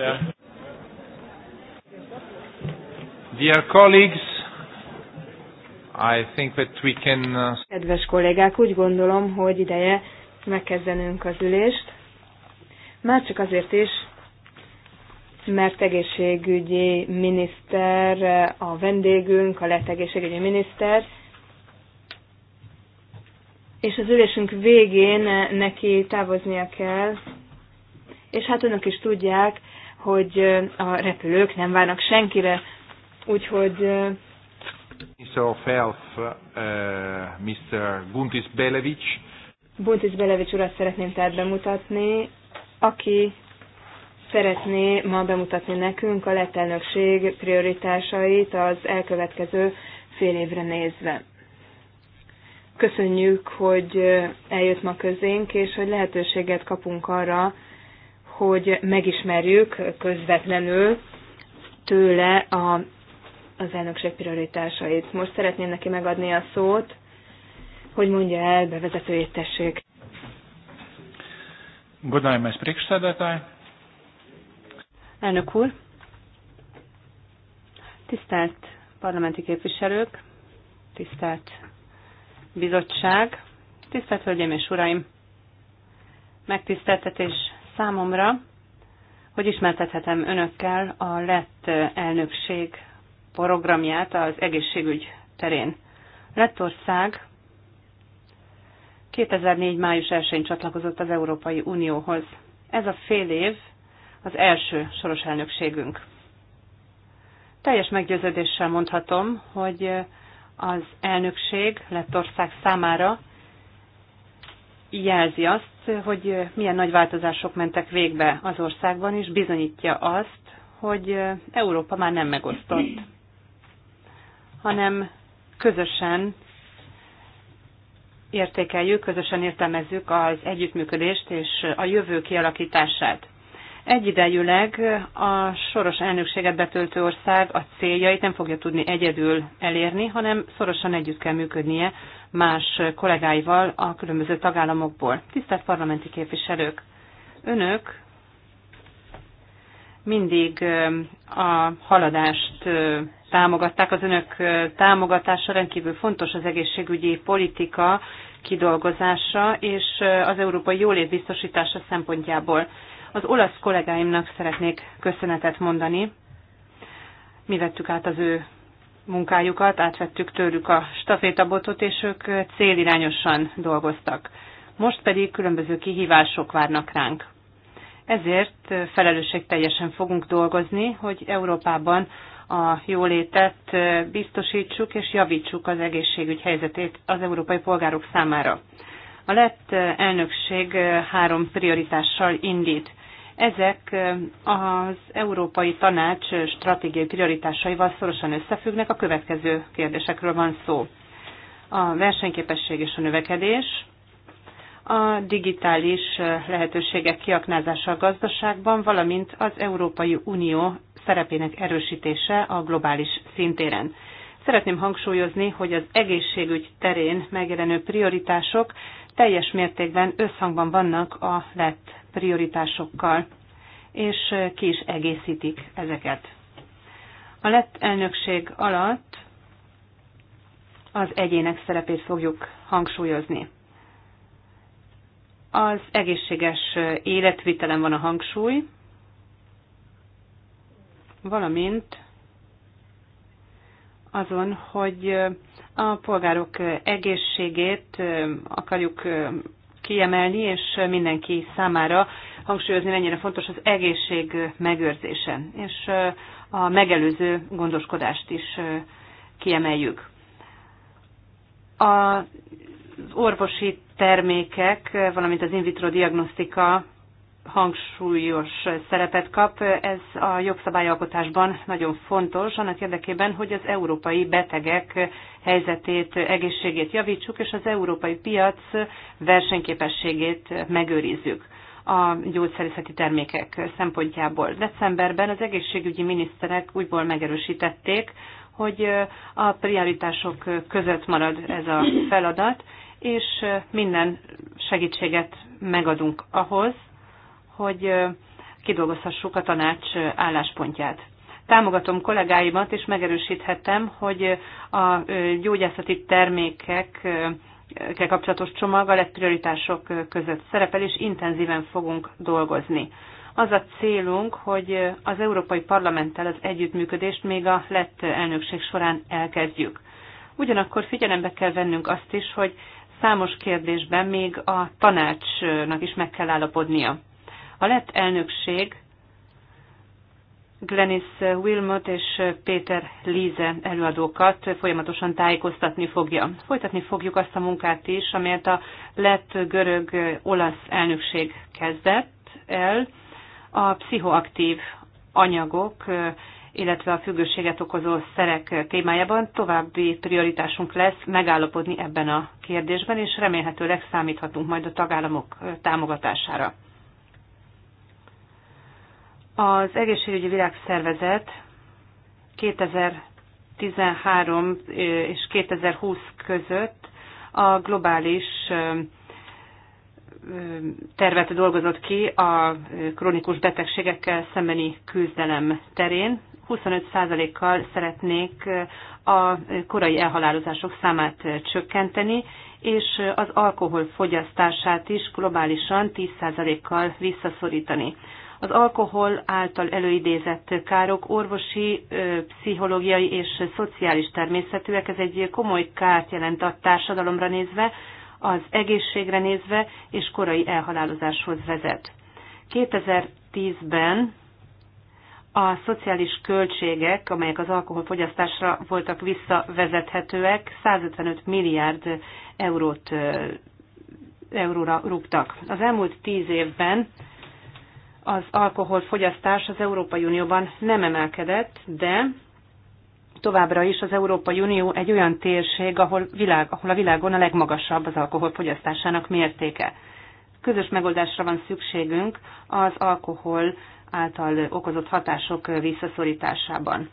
Yeah. Dear colleagues, I think that we can... Uh, Kedves kollégák, úgy gondolom, hogy ideje megkezdenünk az ülést. Már csak azért is, mert egészségügyi miniszter, a vendégünk, a lett egészségügyi miniszter, és az ülésünk végén neki távoznia kell, és hát önök is tudják, hogy a repülők nem várnak senkire, úgyhogy Minister of Health, uh, Mr. Buntis Belevics. Buntis Belevics urat szeretném tehát bemutatni, aki szeretné ma bemutatni nekünk a lett elnökség prioritásait az elkövetkező fél évre nézve. Köszönjük, hogy eljött ma közénk, és hogy lehetőséget kapunk arra, hogy megismerjük közvetlenül tőle a, az elnökség prioritásait. Most szeretném neki megadni a szót, hogy mondja el bevezetőjét tessék. Godājumais priekšsēdētāji. Elnök úr, tisztelt parlamenti képviselők, tisztelt bizottság, tisztelt hölgyeim és uraim! Megtiszteltetés számomra, hogy ismertethetem önökkel a lett elnökség programját az egészségügy terén. Lettország 2004. május 1-én csatlakozott az Európai Unióhoz. Ez a fél év az első soros elnökségünk. Teljes meggyőződéssel mondhatom, hogy az elnökség Lettország számára jelzi azt, hogy milyen nagy változások mentek végbe az országban, és bizonyítja azt, hogy Európa már nem megosztott, hanem közösen értékeljük, közösen értelmezzük az együttműködést és a jövő kialakítását. Egyidejűleg a soros elnökséget betöltő ország a céljait nem fogja tudni egyedül elérni, hanem szorosan együtt kell működnie más kollégáival a különböző tagállamokból. Tisztelt parlamenti képviselők! Önök mindig a haladást támogatták. Az önök támogatása rendkívül fontos az egészségügyi politika kidolgozása és az európai jólét biztosítása szempontjából. Az olasz kollégáimnak szeretnék köszönetet mondani. Mi vettük át az ő munkájukat, átvettük tőlük a stafétabotot, és ők célirányosan dolgoztak. Most pedig különböző kihívások várnak ránk. Ezért felelősségteljesen fogunk dolgozni, hogy Európában a jólétet biztosítsuk és javítsuk az egészségügy helyzetét az európai polgárok számára. A lett elnökség három prioritással indít. Ezek az Európai Tanács stratégiai prioritásaival szorosan összefüggnek. A következő kérdésekről van szó. A versenyképesség és a növekedés, a digitális lehetőségek kiaknázása a gazdaságban, valamint az Európai Unió szerepének erősítése a globális szintéren. Szeretném hangsúlyozni, hogy az egészségügy terén megjelenő prioritások teljes mértékben összhangban vannak a lett prioritásokkal, és ki is egészítik ezeket. A lett elnökség alatt az egyének szerepét fogjuk hangsúlyozni. Az egészséges életvitelen van a hangsúly, valamint azon, hogy a polgárok egészségét akarjuk kiemelni, és mindenki számára hangsúlyozni, mennyire fontos az egészség megőrzése, és a megelőző gondoskodást is kiemeljük. Az orvosi termékek, valamint az in vitro diagnosztika hangsúlyos szerepet kap. Ez a jogszabályalkotásban nagyon fontos, annak érdekében, hogy az európai betegek helyzetét, egészségét javítsuk, és az európai piac versenyképességét megőrizzük a gyógyszerészeti termékek szempontjából. Decemberben az egészségügyi miniszterek úgyból megerősítették, hogy a prioritások között marad ez a feladat, és minden segítséget megadunk ahhoz, hogy kidolgozhassuk a tanács álláspontját. Támogatom kollégáimat, és megerősíthetem, hogy a gyógyászati termékek kapcsolatos csomag a legprioritások között szerepel, és intenzíven fogunk dolgozni. Az a célunk, hogy az Európai Parlamenttel az együttműködést még a lett elnökség során elkezdjük. Ugyanakkor figyelembe kell vennünk azt is, hogy számos kérdésben még a tanácsnak is meg kell állapodnia. A lett elnökség Glenis Wilmot és Péter Líze előadókat folyamatosan tájékoztatni fogja. Folytatni fogjuk azt a munkát is, amelyet a lett görög-olasz elnökség kezdett el, a pszichoaktív anyagok, illetve a függőséget okozó szerek témájában további prioritásunk lesz megállapodni ebben a kérdésben, és remélhetőleg számíthatunk majd a tagállamok támogatására. Az Egészségügyi Világszervezet 2013 és 2020 között a globális tervet dolgozott ki a krónikus betegségekkel szembeni küzdelem terén. 25%-kal szeretnék a korai elhalálozások számát csökkenteni, és az alkohol fogyasztását is globálisan 10%-kal visszaszorítani. Az alkohol által előidézett károk orvosi, pszichológiai és szociális természetűek. Ez egy komoly kárt jelent a társadalomra nézve, az egészségre nézve, és korai elhalálozáshoz vezet. 2010-ben a szociális költségek, amelyek az alkoholfogyasztásra voltak visszavezethetőek, 155 milliárd eurót, euróra rúgtak. Az elmúlt tíz évben az alkoholfogyasztás az Európai Unióban nem emelkedett, de továbbra is az Európai Unió egy olyan térség, ahol, világ, ahol a világon a legmagasabb az alkoholfogyasztásának mértéke. Közös megoldásra van szükségünk az alkohol által okozott hatások visszaszorításában.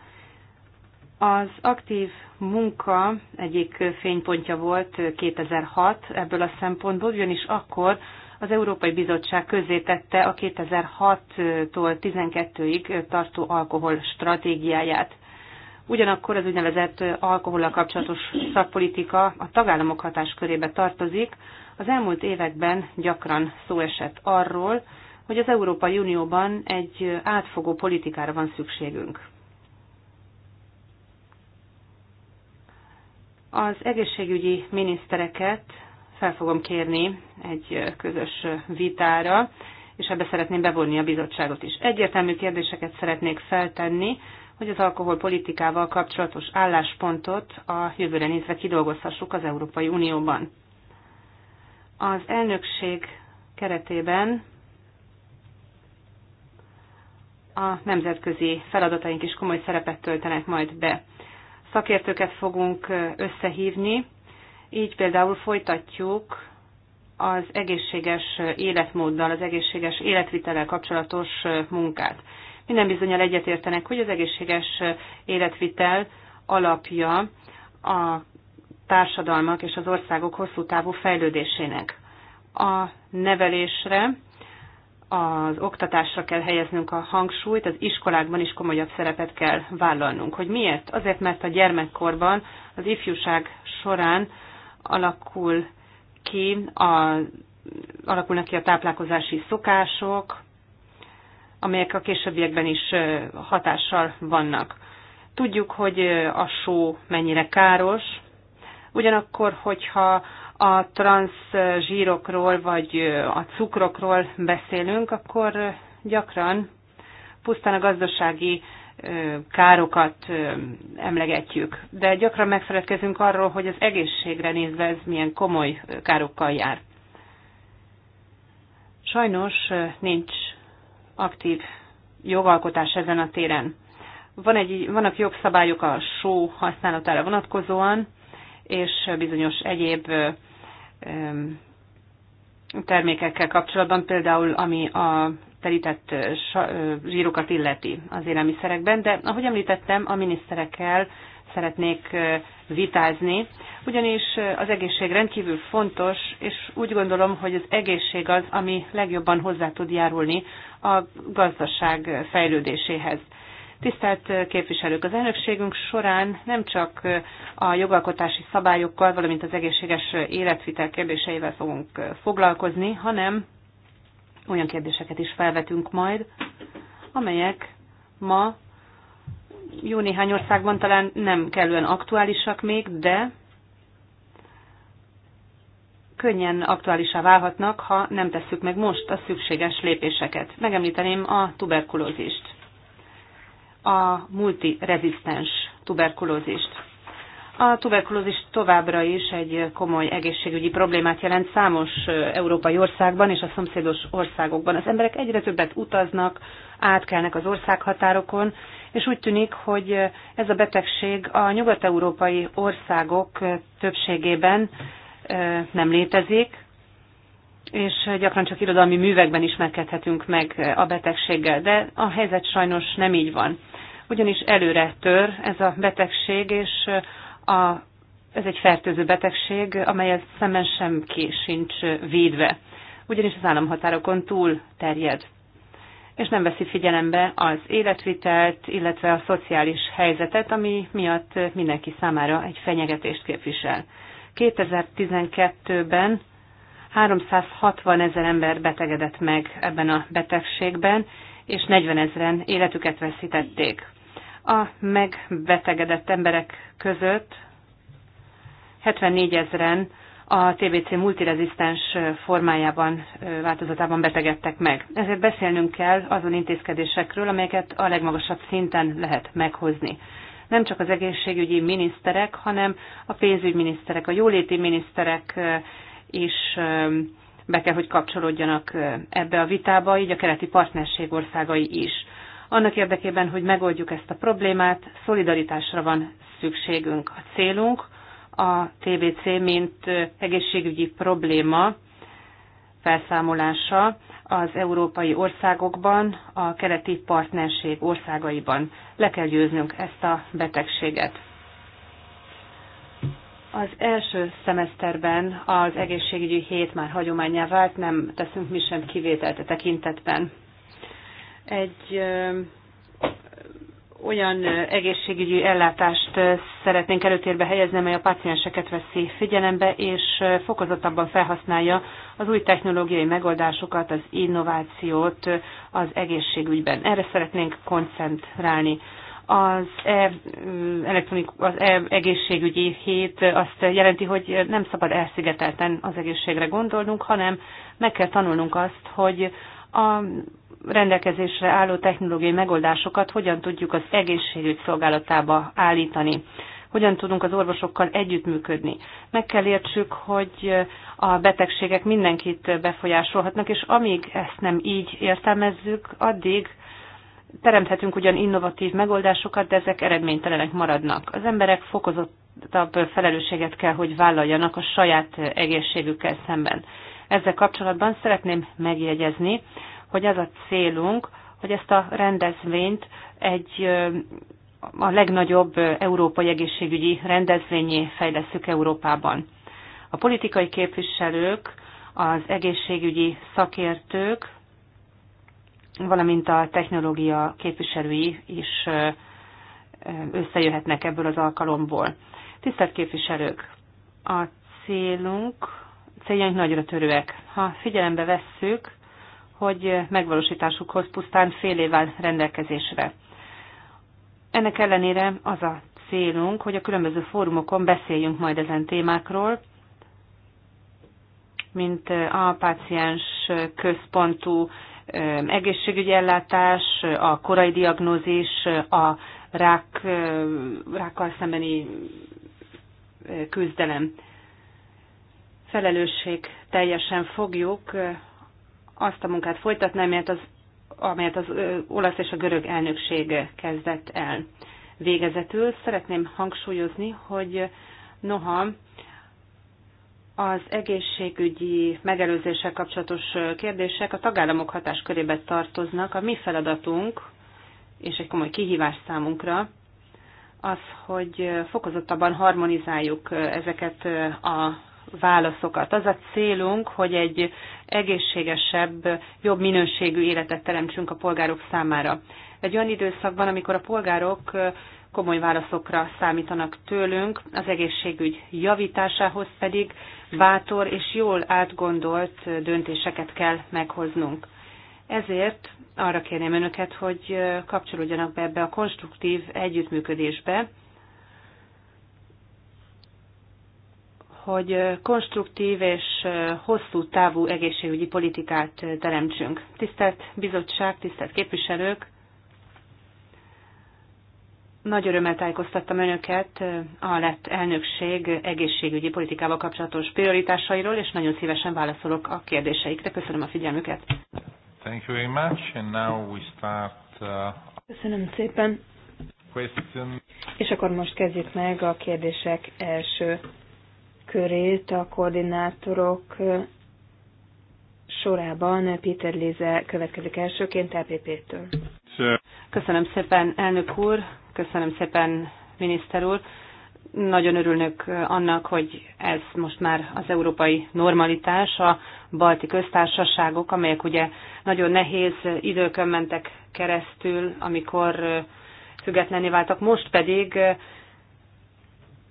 Az aktív munka egyik fénypontja volt 2006 ebből a szempontból, ugyanis akkor az Európai Bizottság közzétette a 2006-tól 12-ig tartó alkohol stratégiáját. Ugyanakkor az úgynevezett alkohollal kapcsolatos szakpolitika a tagállamok hatáskörébe tartozik. Az elmúlt években gyakran szó esett arról, hogy az Európai Unióban egy átfogó politikára van szükségünk. Az egészségügyi minisztereket fel fogom kérni egy közös vitára, és ebbe szeretném bevonni a bizottságot is. Egyértelmű kérdéseket szeretnék feltenni, hogy az alkoholpolitikával kapcsolatos álláspontot a jövőre nézve kidolgozhassuk az Európai Unióban. Az elnökség keretében a nemzetközi feladataink is komoly szerepet töltenek majd be. Szakértőket fogunk összehívni, így például folytatjuk az egészséges életmóddal, az egészséges életvitellel kapcsolatos munkát. Minden bizonyal egyetértenek, hogy az egészséges életvitel alapja a társadalmak és az országok hosszú távú fejlődésének. A nevelésre, az oktatásra kell helyeznünk a hangsúlyt, az iskolákban is komolyabb szerepet kell vállalnunk. Hogy miért? Azért, mert a gyermekkorban, az ifjúság során alakul ki, a, alakulnak ki a táplálkozási szokások, amelyek a későbbiekben is hatással vannak. Tudjuk, hogy a só mennyire káros, ugyanakkor, hogyha a zsírokról vagy a cukrokról beszélünk, akkor gyakran pusztán a gazdasági károkat emlegetjük, de gyakran megfeledkezünk arról, hogy az egészségre nézve ez milyen komoly károkkal jár. Sajnos nincs aktív jogalkotás ezen a téren. Van egy, vannak jogszabályok a só használatára vonatkozóan, és bizonyos egyéb termékekkel kapcsolatban, például ami a telített zsírokat illeti az élelmiszerekben, de ahogy említettem, a miniszterekkel szeretnék vitázni, ugyanis az egészség rendkívül fontos, és úgy gondolom, hogy az egészség az, ami legjobban hozzá tud járulni a gazdaság fejlődéséhez. Tisztelt képviselők, az elnökségünk során nem csak a jogalkotási szabályokkal, valamint az egészséges életvitel kérdéseivel fogunk foglalkozni, hanem olyan kérdéseket is felvetünk majd, amelyek ma jó néhány országban talán nem kellően aktuálisak még, de könnyen aktuálisá válhatnak, ha nem tesszük meg most a szükséges lépéseket. Megemlíteném a tuberkulózist, a multirezisztens tuberkulózist. A tuberkulózis továbbra is egy komoly egészségügyi problémát jelent számos európai országban és a szomszédos országokban. Az emberek egyre többet utaznak, átkelnek az országhatárokon, és úgy tűnik, hogy ez a betegség a nyugat-európai országok többségében nem létezik, és gyakran csak irodalmi művekben ismerkedhetünk meg a betegséggel, de a helyzet sajnos nem így van. Ugyanis előre tör ez a betegség, és a, ez egy fertőző betegség, amelyet szemben semki sincs védve, ugyanis az államhatárokon túl terjed és nem veszi figyelembe az életvitelt, illetve a szociális helyzetet, ami miatt mindenki számára egy fenyegetést képvisel. 2012-ben 360 ezer ember betegedett meg ebben a betegségben, és 40 ezeren életüket veszítették. A megbetegedett emberek között 74 ezeren a TBC multirezisztens formájában, változatában betegedtek meg. Ezért beszélnünk kell azon intézkedésekről, amelyeket a legmagasabb szinten lehet meghozni. Nem csak az egészségügyi miniszterek, hanem a pénzügyminiszterek, a jóléti miniszterek is be kell, hogy kapcsolódjanak ebbe a vitába, így a keleti partnerség országai is. Annak érdekében, hogy megoldjuk ezt a problémát, szolidaritásra van szükségünk. A célunk a TBC, mint egészségügyi probléma felszámolása az európai országokban, a keleti partnerség országaiban. Le kell győznünk ezt a betegséget. Az első szemeszterben az egészségügyi hét már hagyományá vált, nem teszünk mi sem kivételt a tekintetben egy olyan egészségügyi ellátást szeretnénk előtérbe helyezni, amely a pacienseket veszi figyelembe, és fokozottabban felhasználja az új technológiai megoldásokat, az innovációt az egészségügyben. Erre szeretnénk koncentrálni. Az, e, az e egészségügyi hét azt jelenti, hogy nem szabad elszigetelten az egészségre gondolnunk, hanem meg kell tanulnunk azt, hogy a rendelkezésre álló technológiai megoldásokat hogyan tudjuk az egészségügy szolgálatába állítani hogyan tudunk az orvosokkal együttműködni. Meg kell értsük, hogy a betegségek mindenkit befolyásolhatnak, és amíg ezt nem így értelmezzük, addig teremthetünk ugyan innovatív megoldásokat, de ezek eredménytelenek maradnak. Az emberek fokozottabb felelősséget kell, hogy vállaljanak a saját egészségükkel szemben. Ezzel kapcsolatban szeretném megjegyezni, hogy az a célunk, hogy ezt a rendezvényt egy a legnagyobb európai egészségügyi rendezvényé fejleszük Európában. A politikai képviselők, az egészségügyi szakértők, valamint a technológia képviselői is összejöhetnek ebből az alkalomból. Tisztelt képviselők, a célunk, céljaink nagyra törőek. Ha figyelembe vesszük hogy megvalósításukhoz pusztán fél évvel rendelkezésre. Ennek ellenére az a célunk, hogy a különböző fórumokon beszéljünk majd ezen témákról, mint a páciens központú egészségügyi ellátás, a korai diagnózis, a rák, rákkal szembeni küzdelem. Felelősség teljesen fogjuk azt a munkát folytatni, amelyet az, amelyet az olasz és a görög elnökség kezdett el. Végezetül szeretném hangsúlyozni, hogy noha az egészségügyi megelőzéssel kapcsolatos kérdések a tagállamok hatáskörébe tartoznak. A mi feladatunk, és egy komoly kihívás számunkra, az, hogy fokozottabban harmonizáljuk ezeket a válaszokat. Az a célunk, hogy egy egészségesebb, jobb minőségű életet teremtsünk a polgárok számára. Egy olyan időszakban, amikor a polgárok komoly válaszokra számítanak tőlünk, az egészségügy javításához pedig bátor és jól átgondolt döntéseket kell meghoznunk. Ezért arra kérném önöket, hogy kapcsolódjanak be ebbe a konstruktív együttműködésbe, hogy konstruktív és hosszú távú egészségügyi politikát teremtsünk. Tisztelt bizottság, tisztelt képviselők! Nagy örömmel tájékoztattam Önöket a lett elnökség egészségügyi politikával kapcsolatos prioritásairól, és nagyon szívesen válaszolok a kérdéseikre. Köszönöm a figyelmüket. Thank you very much, and now we start, uh... Köszönöm szépen. Question. És akkor most kezdjük meg a kérdések első körét a koordinátorok sorában Péter Léze következik elsőként LPP-től. Köszönöm szépen, elnök úr, köszönöm szépen, miniszter úr. Nagyon örülnök annak, hogy ez most már az európai normalitás, a balti köztársaságok, amelyek ugye nagyon nehéz időkön mentek keresztül, amikor függetlenné váltak, most pedig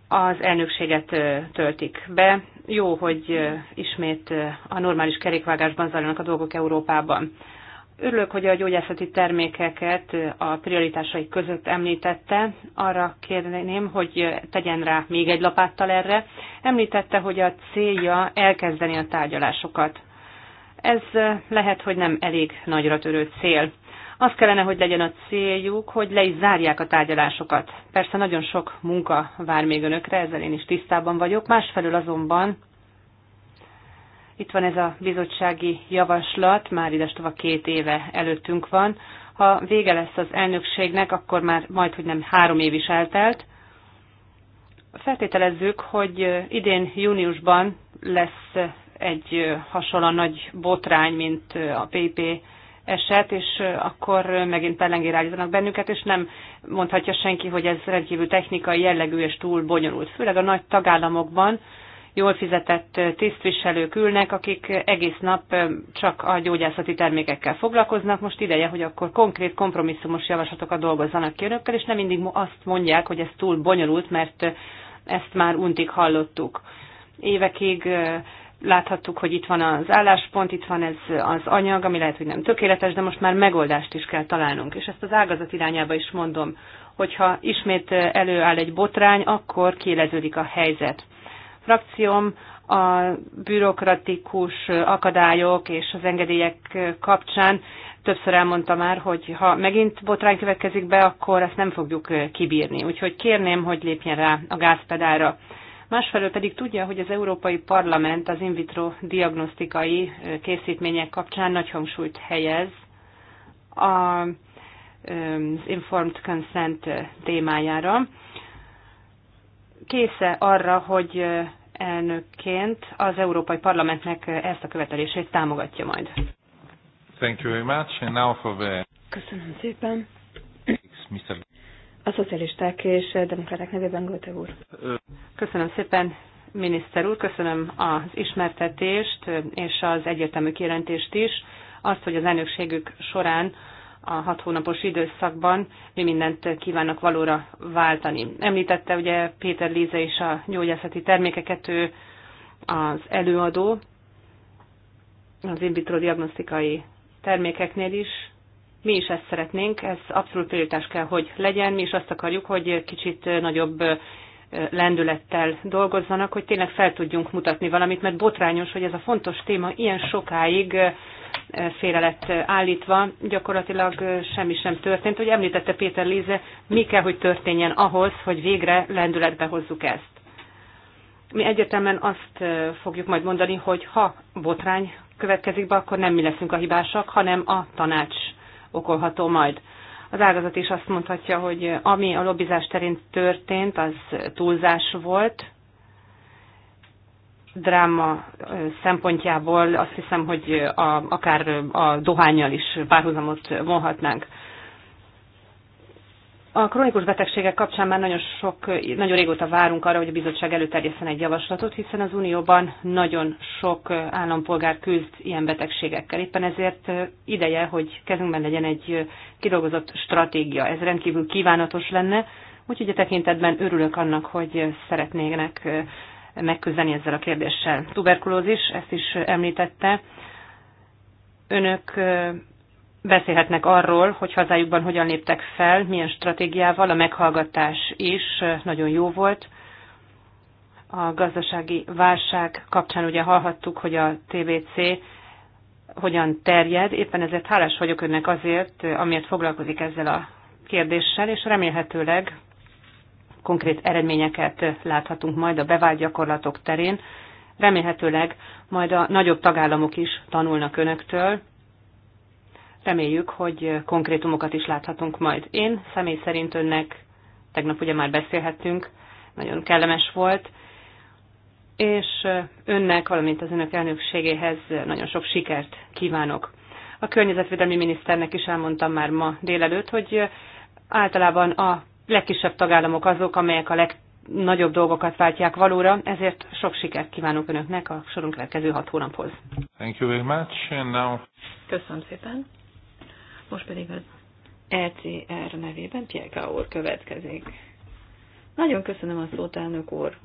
az elnökséget töltik be. Jó, hogy ismét a normális kerékvágásban zajlanak a dolgok Európában. Örülök, hogy a gyógyászati termékeket a prioritásai között említette. Arra kérném, hogy tegyen rá még egy lapáttal erre. Említette, hogy a célja elkezdeni a tárgyalásokat. Ez lehet, hogy nem elég nagyra törő cél. Az kellene, hogy legyen a céljuk, hogy le is zárják a tárgyalásokat. Persze nagyon sok munka vár még önökre, ezzel én is tisztában vagyok. Másfelől azonban itt van ez a bizottsági javaslat, már idestova két éve előttünk van. Ha vége lesz az elnökségnek, akkor már majd, hogy nem három év is eltelt. Feltételezzük, hogy idén júniusban lesz egy hasonlóan nagy botrány, mint a PP eset, és akkor megint pellengére állítanak bennünket, és nem mondhatja senki, hogy ez rendkívül technikai jellegű és túl bonyolult. Főleg a nagy tagállamokban jól fizetett tisztviselők ülnek, akik egész nap csak a gyógyászati termékekkel foglalkoznak. Most ideje, hogy akkor konkrét kompromisszumos javaslatokat dolgozzanak ki önökkel, és nem mindig azt mondják, hogy ez túl bonyolult, mert ezt már untig hallottuk évekig Láthattuk, hogy itt van az álláspont, itt van ez az anyag, ami lehet, hogy nem tökéletes, de most már megoldást is kell találnunk. És ezt az ágazat irányába is mondom, hogyha ismét előáll egy botrány, akkor kéleződik a helyzet. Frakcióm a bürokratikus akadályok és az engedélyek kapcsán többször elmondta már, hogy ha megint botrány következik be, akkor ezt nem fogjuk kibírni. Úgyhogy kérném, hogy lépjen rá a gázpedára. Másfelől pedig tudja, hogy az Európai Parlament az in vitro diagnosztikai készítmények kapcsán nagy hangsúlyt helyez az informed consent témájára. Késze arra, hogy elnökként az Európai Parlamentnek ezt a követelését támogatja majd. Thank you very much. And now for the... Köszönöm szépen. Mr. A szocialisták és demokraták nevében Göte úr. Köszönöm szépen, miniszter úr, köszönöm az ismertetést és az egyértelmű kijelentést is. Azt, hogy az elnökségük során a hat hónapos időszakban mi mindent kívánnak valóra váltani. Említette ugye Péter Líze is a gyógyászati termékeket, ő az előadó, az in vitro diagnosztikai termékeknél is mi is ezt szeretnénk, ez abszolút prioritás kell, hogy legyen. Mi is azt akarjuk, hogy kicsit nagyobb lendülettel dolgozzanak, hogy tényleg fel tudjunk mutatni valamit, mert botrányos, hogy ez a fontos téma ilyen sokáig félre lett állítva, gyakorlatilag semmi sem történt. Hogy említette Péter Líze, mi kell, hogy történjen ahhoz, hogy végre lendületbe hozzuk ezt. Mi egyetemen azt fogjuk majd mondani, hogy ha botrány következik be, akkor nem mi leszünk a hibásak, hanem a tanács okolható majd. Az ágazat is azt mondhatja, hogy ami a lobbizás terén történt, az túlzás volt. Dráma szempontjából azt hiszem, hogy a, akár a dohányjal is párhuzamot vonhatnánk. A kronikus betegségek kapcsán már nagyon, sok, nagyon régóta várunk arra, hogy a bizottság előterjeszen egy javaslatot, hiszen az Unióban nagyon sok állampolgár küzd ilyen betegségekkel. Éppen ezért ideje, hogy kezünkben legyen egy kidolgozott stratégia. Ez rendkívül kívánatos lenne, úgyhogy a tekintetben örülök annak, hogy szeretnének megküzdeni ezzel a kérdéssel. Tuberkulózis, ezt is említette. Önök beszélhetnek arról, hogy hazájukban hogyan léptek fel, milyen stratégiával. A meghallgatás is nagyon jó volt. A gazdasági válság kapcsán ugye hallhattuk, hogy a TBC hogyan terjed. Éppen ezért hálás vagyok önnek azért, amiért foglalkozik ezzel a kérdéssel, és remélhetőleg konkrét eredményeket láthatunk majd a bevált gyakorlatok terén. Remélhetőleg majd a nagyobb tagállamok is tanulnak önöktől, reméljük, hogy konkrétumokat is láthatunk majd. Én személy szerint önnek, tegnap ugye már beszélhettünk, nagyon kellemes volt, és önnek, valamint az önök elnökségéhez nagyon sok sikert kívánok. A környezetvédelmi miniszternek is elmondtam már ma délelőtt, hogy általában a legkisebb tagállamok azok, amelyek a legnagyobb dolgokat váltják valóra, ezért sok sikert kívánok önöknek a sorunk következő hat hónaphoz. Thank you very much, and now... Köszönöm szépen. Most pedig az ECR nevében Pieka úr következik. Nagyon köszönöm a szót, elnök úr.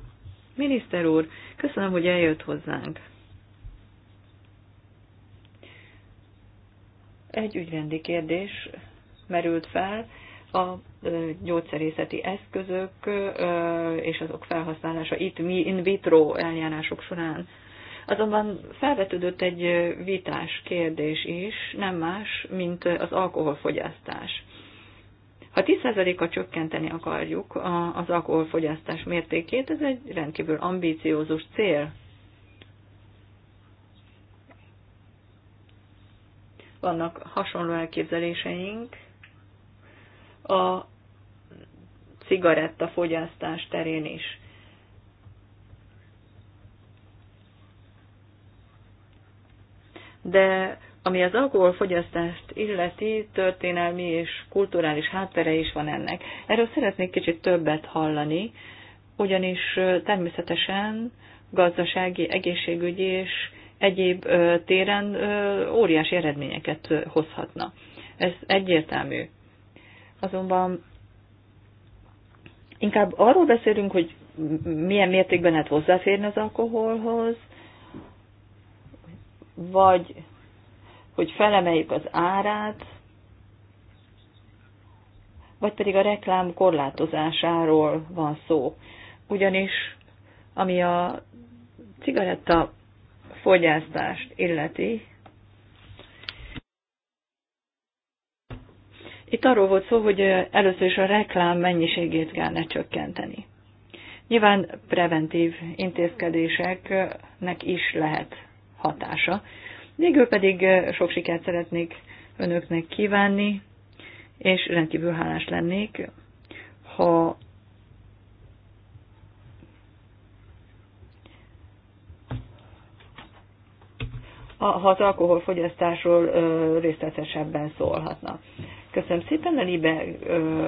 Miniszter úr, köszönöm, hogy eljött hozzánk. Egy ügyrendi kérdés merült fel a gyógyszerészeti eszközök és azok felhasználása itt mi in vitro eljárások során. Azonban felvetődött egy vitás kérdés is, nem más, mint az alkoholfogyasztás. Ha 10 a csökkenteni akarjuk az alkoholfogyasztás mértékét, ez egy rendkívül ambíciózus cél. Vannak hasonló elképzeléseink a cigaretta fogyasztás terén is. de ami az alkoholfogyasztást illeti, történelmi és kulturális háttere is van ennek. Erről szeretnék kicsit többet hallani, ugyanis természetesen gazdasági, egészségügyi és egyéb téren óriási eredményeket hozhatna. Ez egyértelmű. Azonban inkább arról beszélünk, hogy milyen mértékben lehet hozzáférni az alkoholhoz, vagy hogy felemeljük az árát, vagy pedig a reklám korlátozásáról van szó. Ugyanis, ami a cigaretta fogyasztást illeti, Itt arról volt szó, hogy először is a reklám mennyiségét kellene csökkenteni. Nyilván preventív intézkedéseknek is lehet hatása. Végül pedig sok sikert szeretnék önöknek kívánni, és rendkívül hálás lennék, ha ha az alkoholfogyasztásról ö, részletesebben szólhatna. Köszönöm szépen, a Libe ö,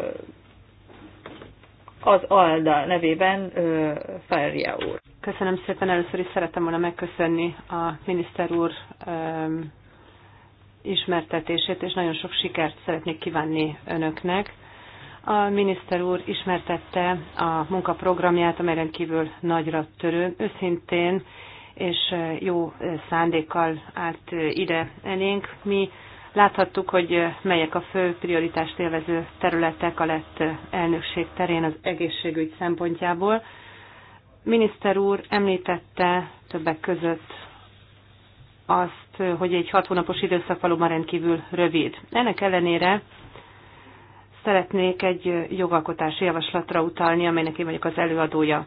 az Alda nevében ö, úr. Köszönöm szépen. Először is szerettem volna megköszönni a miniszter úr ismertetését, és nagyon sok sikert szeretnék kívánni önöknek. A miniszter úr ismertette a munkaprogramját, amely rendkívül nagyra törő. Őszintén és jó szándékkal állt ide elénk. Mi láthattuk, hogy melyek a fő prioritást élvező területek a lett elnökség terén az egészségügy szempontjából Miniszter úr említette többek között azt, hogy egy hat hónapos időszak valóban rendkívül rövid. Ennek ellenére szeretnék egy jogalkotási javaslatra utalni, amelynek én vagyok az előadója.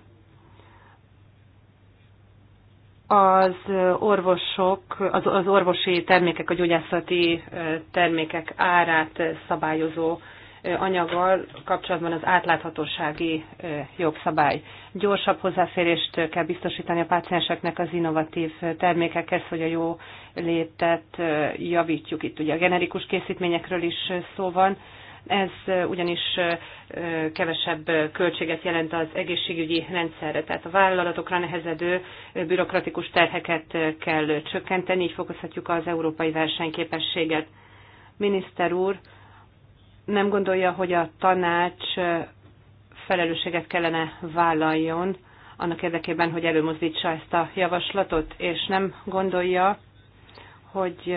Az orvosok, az, az orvosi termékek, a gyógyászati eh, termékek árát szabályozó anyaggal kapcsolatban az átláthatósági jogszabály. Gyorsabb hozzáférést kell biztosítani a pácienseknek az innovatív termékekhez, hogy a jó létet javítjuk. Itt ugye a generikus készítményekről is szó van. Ez ugyanis kevesebb költséget jelent az egészségügyi rendszerre, tehát a vállalatokra nehezedő bürokratikus terheket kell csökkenteni, így fokozhatjuk az európai versenyképességet. Miniszter úr, nem gondolja, hogy a tanács felelősséget kellene vállaljon annak érdekében, hogy előmozdítsa ezt a javaslatot, és nem gondolja, hogy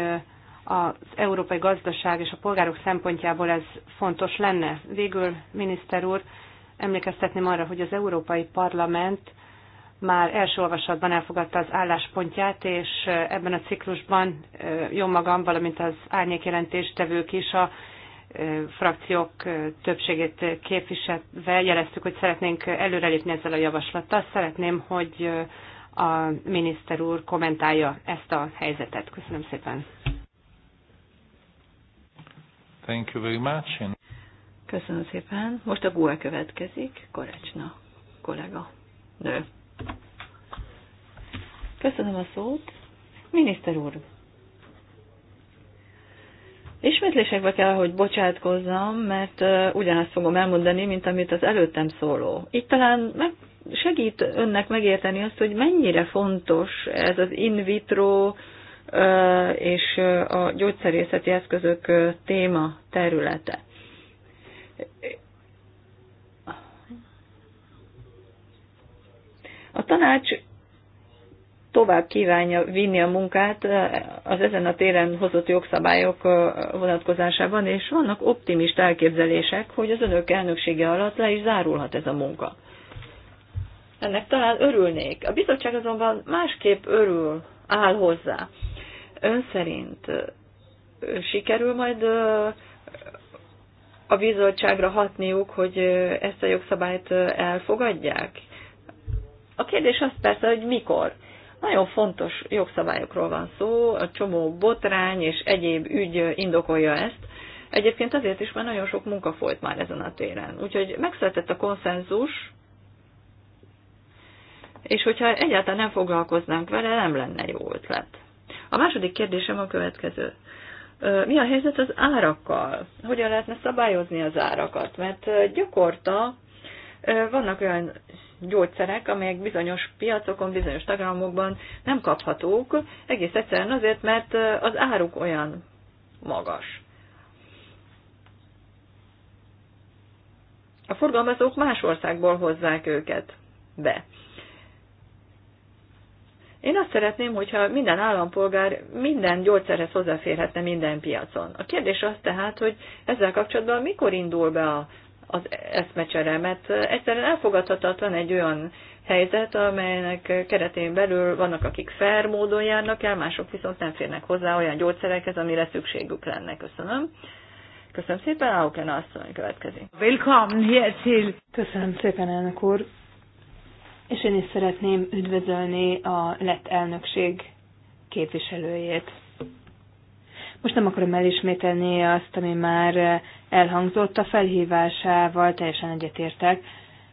az európai gazdaság és a polgárok szempontjából ez fontos lenne. Végül, miniszter úr, emlékeztetném arra, hogy az Európai Parlament már első olvasatban elfogadta az álláspontját, és ebben a ciklusban jó magam, valamint az árnyékjelentéstevők is a frakciók többségét képviselve jeleztük, hogy szeretnénk előrelépni ezzel a javaslattal. Szeretném, hogy a miniszter úr kommentálja ezt a helyzetet. Köszönöm szépen. Thank you very much. Köszönöm szépen. Most a GUE következik. Korecsna kollega nő. Köszönöm a szót. Miniszter úr, Ismétlésekbe kell, hogy bocsátkozzam, mert ugyanazt fogom elmondani, mint amit az előttem szóló. Itt talán meg segít önnek megérteni azt, hogy mennyire fontos ez az in vitro és a gyógyszerészeti eszközök téma területe. A tanács tovább kívánja vinni a munkát eh, az ezen a téren hozott jogszabályok eh, vonatkozásában, és vannak optimista elképzelések, hogy az önök elnöksége alatt le is zárulhat ez a munka. Ennek talán örülnék. A bizottság azonban másképp örül, áll hozzá. Ön szerint eh, sikerül majd a bizottságra hatniuk, hogy ezt a jogszabályt elfogadják? A kérdés az persze, hogy mikor. Nagyon fontos jogszabályokról van szó, a csomó botrány és egyéb ügy indokolja ezt. Egyébként azért is, mert nagyon sok munka folyt már ezen a téren. Úgyhogy megszületett a konszenzus, és hogyha egyáltalán nem foglalkoznánk vele, nem lenne jó ötlet. A második kérdésem a következő. Mi a helyzet az árakkal? Hogyan lehetne szabályozni az árakat? Mert gyakorta vannak olyan gyógyszerek, amelyek bizonyos piacokon, bizonyos tagállamokban nem kaphatók, egész egyszerűen azért, mert eh, az áruk olyan magas. A forgalmazók más országból hozzák őket be. Én azt szeretném, hogyha minden állampolgár minden gyógyszerhez hozzáférhetne minden piacon. A kérdés az tehát, hogy ezzel kapcsolatban mikor indul be a az eszmecsere, mert egyszerűen elfogadhatatlan egy olyan helyzet, amelynek keretén belül vannak, akik fair módon járnak el, mások viszont nem férnek hozzá olyan gyógyszerekhez, amire szükségük lenne. Köszönöm. Köszönöm szépen, Auken asszony következik. Welcome here till... Köszönöm szépen, elnök úr. És én is szeretném üdvözölni a lett elnökség képviselőjét. Most nem akarom elismételni azt, ami már elhangzott a felhívásával, teljesen egyetértek,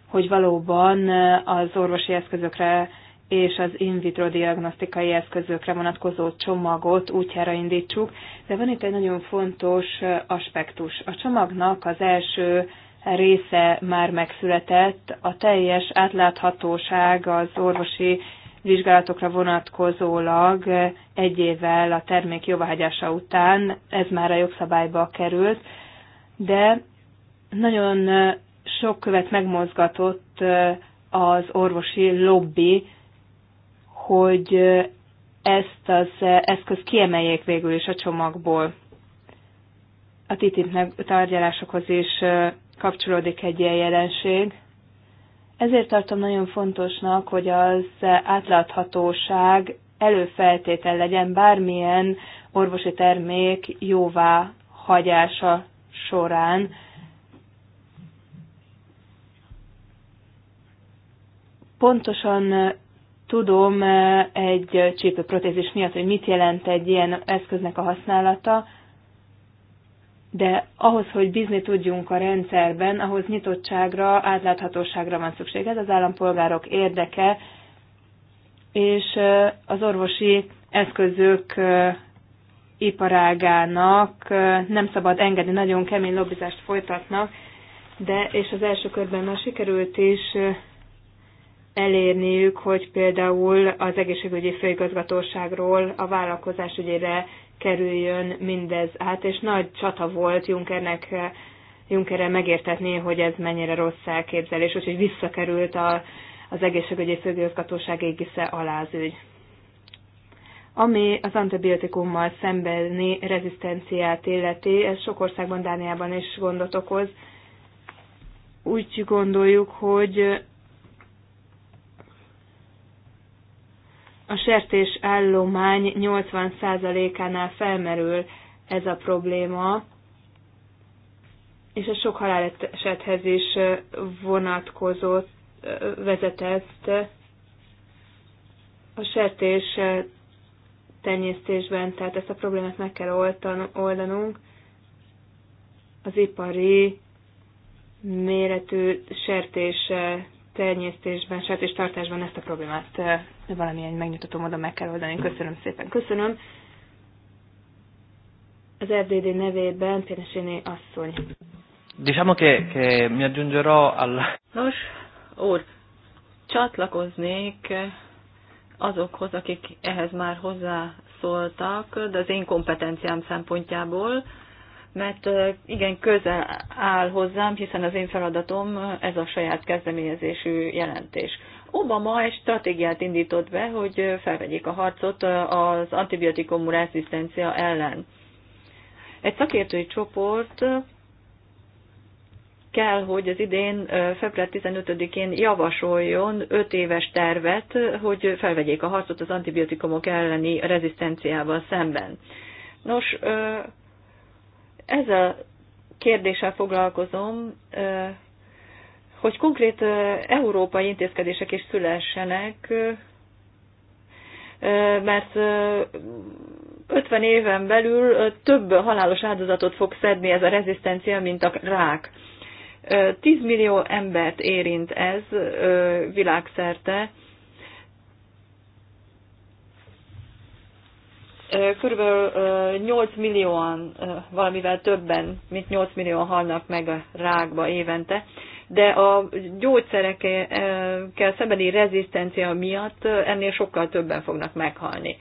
hogy valóban az orvosi eszközökre és az in vitro diagnosztikai eszközökre vonatkozó csomagot útjára indítsuk, de van itt egy nagyon fontos aspektus. A csomagnak az első része már megszületett, a teljes átláthatóság az orvosi vizsgálatokra vonatkozólag egy évvel a termék jóváhagyása után, ez már a jogszabályba került, de nagyon sok követ megmozgatott az orvosi lobby, hogy ezt az eszköz kiemeljék végül is a csomagból. A TTIP tárgyalásokhoz is kapcsolódik egy ilyen jelenség. Ezért tartom nagyon fontosnak, hogy az átláthatóság előfeltétel legyen bármilyen orvosi termék jóvá hagyása során. Pontosan eh, tudom eh, egy csípőprotézis miatt, hogy mit jelent egy ilyen eszköznek a használata, de ahhoz, hogy bízni tudjunk a rendszerben, ahhoz nyitottságra, átláthatóságra van szükség. Ez az állampolgárok érdeke, és az orvosi eszközök iparágának nem szabad engedni, nagyon kemény lobbizást folytatnak, de és az első körben már sikerült is elérniük, hogy például az egészségügyi főigazgatóságról a vállalkozás ügyére kerüljön mindez át, és nagy csata volt Junckernek Junckerrel megértetni, hogy ez mennyire rossz elképzelés, úgyhogy visszakerült a, az egészségügyi főgőzgatóság égisze alá az ügy. Ami az antibiotikummal szembeni rezisztenciát illeti, ez sok országban, Dániában is gondot okoz. Úgy gondoljuk, hogy a sertés állomány 80%-ánál felmerül ez a probléma, és ez sok halálesethez is vonatkozott, vezetett. A sertés tenyésztésben, tehát ezt a problémát meg kell oldanunk. Az ipari méretű sertés tenyésztésben, sertéstartásban ezt a problémát valamilyen megnyugtató módon meg kell oldani. Köszönöm szépen. Köszönöm. Az FDD nevében Pénesini asszony. Diciamo che, che mi aggiungerò alla... Nos, úr, csatlakoznék azokhoz, akik ehhez már hozzászóltak, de az én kompetenciám szempontjából mert igen, közel áll hozzám, hiszen az én feladatom ez a saját kezdeményezésű jelentés. Obama egy stratégiát indított be, hogy felvegyék a harcot az antibiotikum rezisztencia ellen. Egy szakértői csoport kell, hogy az idén február 15-én javasoljon 5 éves tervet, hogy felvegyék a harcot az antibiotikumok elleni rezisztenciával szemben. Nos, ez a kérdéssel foglalkozom, hogy konkrét európai intézkedések is szülessenek, mert 50 éven belül több halálos áldozatot fog szedni ez a rezisztencia, mint a rák. 10 millió embert érint ez világszerte, körülbelül 8 millióan, valamivel többen, mint 8 millióan halnak meg a rákba évente, de a gyógyszerekkel szembeni rezisztencia miatt ennél sokkal többen fognak meghalni.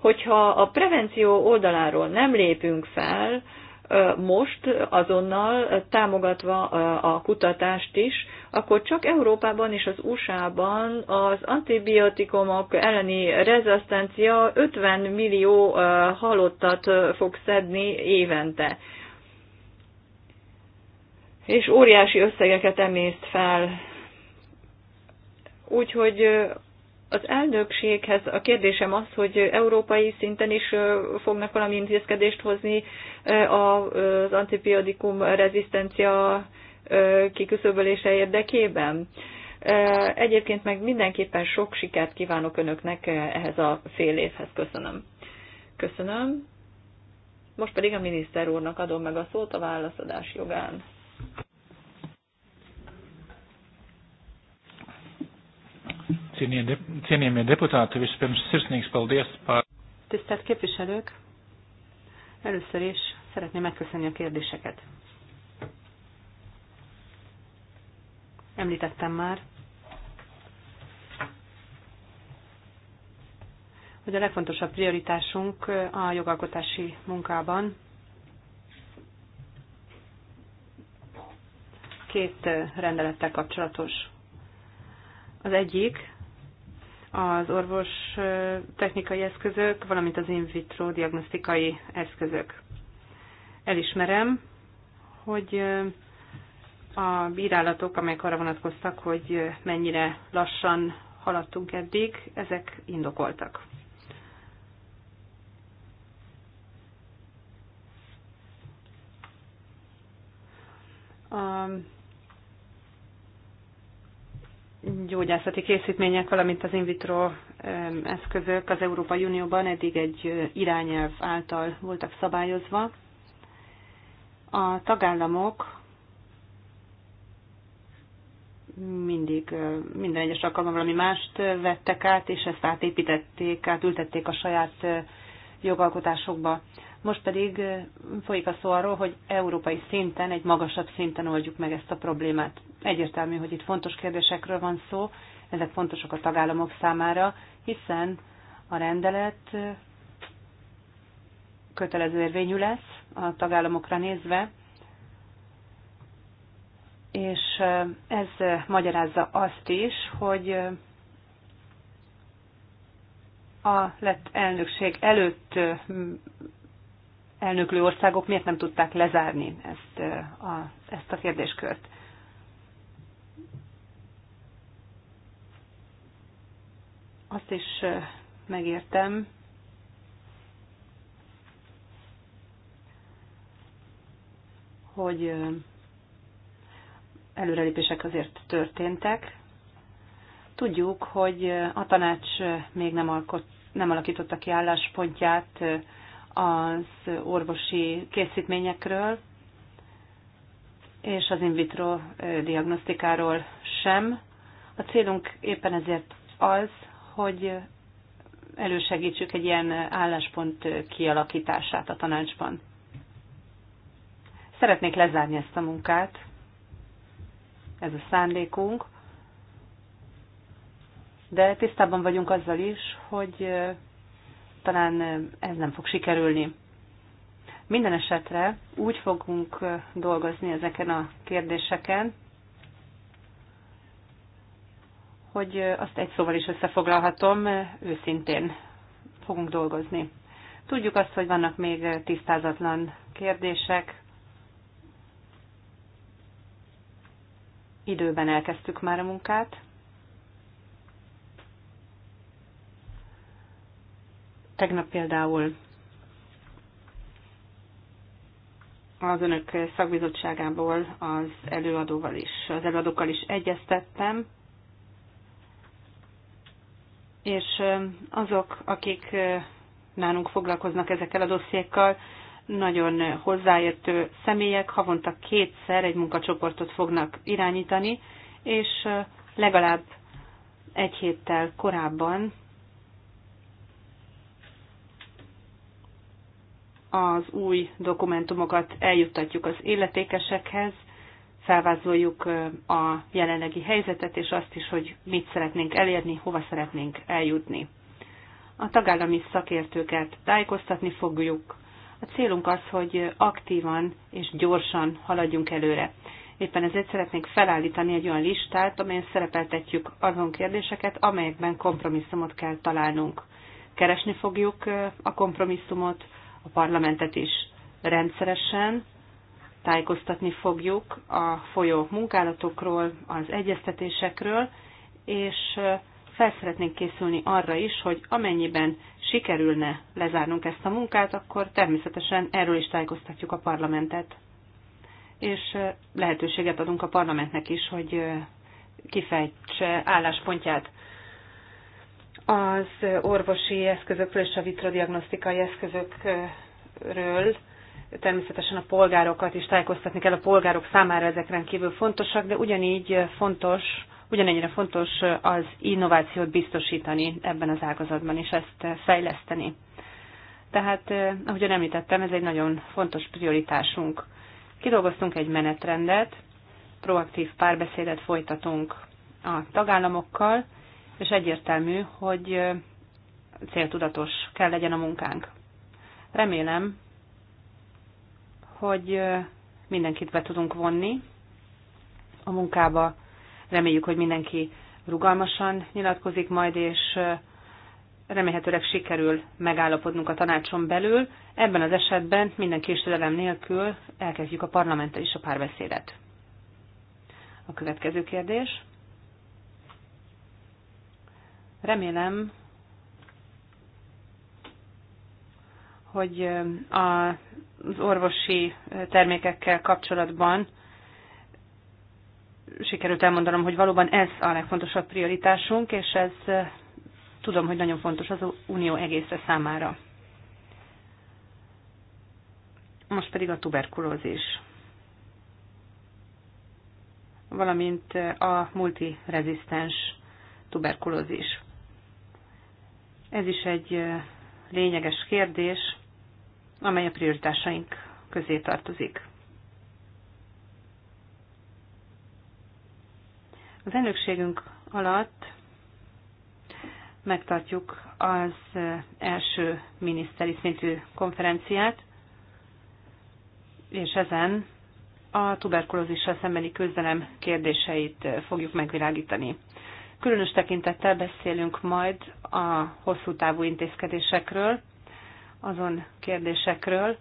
Hogyha a prevenció oldaláról nem lépünk fel, most azonnal támogatva a kutatást is, akkor csak Európában és az USA-ban az antibiotikumok elleni rezisztencia 50 millió halottat fog szedni évente. És óriási összegeket emészt fel. Úgyhogy az elnökséghez a kérdésem az, hogy európai szinten is fognak valami intézkedést hozni az antibiotikum rezisztencia kiküszöbölése érdekében. Egyébként meg mindenképpen sok sikert kívánok Önöknek ehhez a fél évhez. Köszönöm. Köszönöm. Most pedig a miniszter úrnak adom meg a szót a válaszadás jogán. Cienījamie deputāti, vispirms sirsnīgs paldies par. Tisztelt képviselők! Először is szeretném megköszönni a kérdéseket. Említettem már, hogy a legfontosabb prioritásunk a jogalkotási munkában két rendelettel kapcsolatos. Az egyik az orvos technikai eszközök, valamint az in vitro diagnosztikai eszközök. Elismerem, hogy a bírálatok, amelyek arra vonatkoztak, hogy mennyire lassan haladtunk eddig, ezek indokoltak. A gyógyászati készítmények, valamint az in vitro eszközök az Európai Unióban eddig egy irányelv által voltak szabályozva. A tagállamok mindig minden egyes alkalommal valami mást vettek át, és ezt átépítették, átültették a saját jogalkotásokba. Most pedig folyik a szó arról, hogy európai szinten, egy magasabb szinten oldjuk meg ezt a problémát. Egyértelmű, hogy itt fontos kérdésekről van szó, ezek fontosak a tagállamok számára, hiszen a rendelet kötelező érvényű lesz a tagállamokra nézve, és ez magyarázza azt is, hogy a lett elnökség előtt elnöklő országok miért nem tudták lezárni ezt a, ezt a kérdéskört. Azt is megértem, hogy előrelépések azért történtek. Tudjuk, hogy a tanács még nem, alkot, nem alakította ki álláspontját az orvosi készítményekről, és az in vitro diagnosztikáról sem. A célunk éppen ezért az, hogy elősegítsük egy ilyen álláspont kialakítását a tanácsban. Szeretnék lezárni ezt a munkát, ez a szándékunk, de tisztában vagyunk azzal is, hogy talán ez nem fog sikerülni. Minden esetre úgy fogunk dolgozni ezeken a kérdéseken, hogy azt egy szóval is összefoglalhatom, őszintén fogunk dolgozni. Tudjuk azt, hogy vannak még tisztázatlan kérdések, Időben elkezdtük már a munkát. Tegnap például az önök szakbizottságából az előadóval is, az előadókkal is egyeztettem, és azok, akik nálunk foglalkoznak ezekkel a dossziékkal, nagyon hozzáértő személyek havonta kétszer egy munkacsoportot fognak irányítani, és legalább egy héttel korábban az új dokumentumokat eljuttatjuk az életékesekhez, felvázoljuk a jelenlegi helyzetet, és azt is, hogy mit szeretnénk elérni, hova szeretnénk eljutni. A tagállami szakértőket tájékoztatni fogjuk a célunk az, hogy aktívan és gyorsan haladjunk előre. Éppen ezért szeretnénk felállítani egy olyan listát, amelyen szerepeltetjük azon kérdéseket, amelyekben kompromisszumot kell találnunk. Keresni fogjuk a kompromisszumot, a parlamentet is rendszeresen, tájékoztatni fogjuk a folyó munkálatokról, az egyeztetésekről, és fel szeretnénk készülni arra is, hogy amennyiben sikerülne lezárnunk ezt a munkát, akkor természetesen erről is tájékoztatjuk a parlamentet. És lehetőséget adunk a parlamentnek is, hogy kifejtse álláspontját az orvosi eszközökről és a vitrodiagnosztikai eszközökről természetesen a polgárokat is tájékoztatni kell, a polgárok számára ezek rendkívül fontosak, de ugyanígy fontos ugyanennyire fontos az innovációt biztosítani ebben az ágazatban, és ezt fejleszteni. Tehát, eh, ahogyan említettem, ez egy nagyon fontos prioritásunk. Kidolgoztunk egy menetrendet, proaktív párbeszédet folytatunk a tagállamokkal, és egyértelmű, hogy eh, céltudatos kell legyen a munkánk. Remélem, hogy eh, mindenkit be tudunk vonni a munkába Reméljük, hogy mindenki rugalmasan nyilatkozik majd, és remélhetőleg sikerül megállapodnunk a tanácson belül. Ebben az esetben minden késedelem nélkül elkezdjük a parlamenttel is a párbeszédet. A következő kérdés. Remélem, hogy az orvosi termékekkel kapcsolatban sikerült elmondanom, hogy valóban ez a legfontosabb prioritásunk, és ez tudom, hogy nagyon fontos az Unió egésze számára. Most pedig a tuberkulózis, valamint a multirezisztens tuberkulózis. Ez is egy lényeges kérdés, amely a prioritásaink közé tartozik. Az elnökségünk alatt megtartjuk az első miniszteri szintű konferenciát, és ezen a tuberkulózissal szembeni küzdelem kérdéseit fogjuk megvilágítani. Különös tekintettel beszélünk majd a hosszú távú intézkedésekről, azon kérdésekről,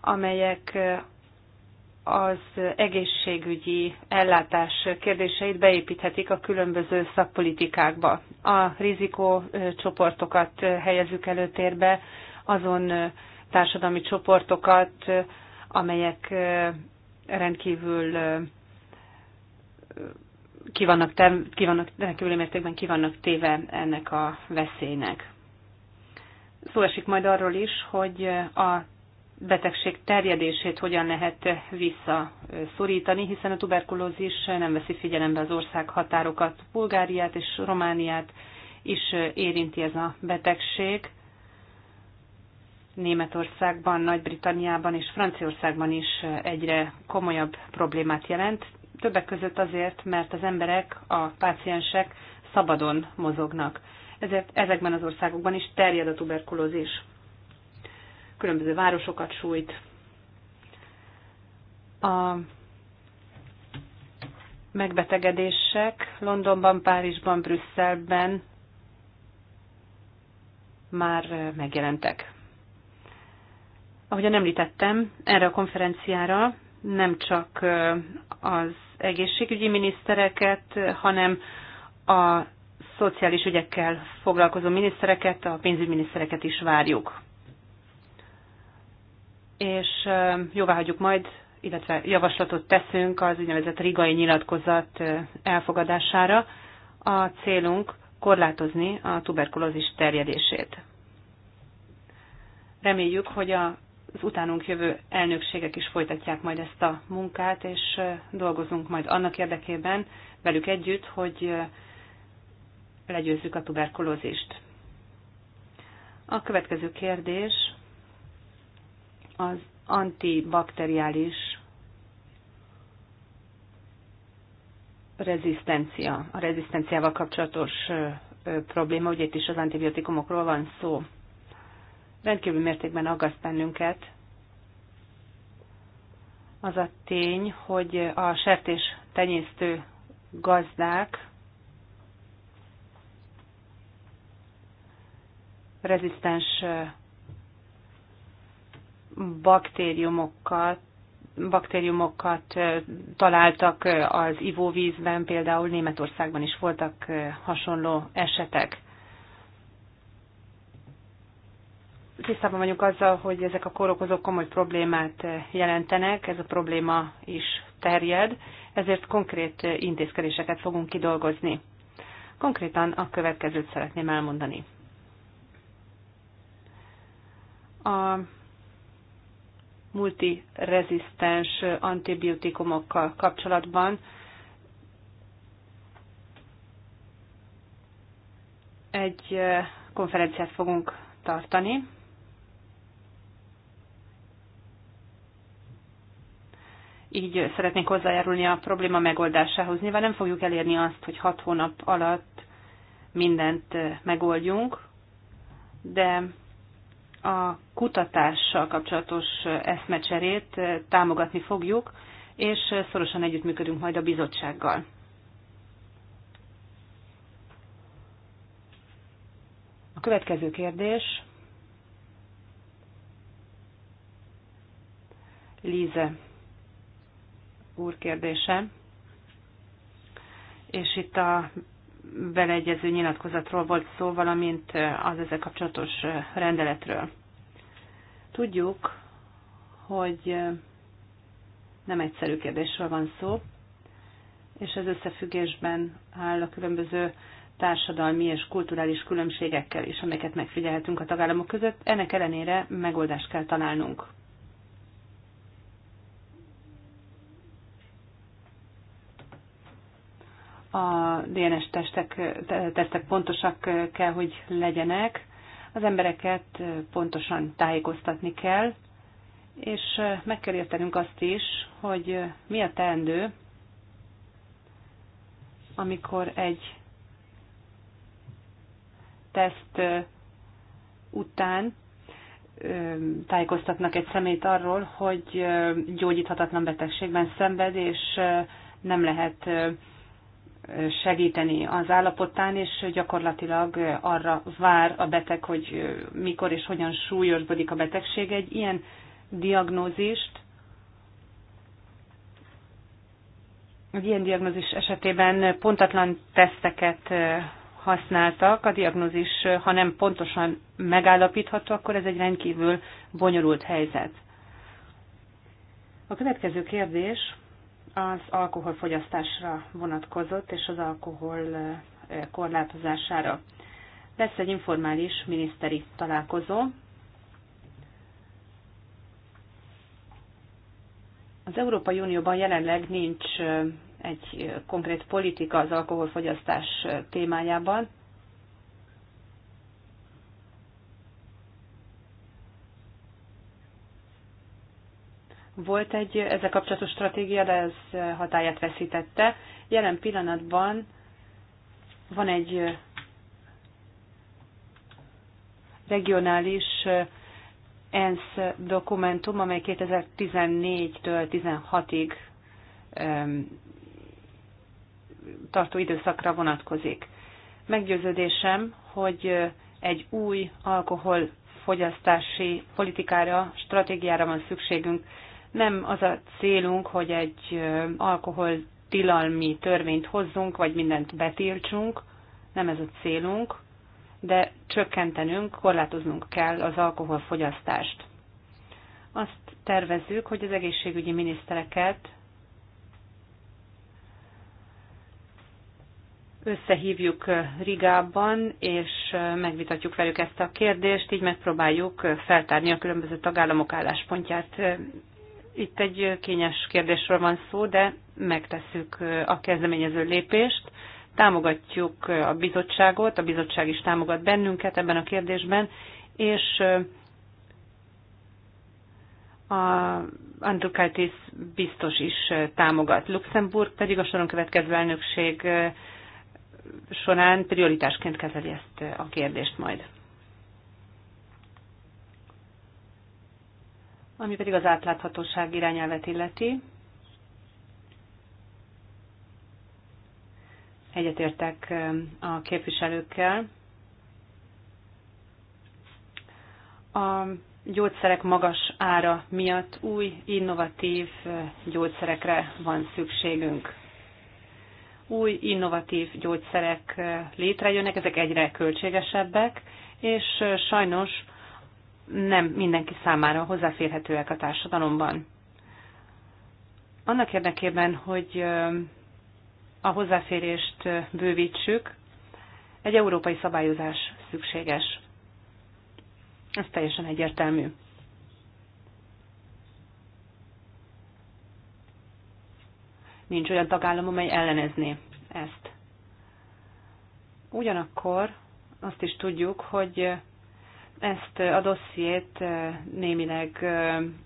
amelyek az egészségügyi ellátás kérdéseit beépíthetik a különböző szakpolitikákba. A rizikócsoportokat helyezzük előtérbe, azon társadalmi csoportokat, amelyek rendkívül ki vannak, ki rendkívüli mértékben ki vannak téve ennek a veszélynek. Szó esik majd arról is, hogy a betegség terjedését hogyan lehet visszaszorítani, hiszen a tuberkulózis nem veszi figyelembe az ország határokat. Bulgáriát és Romániát is érinti ez a betegség. Németországban, Nagy-Britanniában és Franciaországban is egyre komolyabb problémát jelent. Többek között azért, mert az emberek, a páciensek szabadon mozognak. Ezért ezekben az országokban is terjed a tuberkulózis különböző városokat sújt. A megbetegedések Londonban, Párizsban, Brüsszelben már megjelentek. Ahogyan említettem, erre a konferenciára nem csak az egészségügyi minisztereket, hanem a szociális ügyekkel foglalkozó minisztereket, a pénzügyminisztereket is várjuk és jóvá hagyjuk majd, illetve javaslatot teszünk az úgynevezett rigai nyilatkozat elfogadására. A célunk korlátozni a tuberkulózis terjedését. Reméljük, hogy a az utánunk jövő elnökségek is folytatják majd ezt a munkát, és dolgozunk majd annak érdekében velük együtt, hogy legyőzzük a tuberkulózist. A következő kérdés az antibakteriális rezisztencia, a rezisztenciával kapcsolatos probléma, ugye itt is az antibiotikumokról van szó. Rendkívül mértékben aggaszt bennünket az a tény, hogy a sertés tenyésztő gazdák rezisztens baktériumokat baktériumokat találtak az ivóvízben, például Németországban is voltak hasonló esetek. Tisztában vagyunk azzal, hogy ezek a kórokozók komoly problémát jelentenek, ez a probléma is terjed, ezért konkrét intézkedéseket fogunk kidolgozni. Konkrétan a következőt szeretném elmondani. A multirezisztens antibiotikumokkal kapcsolatban egy konferenciát fogunk tartani. Így szeretnénk hozzájárulni a probléma megoldásához. Nyilván nem fogjuk elérni azt, hogy hat hónap alatt mindent megoldjunk, de a kutatással kapcsolatos eszmecserét támogatni fogjuk, és szorosan együttműködünk majd a bizottsággal. A következő kérdés. Líze úr kérdése. És itt a beleegyező nyilatkozatról volt szó, valamint az ezzel kapcsolatos rendeletről. Tudjuk, hogy nem egyszerű kérdésről van szó, és ez összefüggésben áll a különböző társadalmi és kulturális különbségekkel is, amiket megfigyelhetünk a tagállamok között. Ennek ellenére megoldást kell találnunk. a DNS testek, tesztek pontosak kell, hogy legyenek, az embereket pontosan tájékoztatni kell, és meg kell értenünk azt is, hogy mi a teendő, amikor egy teszt után tájékoztatnak egy szemét arról, hogy gyógyíthatatlan betegségben szenved, és nem lehet segíteni az állapotán, és gyakorlatilag arra vár a beteg, hogy mikor és hogyan súlyosbodik a betegség. Egy ilyen diagnózist, egy ilyen diagnózis esetében pontatlan teszteket eh, használtak, a diagnózis, eh, ha nem pontosan megállapítható, akkor ez egy rendkívül bonyolult helyzet. A következő kérdés, az alkoholfogyasztásra vonatkozott, és az alkohol korlátozására. Lesz egy informális miniszteri találkozó. Az Európai Unióban jelenleg nincs egy konkrét politika az alkoholfogyasztás témájában, Volt egy ezzel kapcsolatos stratégia, de ez hatáját veszítette. Jelen pillanatban van egy regionális ENSZ dokumentum, amely 2014-től 16-ig tartó időszakra vonatkozik. Meggyőződésem, hogy egy új alkoholfogyasztási politikára, stratégiára van szükségünk. Nem az a célunk, hogy egy alkohol tilalmi törvényt hozzunk, vagy mindent betiltsunk, nem ez a célunk, de csökkentenünk, korlátoznunk kell az alkoholfogyasztást. Azt tervezzük, hogy az egészségügyi minisztereket összehívjuk Rigában, és megvitatjuk velük ezt a kérdést, így megpróbáljuk feltárni a különböző tagállamok álláspontját itt egy kényes kérdésről van szó, de megtesszük a kezdeményező lépést. Támogatjuk a bizottságot, a bizottság is támogat bennünket ebben a kérdésben, és a Andrukaitis biztos is támogat. Luxemburg pedig a soron következő elnökség során prioritásként kezeli ezt a kérdést majd. Ami pedig az átláthatóság irányelvet illeti, egyetértek a képviselőkkel. A gyógyszerek magas ára miatt új, innovatív gyógyszerekre van szükségünk. Új, innovatív gyógyszerek létrejönnek, ezek egyre költségesebbek, és sajnos nem mindenki számára hozzáférhetőek a társadalomban. Annak érdekében, hogy a hozzáférést bővítsük, egy európai szabályozás szükséges. Ez teljesen egyértelmű. Nincs olyan tagállam, amely ellenezné ezt. Ugyanakkor azt is tudjuk, hogy ezt a dossziét némileg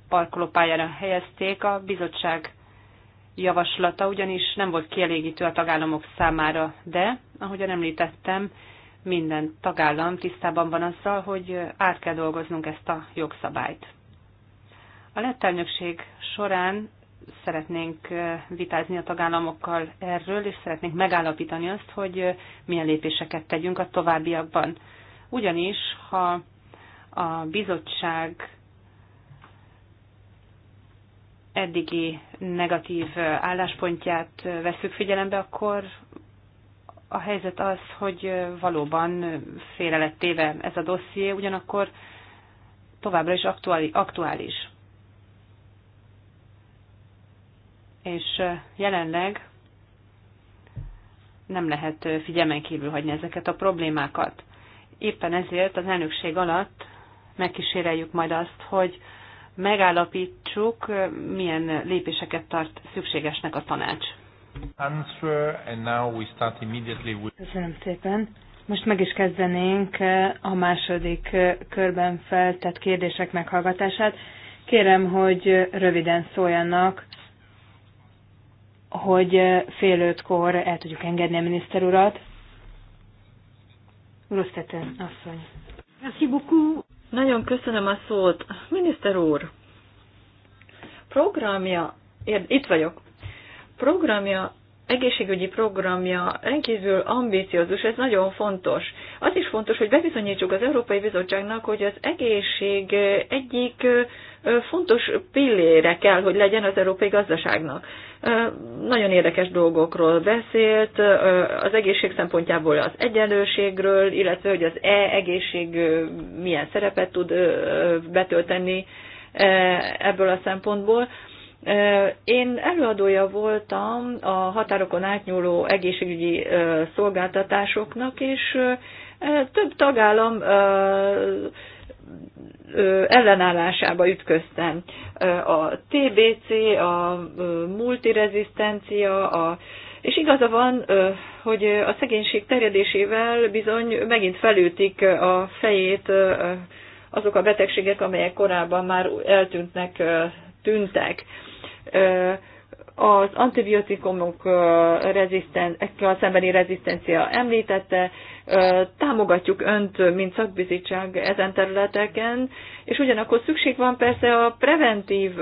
parkolópályára helyezték. A bizottság javaslata ugyanis nem volt kielégítő a tagállamok számára, de, ahogyan említettem, minden tagállam tisztában van azzal, hogy át kell dolgoznunk ezt a jogszabályt. A lett elnökség során szeretnénk vitázni a tagállamokkal erről, és szeretnénk megállapítani azt, hogy milyen lépéseket tegyünk a továbbiakban. Ugyanis, ha a bizottság eddigi negatív álláspontját veszük figyelembe, akkor a helyzet az, hogy valóban félre lett téve ez a dosszié, ugyanakkor továbbra is aktuális. És jelenleg nem lehet figyelmen kívül hagyni ezeket a problémákat. Éppen ezért az elnökség alatt megkíséreljük majd azt, hogy megállapítsuk, milyen lépéseket tart szükségesnek a tanács. Köszönöm szépen. Most meg is kezdenénk eh, a második eh, körben feltett kérdések meghallgatását. Kérem, hogy eh, röviden szóljanak, hogy fél ötkor el tudjuk engedni a miniszter urat. Groszteten asszony. Merci beaucoup. Nagyon köszönöm a szót. Miniszter úr, programja, itt vagyok, programja egészségügyi programja rendkívül ambíciózus, ez nagyon fontos. Az is fontos, hogy bebizonyítsuk az Európai Bizottságnak, hogy az egészség egyik fontos pillére kell, hogy legyen az európai gazdaságnak. Nagyon érdekes dolgokról beszélt, az egészség szempontjából az egyenlőségről, illetve hogy az e-egészség milyen szerepet tud betölteni ebből a szempontból. Én előadója voltam a határokon átnyúló egészségügyi szolgáltatásoknak, és több tagállam ellenállásába ütköztem. A TBC, a multirezisztencia, a és igaza van, hogy a szegénység terjedésével bizony megint felültik a fejét azok a betegségek, amelyek korábban már eltűntnek tűntek az antibiotikumok rezisztenciával szembeni rezisztencia említette, támogatjuk önt, mint szakbizottság ezen területeken, és ugyanakkor szükség van persze a preventív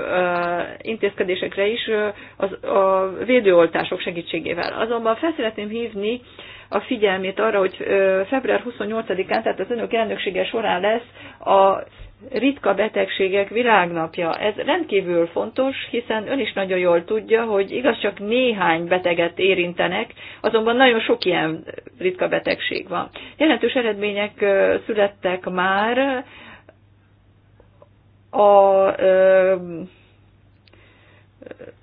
intézkedésekre is az, a védőoltások segítségével. Azonban fel szeretném hívni a figyelmét arra, hogy február 28-án, tehát az önök elnöksége során lesz a ritka betegségek világnapja. Ez rendkívül fontos, hiszen ön is nagyon jól tudja, hogy igaz csak néhány beteget érintenek, azonban nagyon sok ilyen ritka betegség van. Jelentős eredmények születtek már a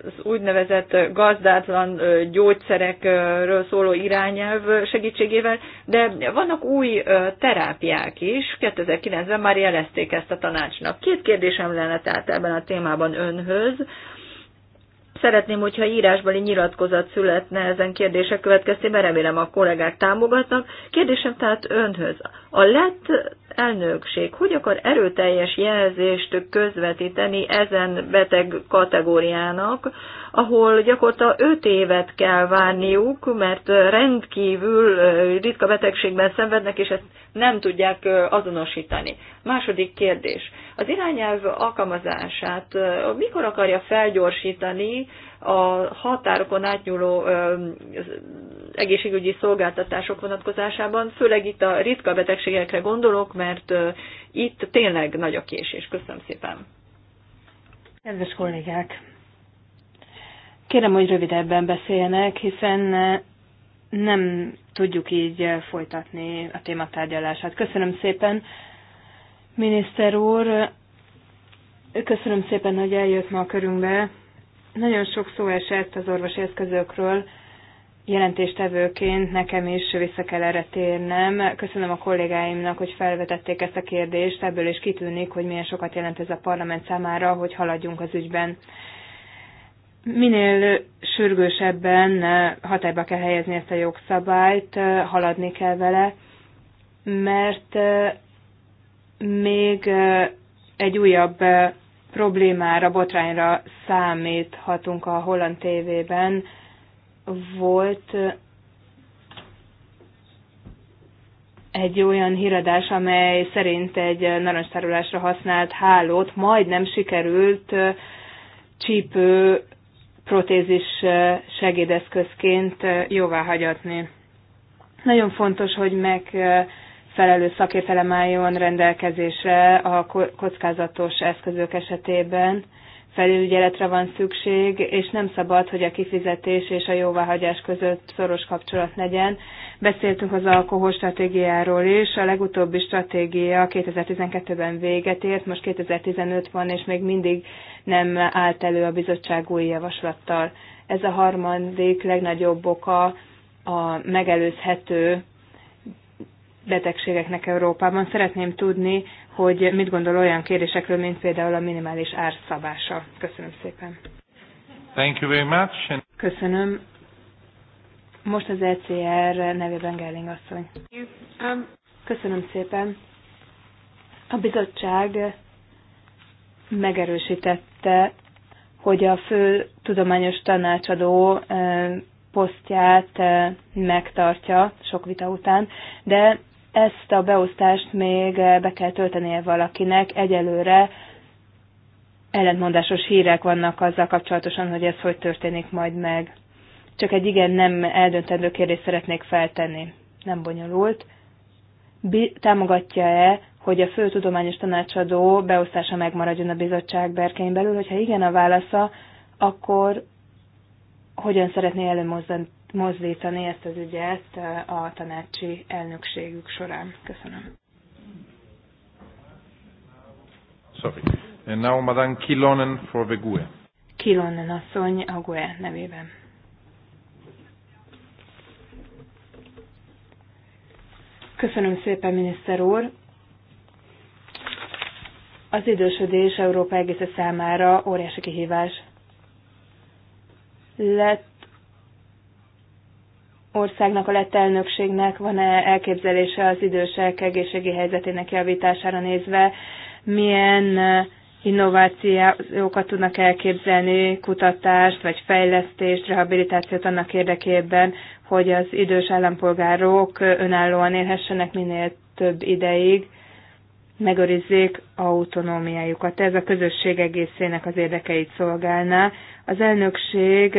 az úgynevezett gazdátlan gyógyszerekről szóló irányelv segítségével, de vannak új terápiák is, 2009-ben már jelezték ezt a tanácsnak. Két kérdésem lenne tehát ebben a témában önhöz. Szeretném, hogyha írásbeli nyilatkozat születne ezen kérdések következtében, remélem a kollégák támogatnak. Kérdésem tehát önhöz. A lett elnökség hogy akar erőteljes jelzést közvetíteni ezen beteg kategóriának, ahol gyakorta 5 évet kell várniuk, mert rendkívül ritka betegségben szenvednek, és ezt nem tudják azonosítani. Második kérdés. Az irányelv alkalmazását mikor akarja felgyorsítani a határokon átnyúló egészségügyi szolgáltatások vonatkozásában, főleg itt a ritka betegségekre gondolok, mert itt tényleg nagy a késés. Köszönöm szépen. Kedves kollégák, Kérem, hogy rövidebben beszéljenek, hiszen eh, nem tudjuk így eh, folytatni a tématárgyalását. Köszönöm szépen, miniszter úr, köszönöm szépen, hogy eljött ma a körünkbe. Nagyon sok szó esett az orvosi eszközökről, jelentéstevőként nekem is vissza kell erre térnem. Köszönöm a kollégáimnak, hogy felvetették ezt a kérdést, ebből is kitűnik, hogy milyen sokat jelent ez a parlament számára, hogy haladjunk az ügyben. Minél sürgősebben eh, hatályba kell helyezni ezt a jogszabályt, eh, haladni kell vele, mert eh, még egy újabb problémára, botrányra számíthatunk a holland TV-ben Volt egy olyan híradás, amely szerint egy narancstárolásra használt hálót majdnem sikerült csípő protézis segédeszközként jóvá hagyatni. Nagyon fontos, hogy megfelelő szakértelem álljon rendelkezésre a kockázatos eszközök esetében, felügyeletre van szükség, és nem szabad, hogy a kifizetés és a jóváhagyás között szoros kapcsolat legyen. Beszéltünk az alkohol stratégiáról is, a legutóbbi stratégia 2012-ben véget ért, most 2015 van, és még mindig nem állt elő a bizottság új javaslattal. Ez a harmadik legnagyobb oka a megelőzhető betegségeknek Európában. Szeretném tudni, hogy mit gondol olyan kérdésekről mint például a minimális árszabása. Köszönöm szépen. Thank you very much. Köszönöm most az ECR nevében Gerling asszony. Um, Köszönöm szépen. A bizottság megerősítette, hogy a fő tudományos tanácsadó eh, posztját eh, megtartja sok vita után, de ezt a beosztást még eh, be kell töltenie valakinek. Egyelőre ellentmondásos hírek vannak azzal kapcsolatosan, hogy ez hogy történik majd meg. Csak egy igen nem eldöntendő kérdést szeretnék feltenni. Nem bonyolult. Támogatja-e, hogy a fő tudományos tanácsadó beosztása megmaradjon a bizottság berkein belül? Hogyha igen a válasza, akkor hogyan szeretné előmozdítani ezt az ügyet eh, a tanácsi elnökségük során? Köszönöm. Sorry. And now Madame Kilonen for the GUE. Kilonen asszony a GUE nevében. Köszönöm szépen, miniszter úr! Az idősödés Európa egésze számára óriási kihívás. Lett országnak, a lett elnökségnek van-e elképzelése az idősek egészségi helyzetének javítására nézve, milyen uh, innovációkat tudnak elképzelni, kutatást vagy fejlesztést, rehabilitációt annak érdekében, hogy az idős állampolgárok önállóan élhessenek minél több ideig, megőrizzék autonómiájukat. Ez a közösség egészének az érdekeit szolgálná. Az elnökség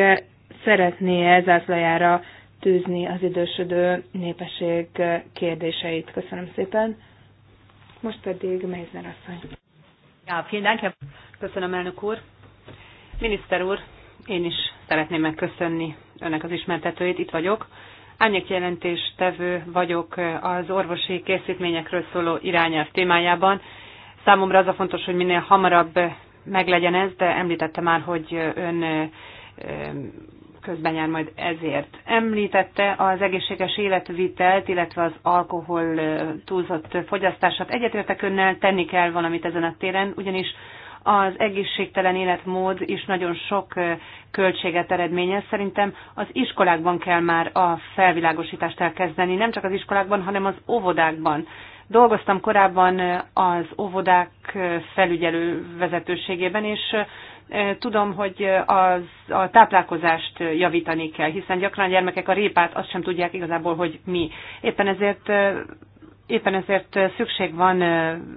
szeretné ez zászlajára tűzni az idősödő népesség kérdéseit. Köszönöm szépen. Most pedig Meizner asszony. Ja, vielen Dank. Köszönöm, elnök úr. Miniszter úr, én is szeretném megköszönni önnek az ismertetőjét. Itt vagyok. jelentés tevő vagyok az orvosi készítményekről szóló irányelv témájában. Számomra az a fontos, hogy minél hamarabb meglegyen ez, de említette már, hogy ön közben jár majd ezért. Említette az egészséges életvitelt, illetve az alkohol túlzott fogyasztását. Egyetértek önnel, tenni kell valamit ezen a téren, ugyanis az egészségtelen életmód is nagyon sok költséget eredményez. Szerintem az iskolákban kell már a felvilágosítást elkezdeni, nem csak az iskolákban, hanem az óvodákban. Dolgoztam korábban az óvodák felügyelő vezetőségében, és Tudom, hogy az, a táplálkozást javítani kell, hiszen gyakran a gyermekek a répát azt sem tudják igazából, hogy mi. Éppen ezért Éppen ezért szükség van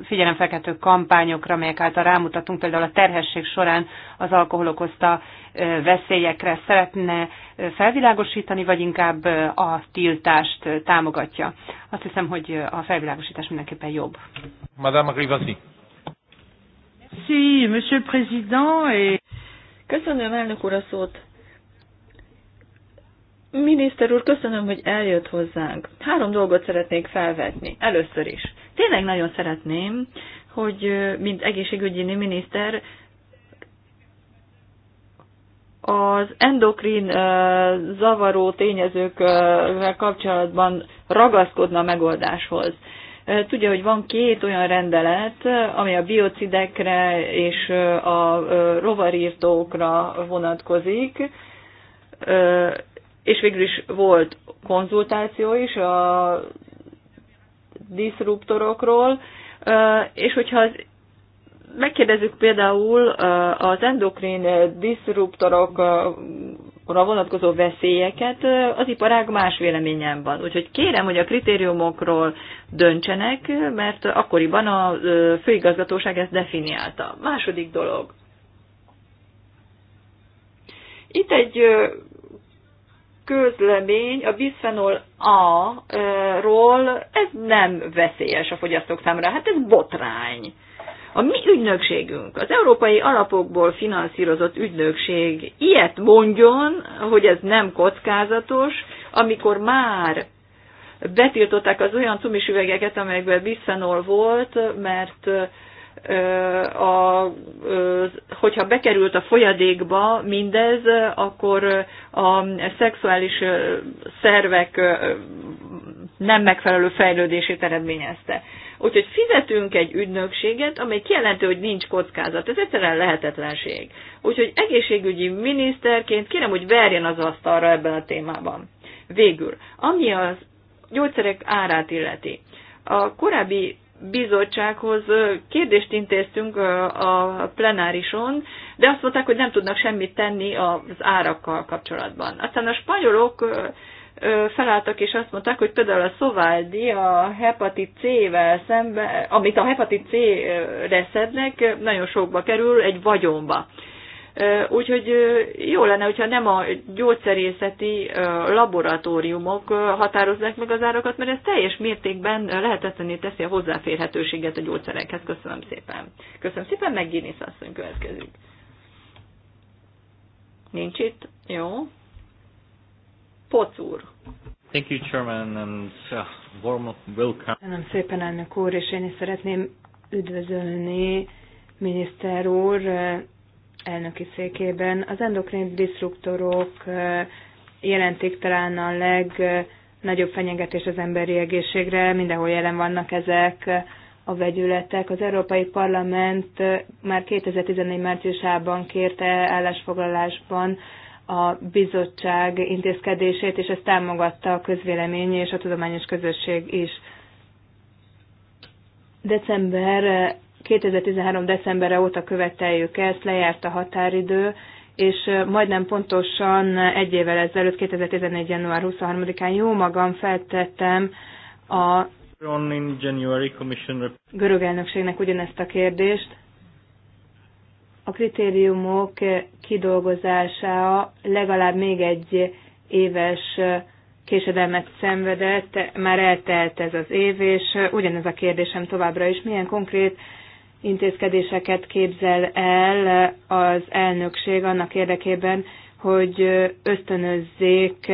figyelemfelkeltő kampányokra, melyek által rámutatunk például a terhesség során az alkohol okozta veszélyekre. Szeretne felvilágosítani, vagy inkább a tiltást támogatja? Azt hiszem, hogy a felvilágosítás mindenképpen jobb. Madame Rivasi. Sí, Monsieur le Président, et... Köszönöm, elnök úr, a szót. Miniszter úr, köszönöm, hogy eljött hozzánk. Három dolgot szeretnék felvetni. Először is. Tényleg nagyon szeretném, hogy mint egészségügyi miniszter az endokrin zavaró tényezőkkel kapcsolatban ragaszkodna a megoldáshoz. Tudja, hogy van két olyan rendelet, ami a biocidekre és a rovarírtókra vonatkozik, és végül is volt konzultáció is a diszruptorokról, és hogyha az megkérdezzük például az endokrin diszruptorok vonatkozó veszélyeket, az iparág más véleményen van. Úgyhogy kérem, hogy a kritériumokról döntsenek, mert akkoriban a főigazgatóság ezt definiálta. Második dolog. Itt egy közlemény a bisphenol A-ról, ez nem veszélyes a fogyasztók számára. Hát ez botrány. A mi ügynökségünk, az európai alapokból finanszírozott ügynökség ilyet mondjon, hogy ez nem kockázatos, amikor már betiltották az olyan cumis üvegeket, amelyekben bisfenol volt, mert a, hogyha bekerült a folyadékba mindez, akkor a szexuális szervek nem megfelelő fejlődését eredményezte. Úgyhogy fizetünk egy ügynökséget, amely kijelenti, hogy nincs kockázat. Ez egyszerűen lehetetlenség. Úgyhogy egészségügyi miniszterként kérem, hogy verjen az asztalra ebben a témában. Végül, ami az gyógyszerek árát illeti. A korábbi bizottsághoz kérdést intéztünk a plenárison, de azt mondták, hogy nem tudnak semmit tenni az árakkal kapcsolatban. Aztán a spanyolok felálltak és azt mondták, hogy például a Szovádi a hepatit C-vel szemben, amit a hepatit C-re szednek, nagyon sokba kerül, egy vagyonba. Úgyhogy jó lenne, hogyha nem a gyógyszerészeti laboratóriumok határozzák meg az árakat, mert ez teljes mértékben lehetetlené teszi a hozzáférhetőséget a gyógyszerekhez. Köszönöm szépen. Köszönöm szépen, meg Guinness asszony következik. Nincs itt? Jó. Pocúr. Thank you, Chairman, and uh, warm welcome. Köszönöm szépen, elnök úr, és én is szeretném üdvözölni miniszter úr elnöki székében. Az endokrin disruptorok jelentik talán a legnagyobb fenyegetés az emberi egészségre, mindenhol jelen vannak ezek a vegyületek. Az Európai Parlament már 2014 márciusában kérte állásfoglalásban, a bizottság intézkedését, és ezt támogatta a közvélemény és a tudományos közösség is. December 2013. decemberre óta követeljük ezt, lejárt a határidő, és majdnem pontosan egy évvel ezelőtt, 2014. január 23-án jó magam feltettem a görög elnökségnek ugyanezt a kérdést, a kritériumok kidolgozása legalább még egy éves késedelmet szenvedett, már eltelt ez az év, és ugyanez a kérdésem továbbra is, milyen konkrét intézkedéseket képzel el az elnökség annak érdekében, hogy ösztönözzék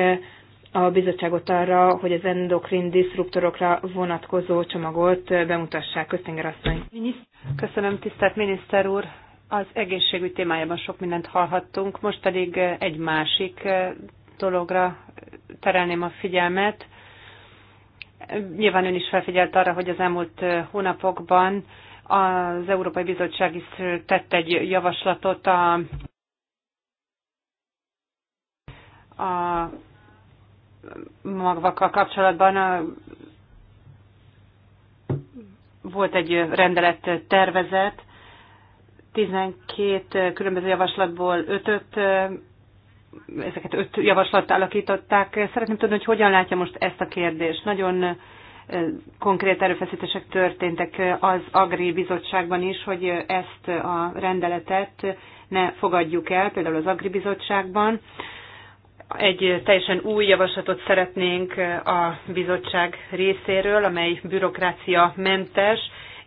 a bizottságot arra, hogy az endokrin diszruptorokra vonatkozó csomagot bemutassák. Köszönöm, Köszönöm, tisztelt miniszter úr. Az egészségügy témájában sok mindent hallhattunk, most pedig egy másik dologra terelném a figyelmet. Nyilván ön is felfigyelt arra, hogy az elmúlt hónapokban az Európai Bizottság is tett egy javaslatot a, a magvakkal kapcsolatban. A, volt egy rendelet tervezet, 12 különböző javaslatból 5 ezeket 5 javaslat alakították. Szeretném tudni, hogy hogyan látja most ezt a kérdést. Nagyon konkrét erőfeszítések történtek az Agri Bizottságban is, hogy ezt a rendeletet ne fogadjuk el, például az Agri Bizottságban. Egy teljesen új javaslatot szeretnénk a bizottság részéről, amely bürokrácia mentes,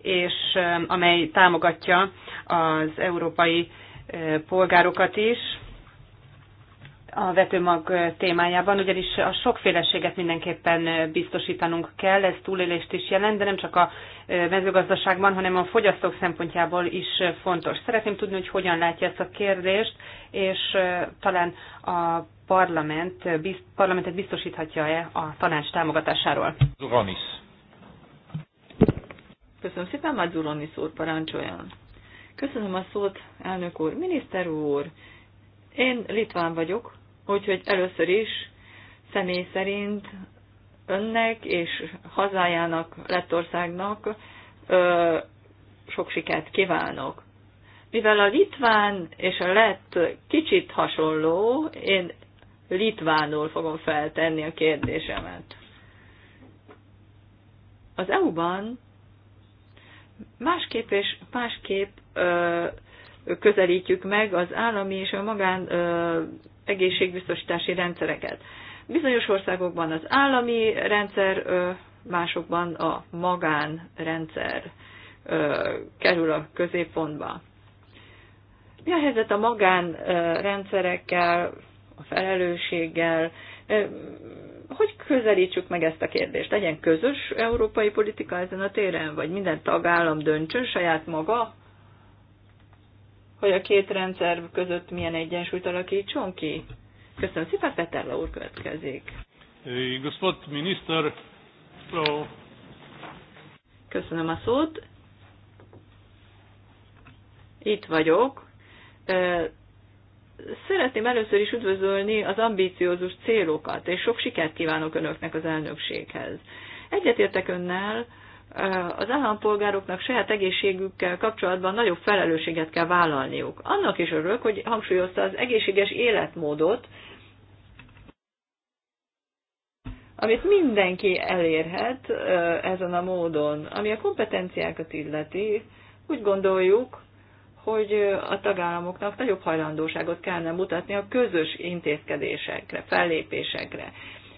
és eh, amely támogatja az európai eh, polgárokat is a vetőmag eh, témájában, ugyanis a sokféleséget mindenképpen biztosítanunk kell, ez túlélést is jelent, de nem csak a mezőgazdaságban, hanem a fogyasztók szempontjából is fontos. Szeretném tudni, hogy hogyan látja ezt a kérdést, és talán a parlament, parlamentet biztosíthatja-e a tanács támogatásáról. Köszönöm szépen, már szót úr parancsoljon. Köszönöm a szót, elnök úr. Miniszter úr, én Litván vagyok, úgyhogy először is személy szerint önnek és hazájának, Lettországnak ö, sok sikert kívánok. Mivel a litván és a lett kicsit hasonló, én litvánul fogom feltenni a kérdésemet. Az EU-ban Másképp és másképp közelítjük meg az állami és a magán egészségbiztosítási rendszereket. Bizonyos országokban az állami rendszer, másokban a magánrendszer kerül a középpontba. Mi a helyzet a magánrendszerekkel, a felelősséggel? hogy közelítsük meg ezt a kérdést? Legyen közös európai politika ezen a téren, vagy minden tagállam döntsön saját maga, hogy a két rendszer között milyen egyensúlyt alakítson ki? Köszönöm szépen, Peter úr következik. Gospod miniszter, Köszönöm a szót. Itt vagyok. Szeretném először is üdvözölni az ambíciózus célokat, és sok sikert kívánok Önöknek az elnökséghez. Egyetértek Önnel, eh, az állampolgároknak saját egészségükkel kapcsolatban nagyobb felelősséget kell vállalniuk. Annak is örülök, hogy hangsúlyozta az egészséges életmódot, amit mindenki elérhet eh, ezen a módon. Ami a kompetenciákat illeti, úgy gondoljuk, hogy a tagállamoknak nagyobb hajlandóságot kellene mutatni a közös intézkedésekre, fellépésekre.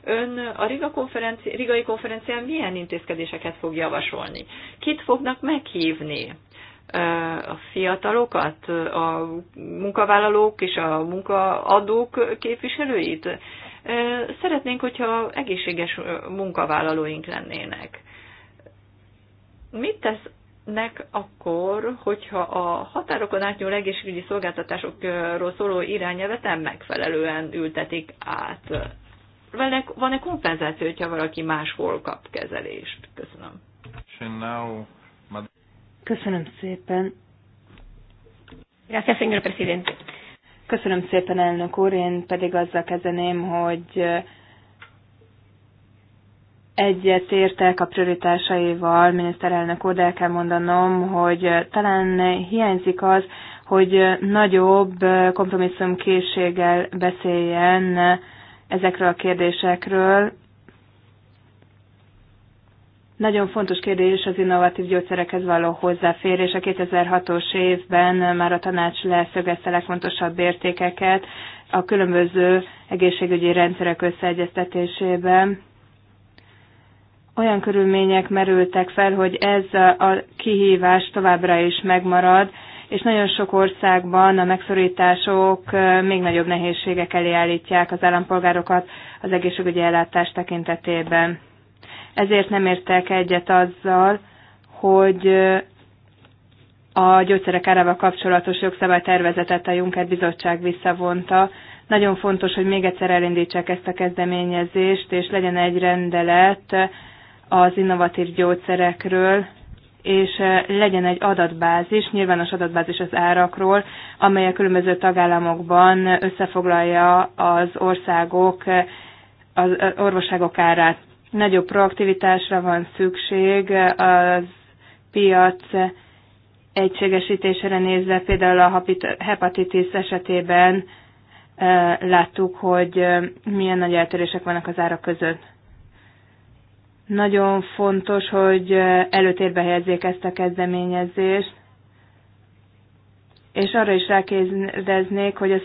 Ön a Riga konferenci- Rigai konferencián milyen intézkedéseket fog javasolni? Kit fognak meghívni? a fiatalokat, a munkavállalók és a munkaadók képviselőit. Szeretnénk, hogyha egészséges munkavállalóink lennének. Mit tesz nek akkor, hogyha a határokon átnyúló egészségügyi szolgáltatásokról szóló irányelvet nem megfelelően ültetik át. Van-e kompenzáció, hogyha valaki máshol kap kezelést? Köszönöm. Köszönöm szépen. Gracias, señor presidente. Köszönöm szépen, elnök úr. Én pedig azzal kezdeném, hogy egyet értek a prioritásaival, miniszterelnök úr, de el kell mondanom, hogy eh, talán hiányzik az, hogy eh, nagyobb eh, kompromisszumkészséggel beszéljen ezekről a kérdésekről. Nagyon fontos kérdés az innovatív gyógyszerekhez való hozzáférés. A 2006-os évben már a tanács leszögezte legfontosabb értékeket a különböző egészségügyi rendszerek összeegyeztetésében olyan körülmények merültek fel, hogy ez a kihívás továbbra is megmarad, és nagyon sok országban a megszorítások még nagyobb nehézségek elé állítják az állampolgárokat az egészségügyi ellátás tekintetében. Ezért nem értek egyet azzal, hogy a gyógyszerek árával kapcsolatos jogszabálytervezetet a Juncker Bizottság visszavonta. Nagyon fontos, hogy még egyszer elindítsák ezt a kezdeményezést, és legyen egy rendelet, az innovatív gyógyszerekről, és eh, legyen egy adatbázis, nyilvános adatbázis az árakról, amely a különböző tagállamokban összefoglalja az országok, eh, az eh, orvosságok árát. Nagyobb proaktivitásra van szükség az piac egységesítésére nézve, például a hepatitis esetében láttuk, hogy milyen nagy eltérések vannak az árak között nagyon fontos, hogy előtérbe helyezzék ezt a kezdeményezést, és arra is rákérdeznék, hogy az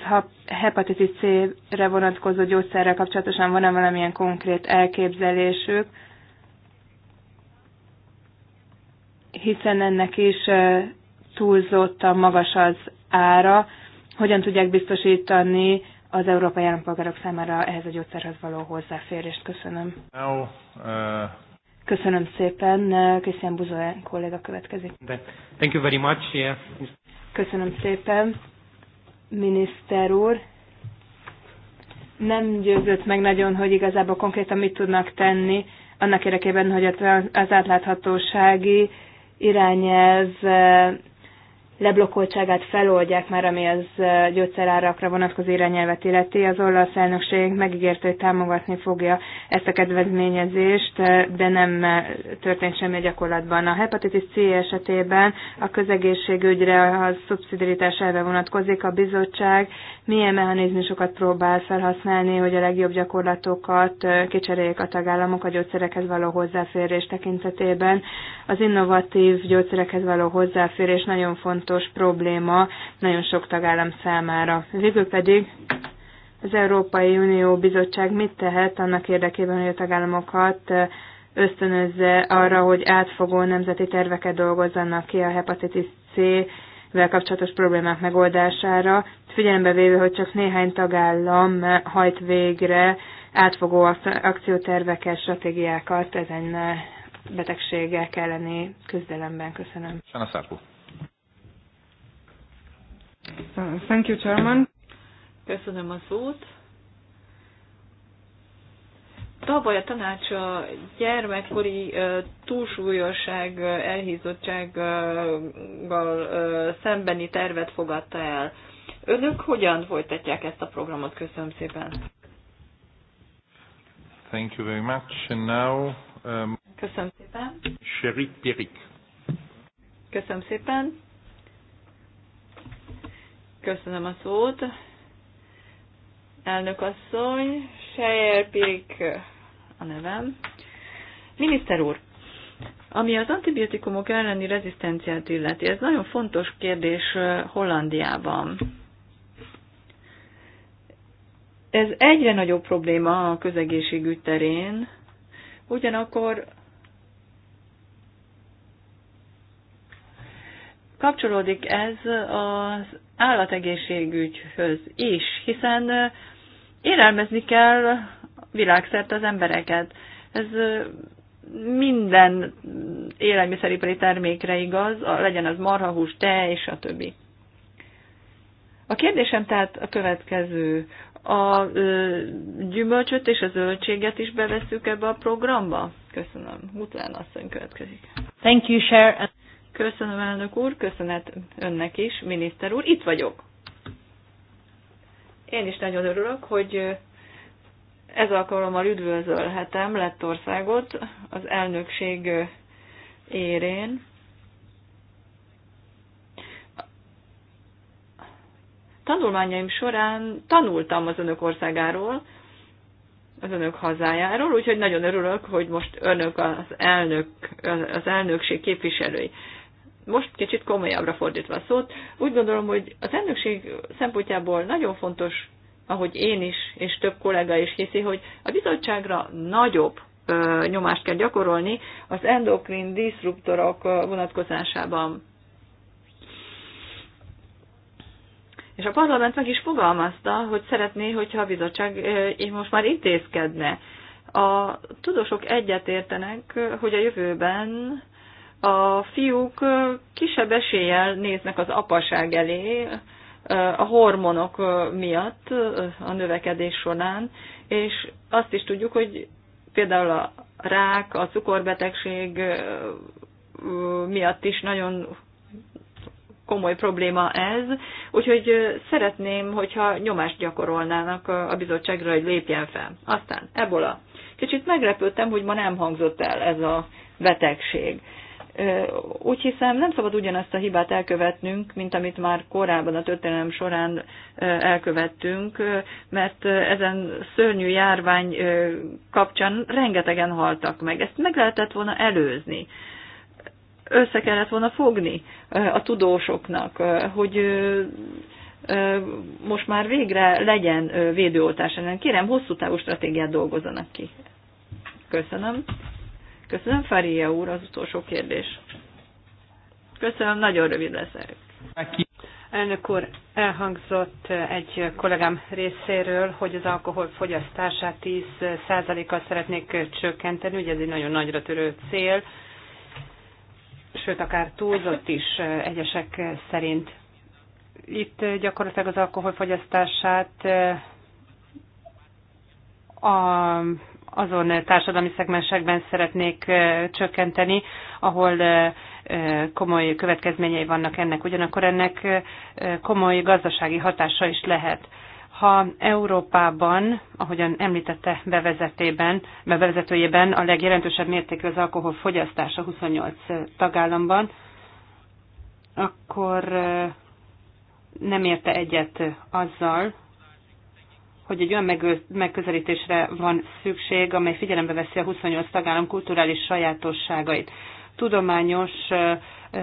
hepatitis C-re vonatkozó gyógyszerrel kapcsolatosan van-e valamilyen konkrét elképzelésük, hiszen ennek is túlzottan magas az ára, hogyan tudják biztosítani az európai állampolgárok számára ehhez a gyógyszerhez való hozzáférést. Köszönöm. Now, uh... Köszönöm szépen. Köszönöm Buzoe kolléga következik. Thank you very much. Yeah. Köszönöm szépen. Miniszter úr, nem győzött meg nagyon, hogy igazából konkrétan mit tudnak tenni annak érdekében, hogy az átláthatósági irányelv leblokkoltságát feloldják már, ami az gyógyszerárakra vonatkozó irányelvet illeti. Az olasz elnökség megígérte, hogy támogatni fogja ezt a kedvezményezést, de nem történt semmi gyakorlatban. A hepatitis C esetében a közegészségügyre a szubszidiaritás elve vonatkozik. A bizottság milyen mechanizmusokat próbál felhasználni, hogy a legjobb gyakorlatokat kicseréljék a tagállamok a gyógyszerekhez való hozzáférés tekintetében. Az innovatív gyógyszerekhez való hozzáférés nagyon fontos fontos probléma nagyon sok tagállam számára. Végül pedig az Európai Unió Bizottság mit tehet annak érdekében, hogy a tagállamokat eh, ösztönözze arra, hogy átfogó nemzeti terveket dolgozzanak ki a hepatitis C-vel kapcsolatos problémák megoldására, figyelembe véve, hogy csak néhány tagállam eh, hajt végre átfogó akcióterveket, stratégiákat ezen eh, betegségek elleni küzdelemben. Köszönöm. Sana Szárpó. Uh, thank you, Chairman. Köszönöm a szót. Tavaly a tanács a gyermekkori túlsúlyosság, elhízottsággal szembeni tervet fogadta el. Önök hogyan folytatják ezt a programot? Köszönöm szépen. Thank you very much. And now, um, Köszönöm szépen. Sherik Pirik. Köszönöm szépen. Köszönöm a szót. Elnök asszony, Sejerpék a nevem. Miniszter úr, ami az antibiotikumok elleni rezisztenciát illeti, ez nagyon fontos kérdés Hollandiában. Ez egyre nagyobb probléma a közegészségügy terén, ugyanakkor kapcsolódik ez az állategészségügyhöz is, hiszen élelmezni kell világszerte az embereket. Ez minden élelmiszeripari termékre igaz, legyen az marhahús, te és a többi. A kérdésem tehát a következő. A ö, gyümölcsöt és a zöldséget is beveszük ebbe a programba? Köszönöm. Utlán asszony következik. Thank you, Cher. Köszönöm, elnök úr, köszönet önnek is, miniszter úr, itt vagyok. Én is nagyon örülök, hogy ez alkalommal üdvözölhetem Lettországot az elnökség érén. Tanulmányaim során tanultam az önök országáról, az önök hazájáról, úgyhogy nagyon örülök, hogy most önök az, elnök, az elnökség képviselői most kicsit komolyabbra fordítva a szót, úgy gondolom, hogy az elnökség szempontjából nagyon fontos, ahogy én is, és több kollega is hiszi, hogy a bizottságra nagyobb ö, nyomást kell gyakorolni az endokrin diszruptorok vonatkozásában. És a parlament meg is fogalmazta, hogy szeretné, hogyha a bizottság ö, most már intézkedne. A tudósok egyetértenek, hogy a jövőben a fiúk kisebb eséllyel néznek az apaság elé, a hormonok miatt a növekedés során, és azt is tudjuk, hogy például a rák, a cukorbetegség miatt is nagyon komoly probléma ez, úgyhogy szeretném, hogyha nyomást gyakorolnának a bizottságra, hogy lépjen fel. Aztán ebola. Kicsit meglepődtem, hogy ma nem hangzott el ez a betegség. Úgy hiszem, nem szabad ugyanazt a hibát elkövetnünk, mint amit már korábban a történelem során elkövettünk, mert ezen szörnyű járvány kapcsán rengetegen haltak meg. Ezt meg lehetett volna előzni. Össze kellett volna fogni a tudósoknak, hogy most már végre legyen védőoltás ellen. Kérem, hosszú távú stratégiát dolgozzanak ki. Köszönöm. Köszönöm, Faria úr, az utolsó kérdés. Köszönöm, nagyon rövid leszek. Elnök úr, elhangzott egy kollégám részéről, hogy az alkoholfogyasztását 10%-kal szeretnék csökkenteni, ugye ez egy nagyon nagyra törő cél, sőt, akár túlzott is egyesek szerint. Itt gyakorlatilag az alkoholfogyasztását a azon társadalmi szegmensekben szeretnék csökkenteni, ahol komoly következményei vannak ennek. Ugyanakkor ennek komoly gazdasági hatása is lehet. Ha Európában, ahogyan említette bevezetében, bevezetőjében a legjelentősebb mértékű az alkoholfogyasztás a 28 tagállamban, akkor nem érte egyet azzal, hogy egy olyan megközelítésre van szükség, amely figyelembe veszi a 28 tagállam kulturális sajátosságait. Tudományos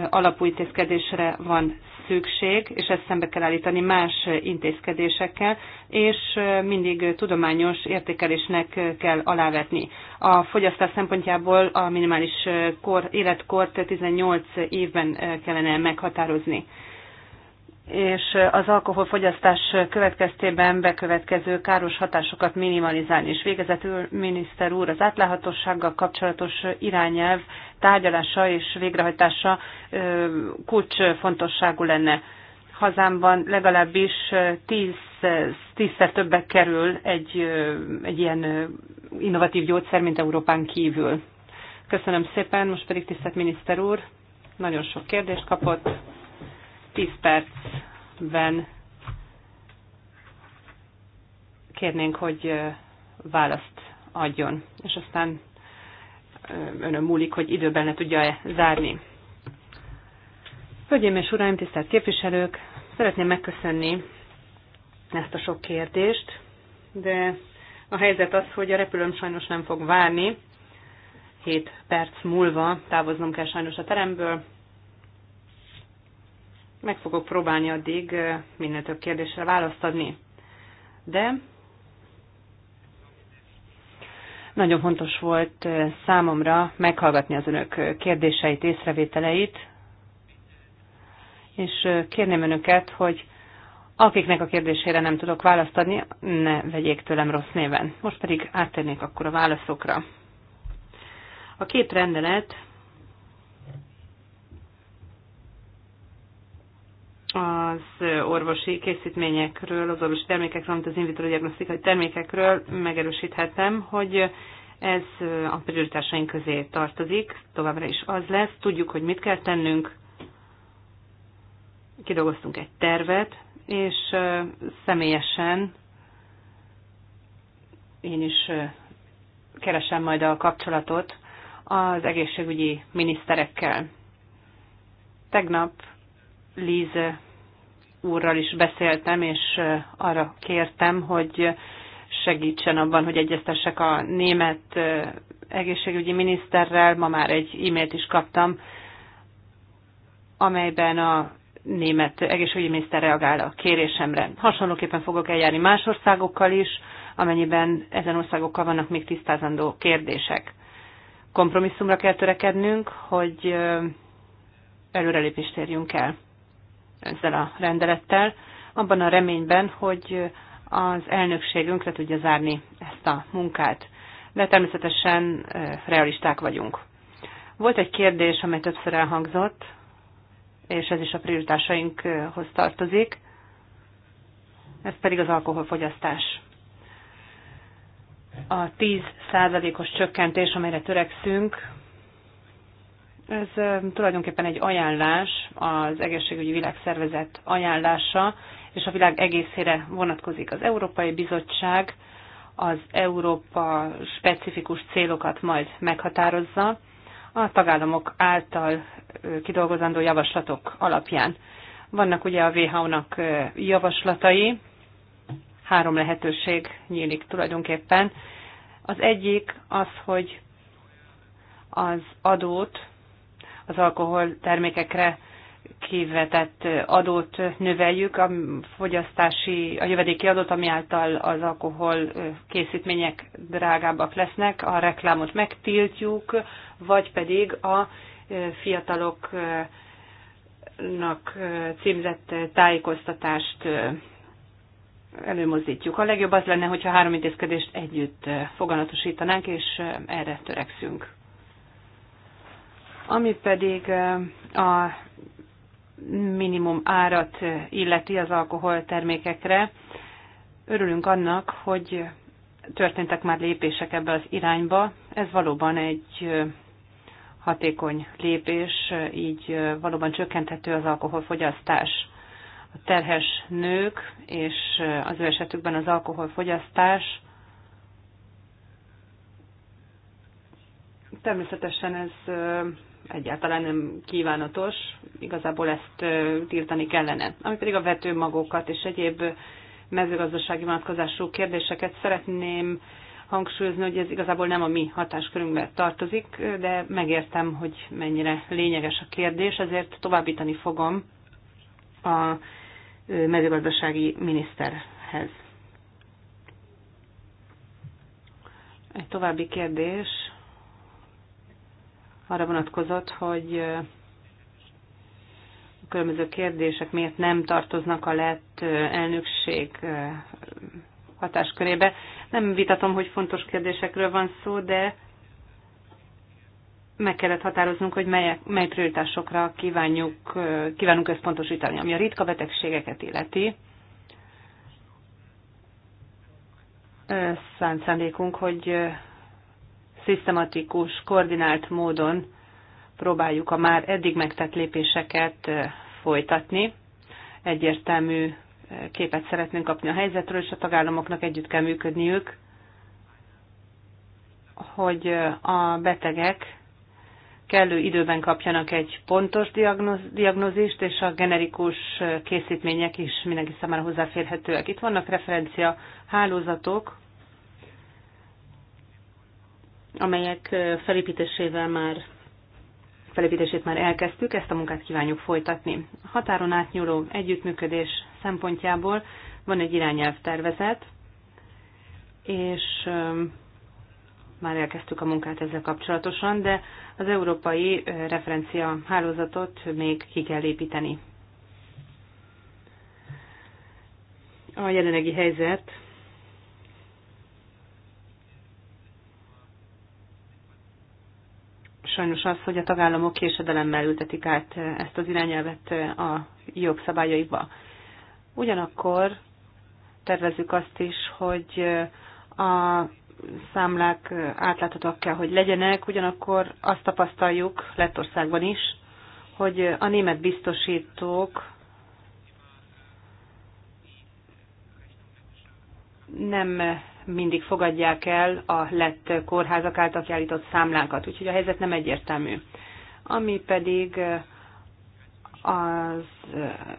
alapú intézkedésre van szükség, és ezt szembe kell állítani más intézkedésekkel, és mindig tudományos értékelésnek kell alávetni. A fogyasztás szempontjából a minimális kor, életkort 18 évben kellene meghatározni és az alkoholfogyasztás következtében bekövetkező káros hatásokat minimalizálni. És végezetül, miniszter úr, az átláthatósággal kapcsolatos irányelv tárgyalása és végrehajtása fontosságú lenne. Hazámban legalábbis tíz, tízszer többe kerül egy, egy ilyen innovatív gyógyszer, mint Európán kívül. Köszönöm szépen, most pedig tisztelt miniszter úr, nagyon sok kérdést kapott 10 percben kérnénk, hogy választ adjon, és aztán önön múlik, hogy időben le tudja-e zárni. Hölgyeim és Uraim, tisztelt képviselők, szeretném megköszönni ezt a sok kérdést, de a helyzet az, hogy a repülőm sajnos nem fog várni. 7 perc múlva távoznom kell sajnos a teremből, meg fogok próbálni addig minél több kérdésre választ adni. De nagyon fontos volt számomra meghallgatni az önök kérdéseit, észrevételeit, és kérném önöket, hogy akiknek a kérdésére nem tudok választ adni, ne vegyék tőlem rossz néven. Most pedig áttérnék akkor a válaszokra. A két rendelet az orvosi készítményekről, az orvosi termékekről, amit az in vitro diagnosztikai termékekről megerősíthetem, hogy ez a prioritásaink közé tartozik, továbbra is az lesz. Tudjuk, hogy mit kell tennünk, kidolgoztunk egy tervet, és személyesen én is keresem majd a kapcsolatot az egészségügyi miniszterekkel. Tegnap Líze úrral is beszéltem, és arra kértem, hogy segítsen abban, hogy egyeztessek a német egészségügyi miniszterrel. Ma már egy e-mailt is kaptam, amelyben a német egészségügyi miniszter reagál a kérésemre. Hasonlóképpen fogok eljárni más országokkal is, amennyiben ezen országokkal vannak még tisztázandó kérdések. Kompromisszumra kell törekednünk, hogy előrelépést érjünk el ezzel a rendelettel, abban a reményben, hogy az elnökségünk le tudja zárni ezt a munkát. De természetesen realisták vagyunk. Volt egy kérdés, amely többször elhangzott, és ez is a prioritásainkhoz tartozik, ez pedig az alkoholfogyasztás. A 10%-os csökkentés, amelyre törekszünk, ez tulajdonképpen egy ajánlás, az egészségügyi világszervezet ajánlása, és a világ egészére vonatkozik az Európai Bizottság, az Európa specifikus célokat majd meghatározza a tagállamok által kidolgozandó javaslatok alapján. Vannak ugye a WHO-nak javaslatai, három lehetőség nyílik tulajdonképpen. Az egyik az, hogy az adót az alkohol termékekre kivetett adót növeljük, a fogyasztási, a jövedéki adót, ami által az alkohol készítmények drágábbak lesznek, a reklámot megtiltjuk, vagy pedig a fiataloknak címzett tájékoztatást előmozdítjuk. A legjobb az lenne, hogyha három intézkedést együtt foganatosítanánk, és erre törekszünk. Ami pedig a minimum árat illeti az alkoholtermékekre, örülünk annak, hogy történtek már lépések ebbe az irányba. Ez valóban egy hatékony lépés, így valóban csökkenthető az alkoholfogyasztás. A terhes nők és az ő esetükben az alkoholfogyasztás természetesen ez egyáltalán nem kívánatos, igazából ezt tiltani kellene. Ami pedig a vetőmagokat és egyéb mezőgazdasági vonatkozású kérdéseket szeretném hangsúlyozni, hogy ez igazából nem a mi hatáskörünkbe tartozik, de megértem, hogy mennyire lényeges a kérdés, ezért továbbítani fogom a mezőgazdasági miniszterhez. Egy további kérdés arra vonatkozott, hogy a különböző kérdések miért nem tartoznak a lett elnökség hatáskörébe. Nem vitatom, hogy fontos kérdésekről van szó, de meg kellett határoznunk, hogy mely, mely prioritásokra kívánjuk, kívánunk összpontosítani, ami a ritka betegségeket illeti. Szánt szándékunk, hogy szisztematikus, koordinált módon próbáljuk a már eddig megtett lépéseket folytatni. Egyértelmű képet szeretnénk kapni a helyzetről, és a tagállamoknak együtt kell működniük, hogy a betegek kellő időben kapjanak egy pontos diagnózist, és a generikus készítmények is mindenki számára hozzáférhetőek. Itt vannak referencia hálózatok, amelyek felépítésével már felépítését már elkezdtük, ezt a munkát kívánjuk folytatni. A határon átnyúló együttműködés szempontjából van egy irányelv tervezet, és már elkezdtük a munkát ezzel kapcsolatosan, de az európai referencia hálózatot még ki kell építeni. A jelenlegi helyzet sajnos az, hogy a tagállamok késedelemmel ültetik át ezt az irányelvet a jogszabályaiba. Ugyanakkor tervezzük azt is, hogy a számlák átláthatóak kell, hogy legyenek, ugyanakkor azt tapasztaljuk Lettországban is, hogy a német biztosítók nem mindig fogadják el a lett kórházak által kiállított számlánkat, úgyhogy a helyzet nem egyértelmű. Ami pedig az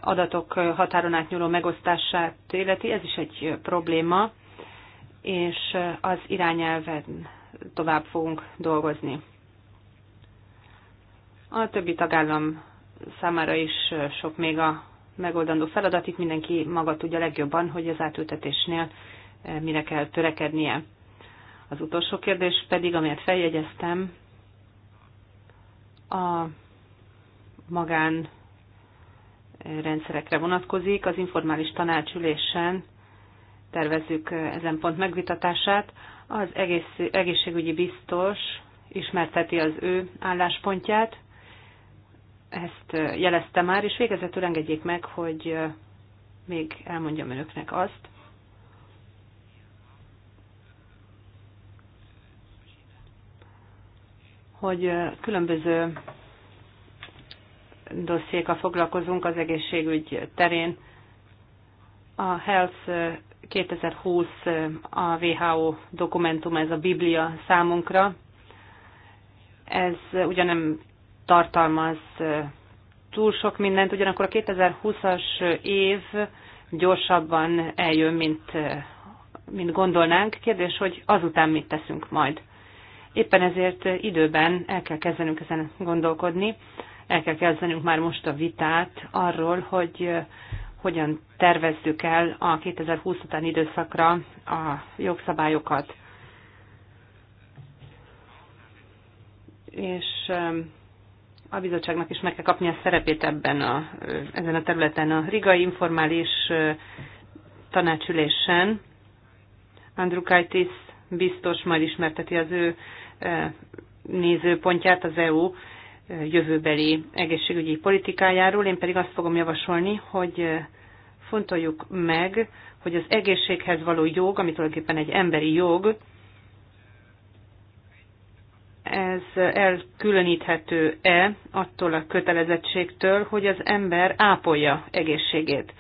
adatok határon átnyúló megosztását illeti, ez is egy probléma, és az irányelven tovább fogunk dolgozni. A többi tagállam számára is sok még a megoldandó feladat, itt mindenki maga tudja legjobban, hogy az átültetésnél mire kell törekednie. Az utolsó kérdés pedig, amelyet feljegyeztem, a magán rendszerekre vonatkozik. Az informális tanácsülésen tervezzük ezen pont megvitatását. Az egész, egészségügyi biztos ismerteti az ő álláspontját. Ezt jelezte már, és végezetül engedjék meg, hogy még elmondjam önöknek azt, hogy különböző dossziékkal foglalkozunk az egészségügy terén. A Health 2020 a WHO dokumentum, ez a Biblia számunkra. Ez ugyan nem tartalmaz túl sok mindent, ugyanakkor a 2020-as év gyorsabban eljön, mint, mint gondolnánk. Kérdés, hogy azután mit teszünk majd. Éppen ezért időben el kell kezdenünk ezen gondolkodni, el kell kezdenünk már most a vitát arról, hogy hogyan tervezzük el a 2020 utáni időszakra a jogszabályokat. És a bizottságnak is meg kell kapni a szerepét ebben a, ezen a területen. A rigai informális tanácsülésen Andrukaitis biztos majd ismerteti az ő nézőpontját az EU jövőbeli egészségügyi politikájáról. Én pedig azt fogom javasolni, hogy fontoljuk meg, hogy az egészséghez való jog, ami tulajdonképpen egy emberi jog, ez elkülöníthető-e attól a kötelezettségtől, hogy az ember ápolja egészségét.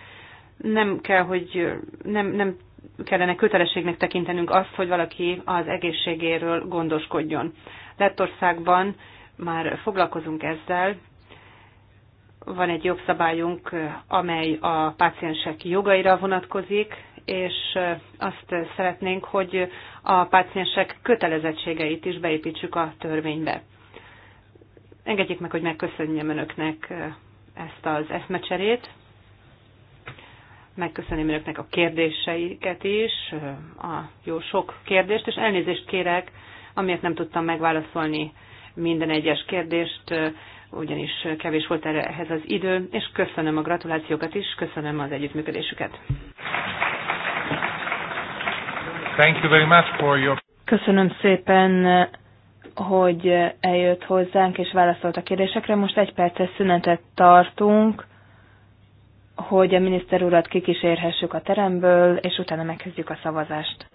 Nem kell, hogy nem, nem kellene kötelességnek tekintenünk azt, hogy valaki az egészségéről gondoskodjon. Lettországban már foglalkozunk ezzel, van egy jogszabályunk, amely a páciensek jogaira vonatkozik, és azt szeretnénk, hogy a páciensek kötelezettségeit is beépítsük a törvénybe. Engedjék meg, hogy megköszönjem Önöknek ezt az eszmecserét megköszönöm önöknek a kérdéseiket is, a jó sok kérdést, és elnézést kérek, amiért nem tudtam megválaszolni minden egyes kérdést, ugyanis kevés volt erre ehhez az idő, és köszönöm a gratulációkat is, köszönöm az együttműködésüket. Thank you very much for your... Köszönöm szépen, hogy eljött hozzánk és válaszolt a kérdésekre. Most egy perces szünetet tartunk hogy a miniszter urat kikísérhessük a teremből, és utána megkezdjük a szavazást.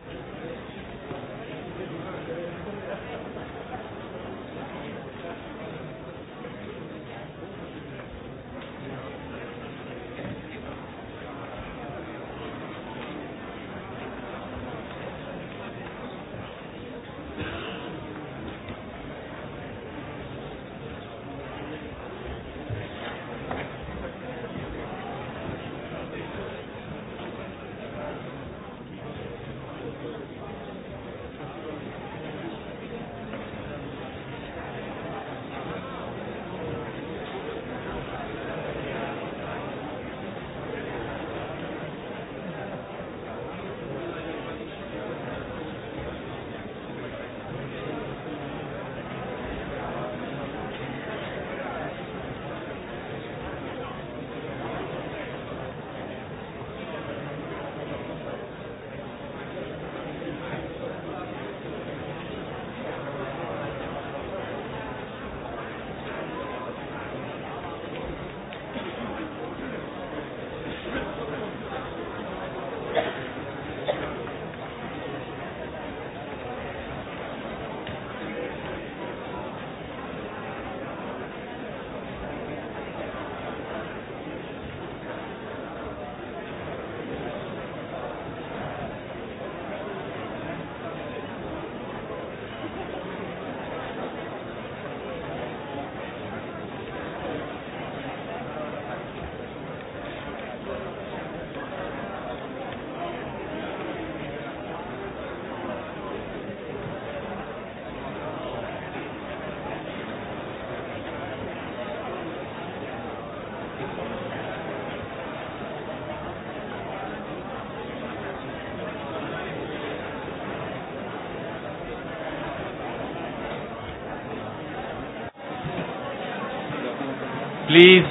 please,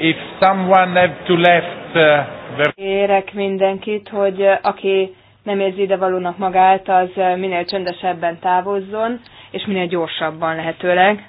if someone have to left uh, the... Érek mindenkit, hogy uh, aki nem érzi ide valónak magát, az uh, minél csöndesebben távozzon, és minél gyorsabban lehetőleg.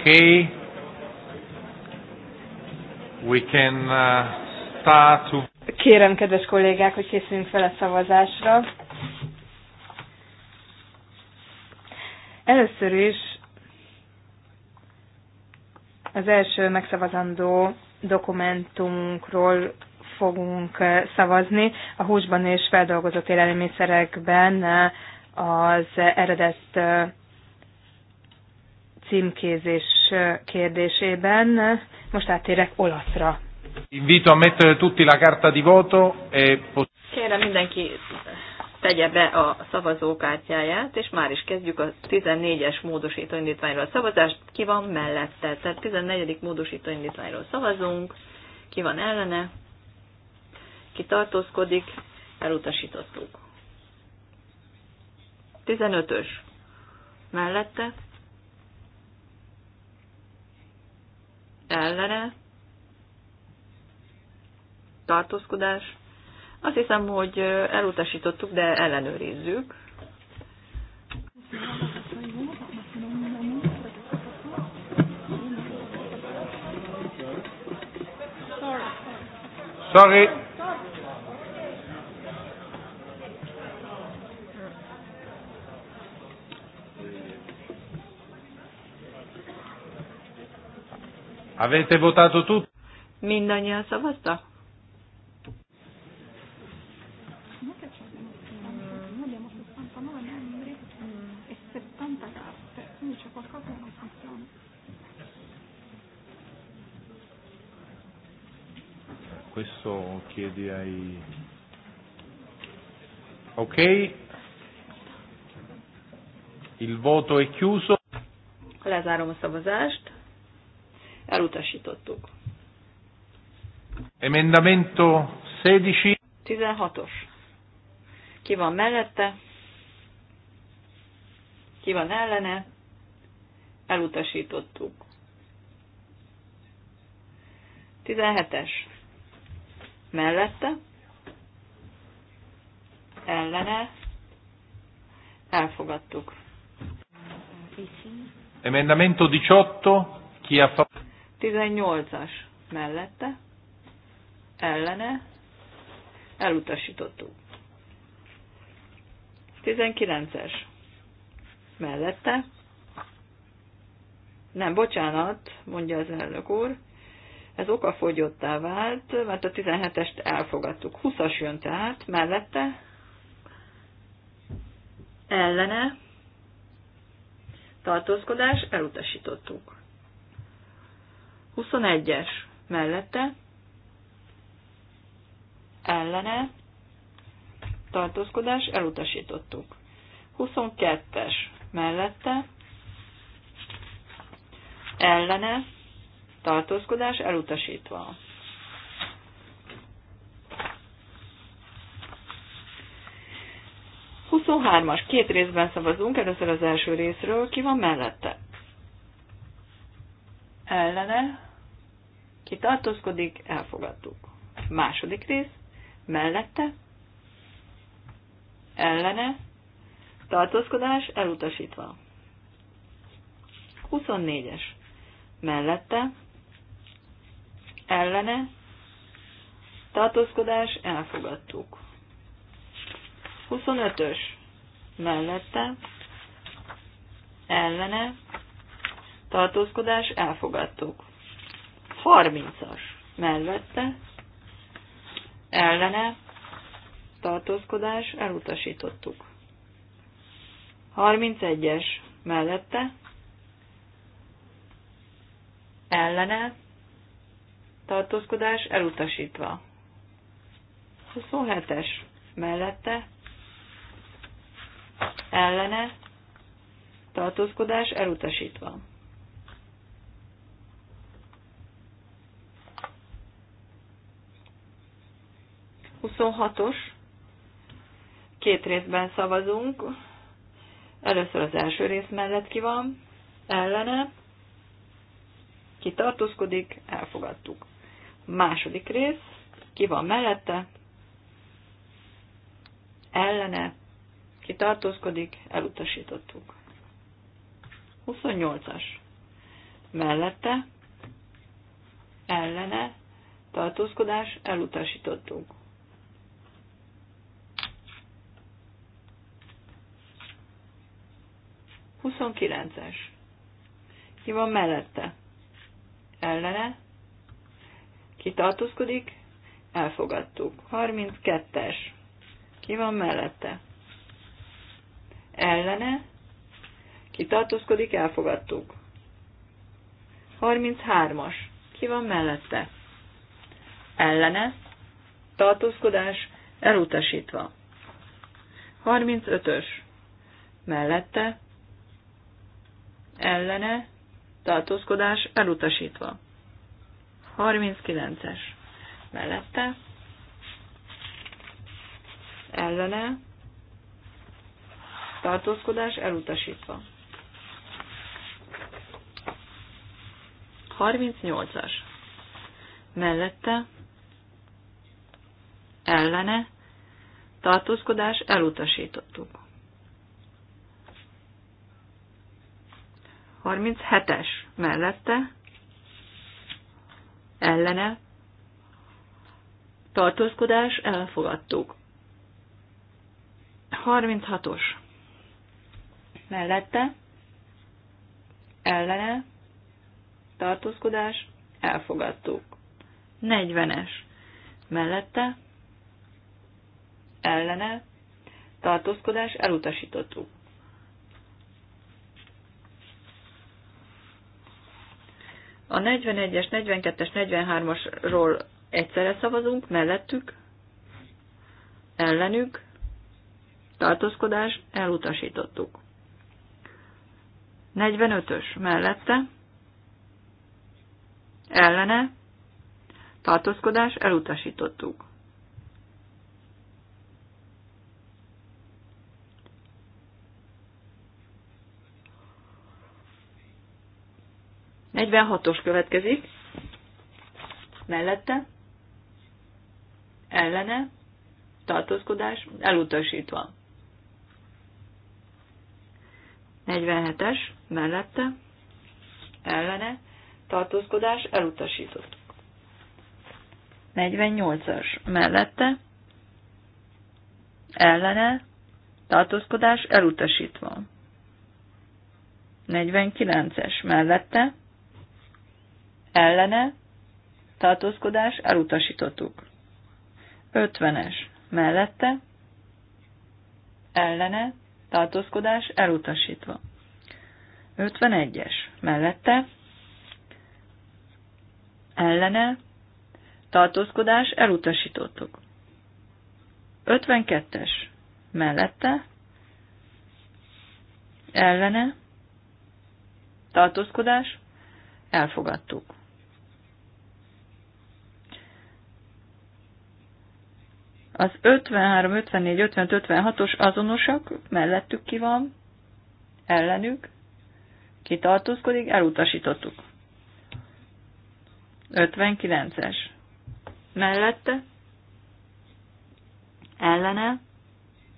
Okay. We can uh, start to... Kérem, kedves kollégák, hogy készüljünk fel a szavazásra. Először is az első megszavazandó dokumentumunkról fogunk uh, szavazni. A húsban és feldolgozott élelmiszerekben uh, az eredet címkézés kérdésében. Most áttérek olaszra. Invito a mettere tutti la carta di voto e... Kérem mindenki tegye be a szavazókártyáját, és már is kezdjük a 14-es módosító indítványról szavazást. Ki van mellette? Tehát 14. módosító indítványról szavazunk. Ki van ellene? Ki tartózkodik? Elutasítottuk. 15-ös. Mellette? ellene tartózkodás. Azt hiszem, hogy elutasítottuk, de ellenőrizzük. Sorry. Avete votato tutti? Mindannyian szavazta? Questo chiedi ai... Ok, il voto è chiuso. Lezárom a szavazást. Elutasítottuk. Emendamento 16. 16-os. Ki van mellette? Ki van ellene? Elutasítottuk. 17-es. Mellette? Ellene? Elfogadtuk. Emendamento 18. Ki a favore? 18-as mellette, ellene, elutasítottuk. 19-es mellette, nem, bocsánat, mondja az elnök úr, ez okafogyottá vált, mert a 17-est elfogadtuk. 20-as jön tehát, mellette, ellene, tartózkodás, elutasítottuk. 21-es mellette, ellene, tartózkodás, elutasítottuk. 22-es mellette, ellene, tartózkodás, elutasítva. Huszonhármas, két részben szavazunk, először az első részről, ki van mellette? ellene, ki tartózkodik, elfogadtuk. Második rész, mellette, ellene, tartózkodás elutasítva. 24-es, mellette, ellene, tartózkodás elfogadtuk. 25-ös, mellette, ellene, tartózkodás elfogadtuk. 30-as mellette ellene tartózkodás elutasítottuk. 31-es mellette ellene tartózkodás elutasítva. 27-es mellette ellene tartózkodás elutasítva. 26-os, két részben szavazunk. Először az első rész mellett ki van, ellene, ki tartózkodik, elfogadtuk. Második rész, ki van mellette, ellene, ki tartózkodik, elutasítottuk. 28-as. Mellette, ellene, tartózkodás, elutasítottuk. 29-es. Ki van mellette? Ellene. Ki tartózkodik? Elfogadtuk. 32-es. Ki van mellette? Ellene. Ki tartózkodik? Elfogadtuk. 33-as. Ki van mellette? Ellene. Tartózkodás elutasítva. 35-ös. Mellette ellene tartózkodás elutasítva. 39-es mellette ellene tartózkodás elutasítva. 38-as mellette ellene tartózkodás elutasítottuk. 37-es mellette ellene tartózkodás elfogadtuk. 36-os mellette ellene tartózkodás elfogadtuk. 40-es mellette ellene tartózkodás elutasítottuk. A 41-es, 42-es, 43-asról egyszerre szavazunk, mellettük, ellenük, tartózkodás, elutasítottuk. 45-ös mellette, ellene, tartózkodás, elutasítottuk. 46-os következik. Mellette. Ellene. Tartózkodás. Elutasítva. 47-es. Mellette. Ellene. Tartózkodás. Elutasított. 48-as. Mellette. Ellene. Tartózkodás. Elutasítva. 49-es mellette, ellene, tartózkodás, elutasítottuk. 50-es, mellette, ellene, tartózkodás, elutasítva. 51-es, mellette, ellene, tartózkodás, elutasítottuk. 52-es, mellette, ellene, tartózkodás, elfogadtuk. Az 53, 54, 55, 56-os azonosak, mellettük ki van, ellenük, ki tartózkodik, elutasítottuk. 59-es. Mellette, ellene,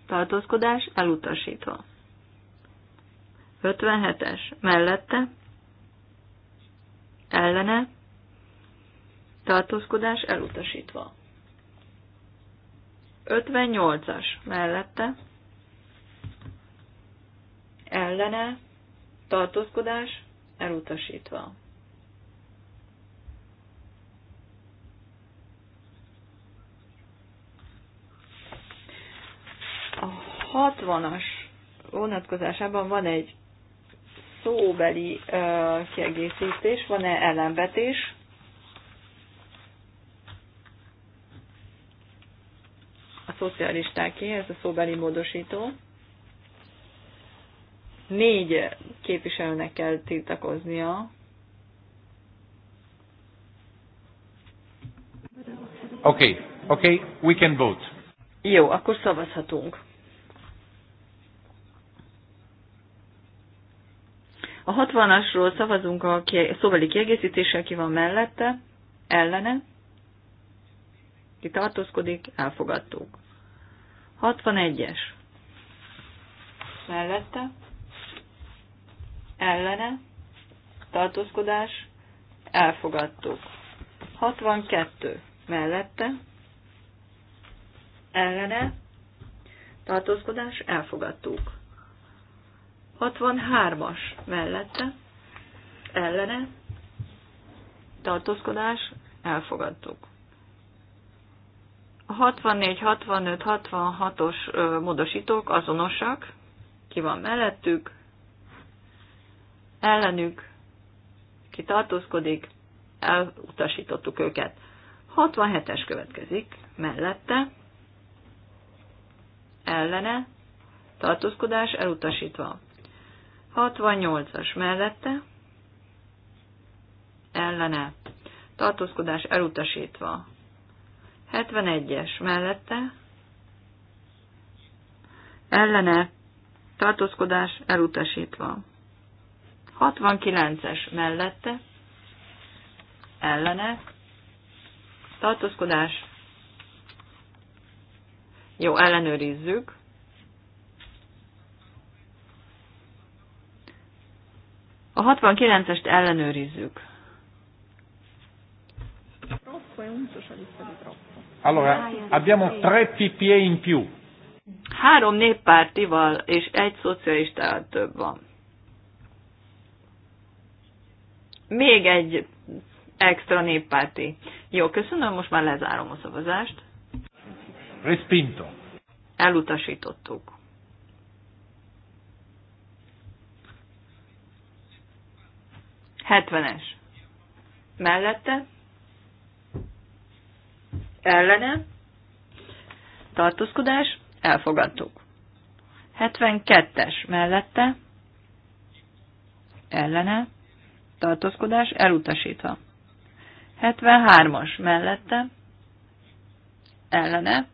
tartózkodás elutasítva. 57-es. Mellette, ellene, tartózkodás elutasítva. 58-as mellette ellene tartózkodás elutasítva. A 60-as vonatkozásában van egy szóbeli uh, kiegészítés, van-e ellenvetés? szocialistáké, ez a szóbeli módosító. Négy képviselőnek kell tiltakoznia. Oké, okay, oké, okay, we can vote. Jó, akkor szavazhatunk. A 60-asról szavazunk a szóbeli kiegészítéssel, ki van mellette, ellene, ki tartózkodik, elfogadtuk. 61-es. Mellette. Ellene. Tartózkodás. Elfogadtuk. 62. Mellette. Ellene. Tartózkodás. Elfogadtuk. 63-as. Mellette. Ellene. Tartózkodás. Elfogadtuk. 64, 65, 66-os módosítók azonosak, ki van mellettük, ellenük, ki tartózkodik, elutasítottuk őket. 67-es következik, mellette, ellene, tartózkodás elutasítva. 68-as mellette, ellene, tartózkodás elutasítva. 71-es mellette ellene tartózkodás elutasítva. 69-es mellette ellene tartózkodás. Jó, ellenőrizzük. A 69-est ellenőrizzük. Troppo è un socialista di troppo. Allora, abbiamo tre PPA e in più. Három néppártival és egy szocialistával több van. Még egy extra néppárti. Jó, köszönöm, most már lezárom a szavazást. Respinto. Elutasítottuk. Hetvenes. Mellette? ellene, tartózkodás, elfogadtuk. 72-es mellette, ellene, tartózkodás, elutasítva. 73-as mellette, ellene,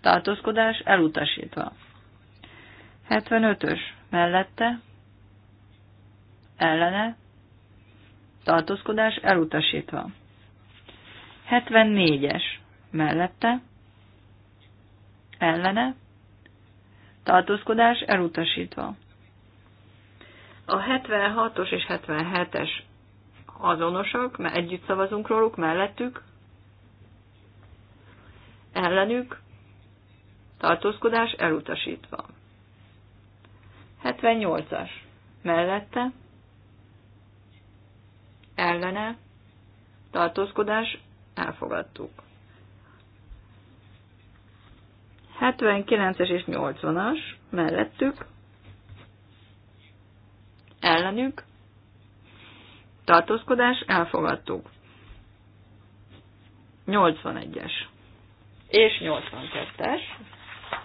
tartózkodás, elutasítva. 75-ös mellette, ellene, tartózkodás, elutasítva. 74-es mellette, ellene, tartózkodás elutasítva. A 76-os és 77-es azonosak, mert együtt szavazunk róluk, mellettük, ellenük, tartózkodás elutasítva. 78-as, mellette, ellene, tartózkodás elfogadtuk. 79-es és 80-as mellettük, ellenük, tartózkodás, elfogadtuk. 81-es és 82-es,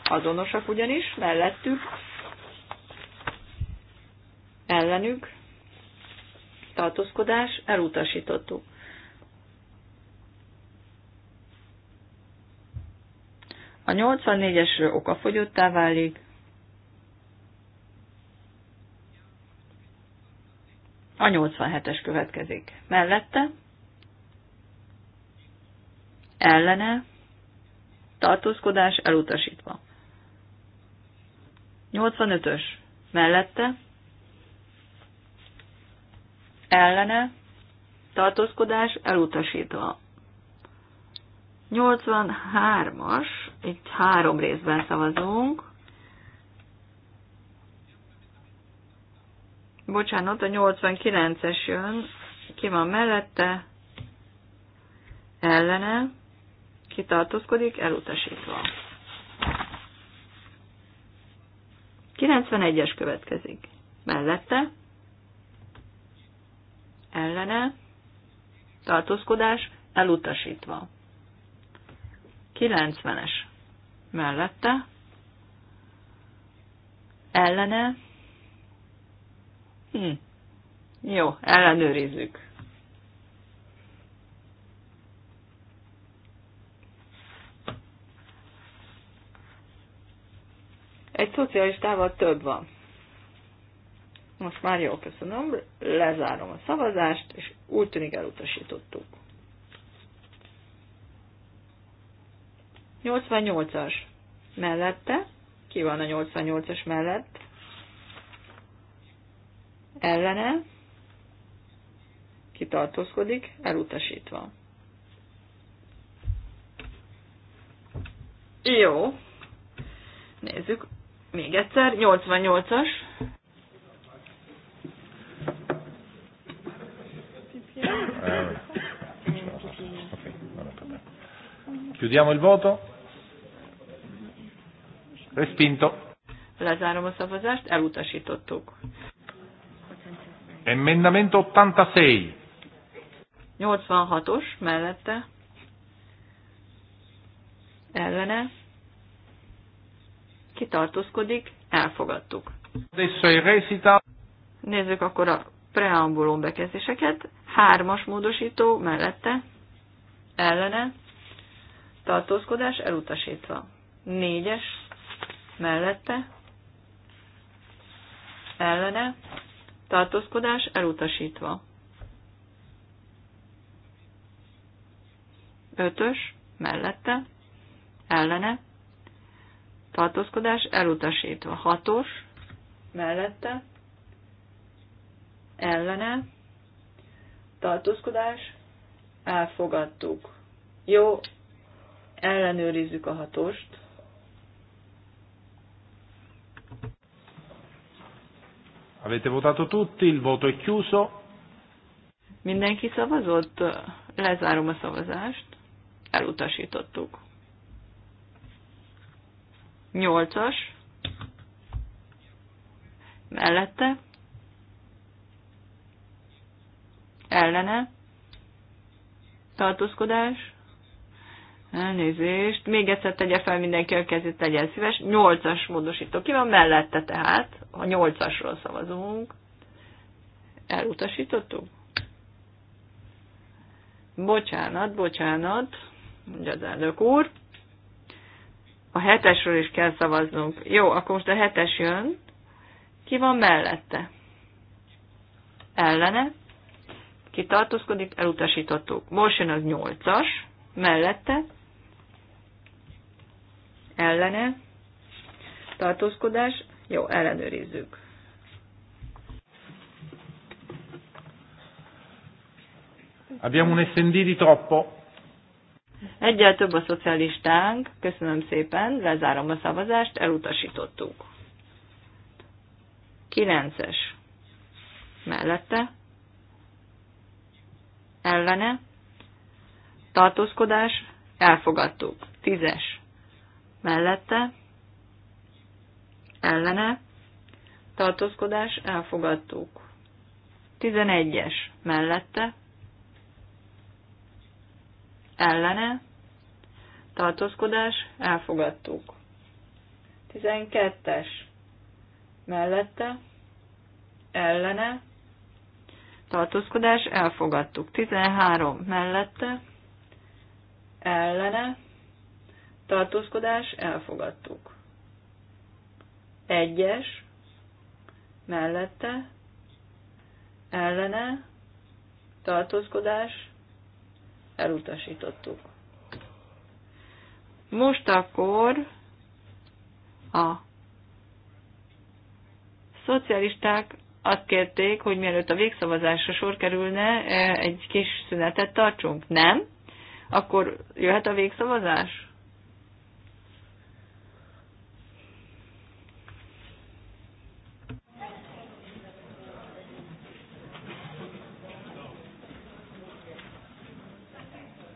azonosak ugyanis, mellettük, ellenük, tartózkodás, elutasítottuk. A 84 esről okafogyottá válik. A 87-es következik. Mellette, ellene, tartózkodás elutasítva. 85-ös, mellette, ellene, tartózkodás elutasítva. 83-as, itt három részben szavazunk. Bocsánat, a 89-es jön. Ki van mellette? Ellene. Kitartózkodik? Elutasítva. 91-es következik. Mellette. Ellene. Tartózkodás elutasítva. 90-es mellette, ellene, hm. jó, ellenőrizzük. Egy szocialistával több van. Most már jó, köszönöm. Lezárom a szavazást, és úgy tűnik elutasítottuk. 88-as mellette, ki van a 88-as mellett, ellene, kitartózkodik, elutasítva. Jó. Nézzük. Még egyszer. 88-as. Chiudiamo il voto. Respinto. Lezárom a szavazást, elutasítottuk. Emendamento 86. 86-os mellette. Ellene. Kitartózkodik, elfogadtuk. Nézzük akkor a preambulum bekezdéseket. Hármas módosító mellette. Ellene. Tartózkodás elutasítva. Négyes mellette, ellene, tartózkodás elutasítva. Ötös, mellette, ellene, tartózkodás elutasítva. Hatos, mellette, ellene, tartózkodás, elfogadtuk. Jó, ellenőrizzük a hatost. Avete votato tutti, il voto è chiuso. Mindenki szavazott? Lezárom a szavazást. Elutasítottuk. Nyolcas. Mellette. Ellene. Tartózkodás. Elnézést. Még egyszer tegye fel mindenki a kezét, legyen szíves. Nyolcas módosító. Ki van mellette tehát? A nyolcasról szavazunk. Elutasítottuk? Bocsánat, bocsánat, mondja az elnök úr. A hetesről is kell szavaznunk. Jó, akkor most a hetes jön. Ki van mellette? Ellene. Ki tartózkodik, elutasítottuk. Most jön az nyolcas, mellette ellene, tartózkodás, jó, ellenőrizzük. Abbiamo un SND di troppo. Egyel több a szocialistánk, köszönöm szépen, lezárom a szavazást, elutasítottuk. 9-es. Mellette. Ellene. Tartózkodás. Elfogadtuk. 10-es mellette, ellene, tartózkodás, elfogadtuk. 11-es mellette, ellene, tartózkodás, elfogadtuk. 12-es mellette, ellene, tartózkodás, elfogadtuk. 13 mellette, ellene, tartózkodás, elfogadtuk. Egyes, mellette, ellene, tartózkodás, elutasítottuk. Most akkor a szocialisták azt kérték, hogy mielőtt a végszavazásra sor kerülne, eh, egy kis szünetet tartsunk. Nem? Akkor jöhet a végszavazás?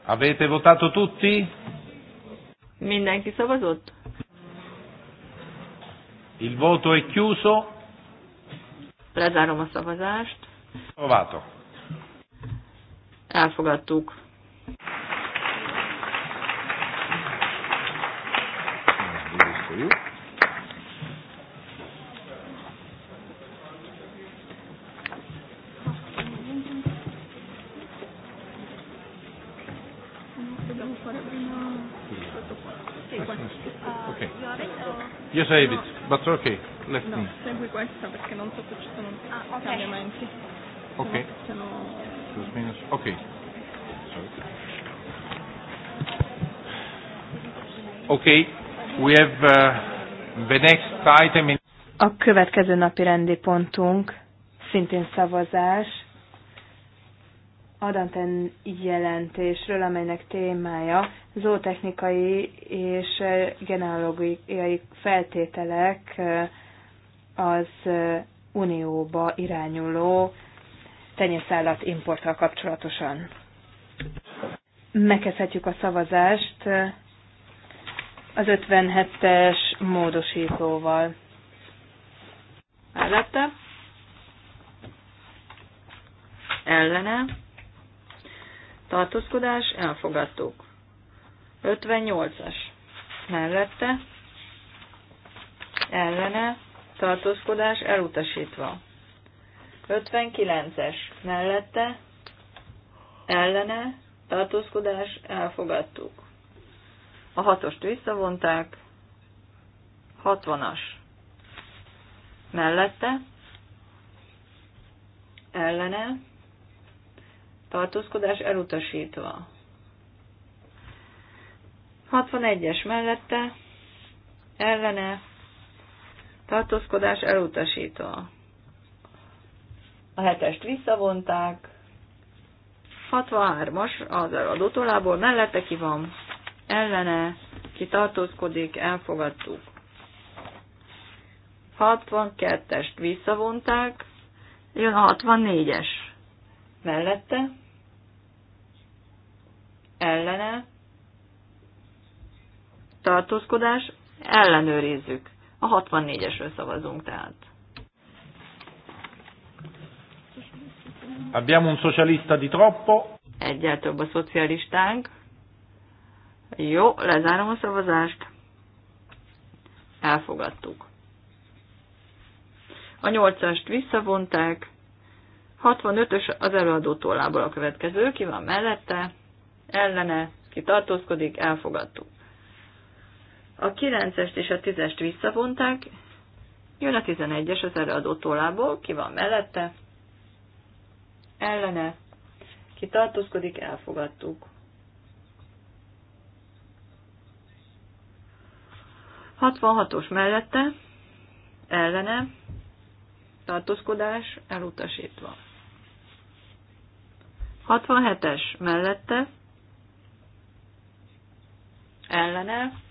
Avete votato tutti? Mindenki szavazott? Il voto è chiuso. Lezárom a szavazást. Provato. Elfogadtuk. Thank you. David, but okay, let's no, segue questa perché non so se ci sono ah, okay. cambiamenti. Ok. Se no, se no... Eh. Ok. Okay, we have uh, the next item in... A következő napi rendi pontunk szintén szavazás Adanten jelentésről, amelynek témája zootechnikai és genealógiai feltételek eh, az eh, Unióba irányuló tenyészállat importtal kapcsolatosan. Megkezdhetjük a szavazást eh, az 57-es módosítóval. Állatta? Ellene? tartózkodás, elfogadtuk. 58-as mellette, ellene, tartózkodás, elutasítva. 59-es mellette, ellene, tartózkodás, elfogadtuk. A hatost visszavonták, 60-as mellette, ellene, tartózkodás elutasítva. 61-es mellette, ellene, tartózkodás elutasítva. A hetest visszavonták, 63-as az adótolából mellette ki van, ellene, ki tartózkodik, elfogadtuk. 62-est visszavonták, jön a 64-es mellette, ellene, tartózkodás, ellenőrizzük. A 64-esről szavazunk tehát. Abbiamo un socialista di troppo. Egyel több a szocialistánk. Jó, lezárom a szavazást. Elfogadtuk. A nyolcast visszavonták, 65-ös az előadó tollából a következő, ki van mellette, ellene, ki tartózkodik, elfogadtuk. A 9-est és a 10-est visszavonták, jön a 11-es az előadó tollából, ki van mellette, ellene, ki tartózkodik, elfogadtuk. 66-os mellette, ellene, tartózkodás elutasítva. 67-es mellette, ellene,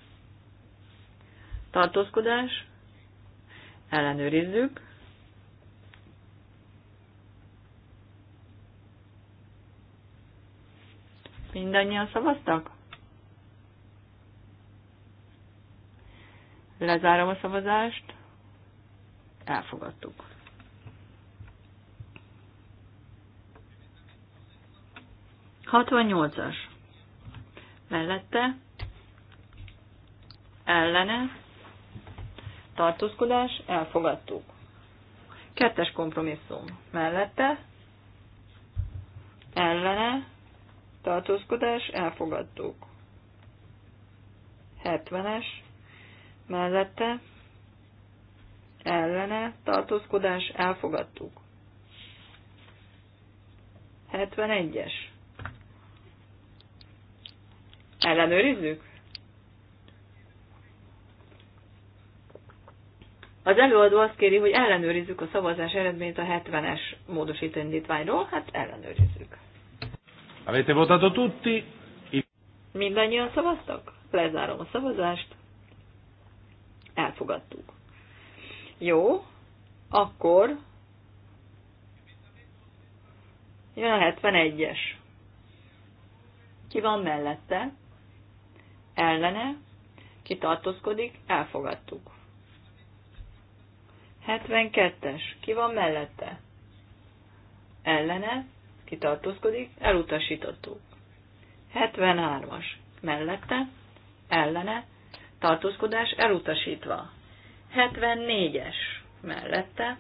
tartózkodás, ellenőrizzük. Mindannyian szavaztak? Lezárom a szavazást. Elfogadtuk. 68-as. Mellette ellene tartózkodás elfogadtuk. Kettes kompromisszum. Mellette ellene tartózkodás elfogadtuk. 70-es mellette ellene tartózkodás elfogadtuk. 71-es Ellenőrizzük? Az előadó azt kéri, hogy ellenőrizzük a szavazás eredményt a 70-es módosító indítványról, hát ellenőrizzük. Avete votato tutti? Mindannyian szavaztak? Lezárom a szavazást. Elfogadtuk. Jó, akkor jön a 71-es. Ki van mellette? ellene, kitartózkodik, elfogadtuk. 72-es, ki van mellette? Ellene, kitartózkodik, elutasítottuk. 73-as, mellette, ellene, tartózkodás elutasítva. 74-es, mellette,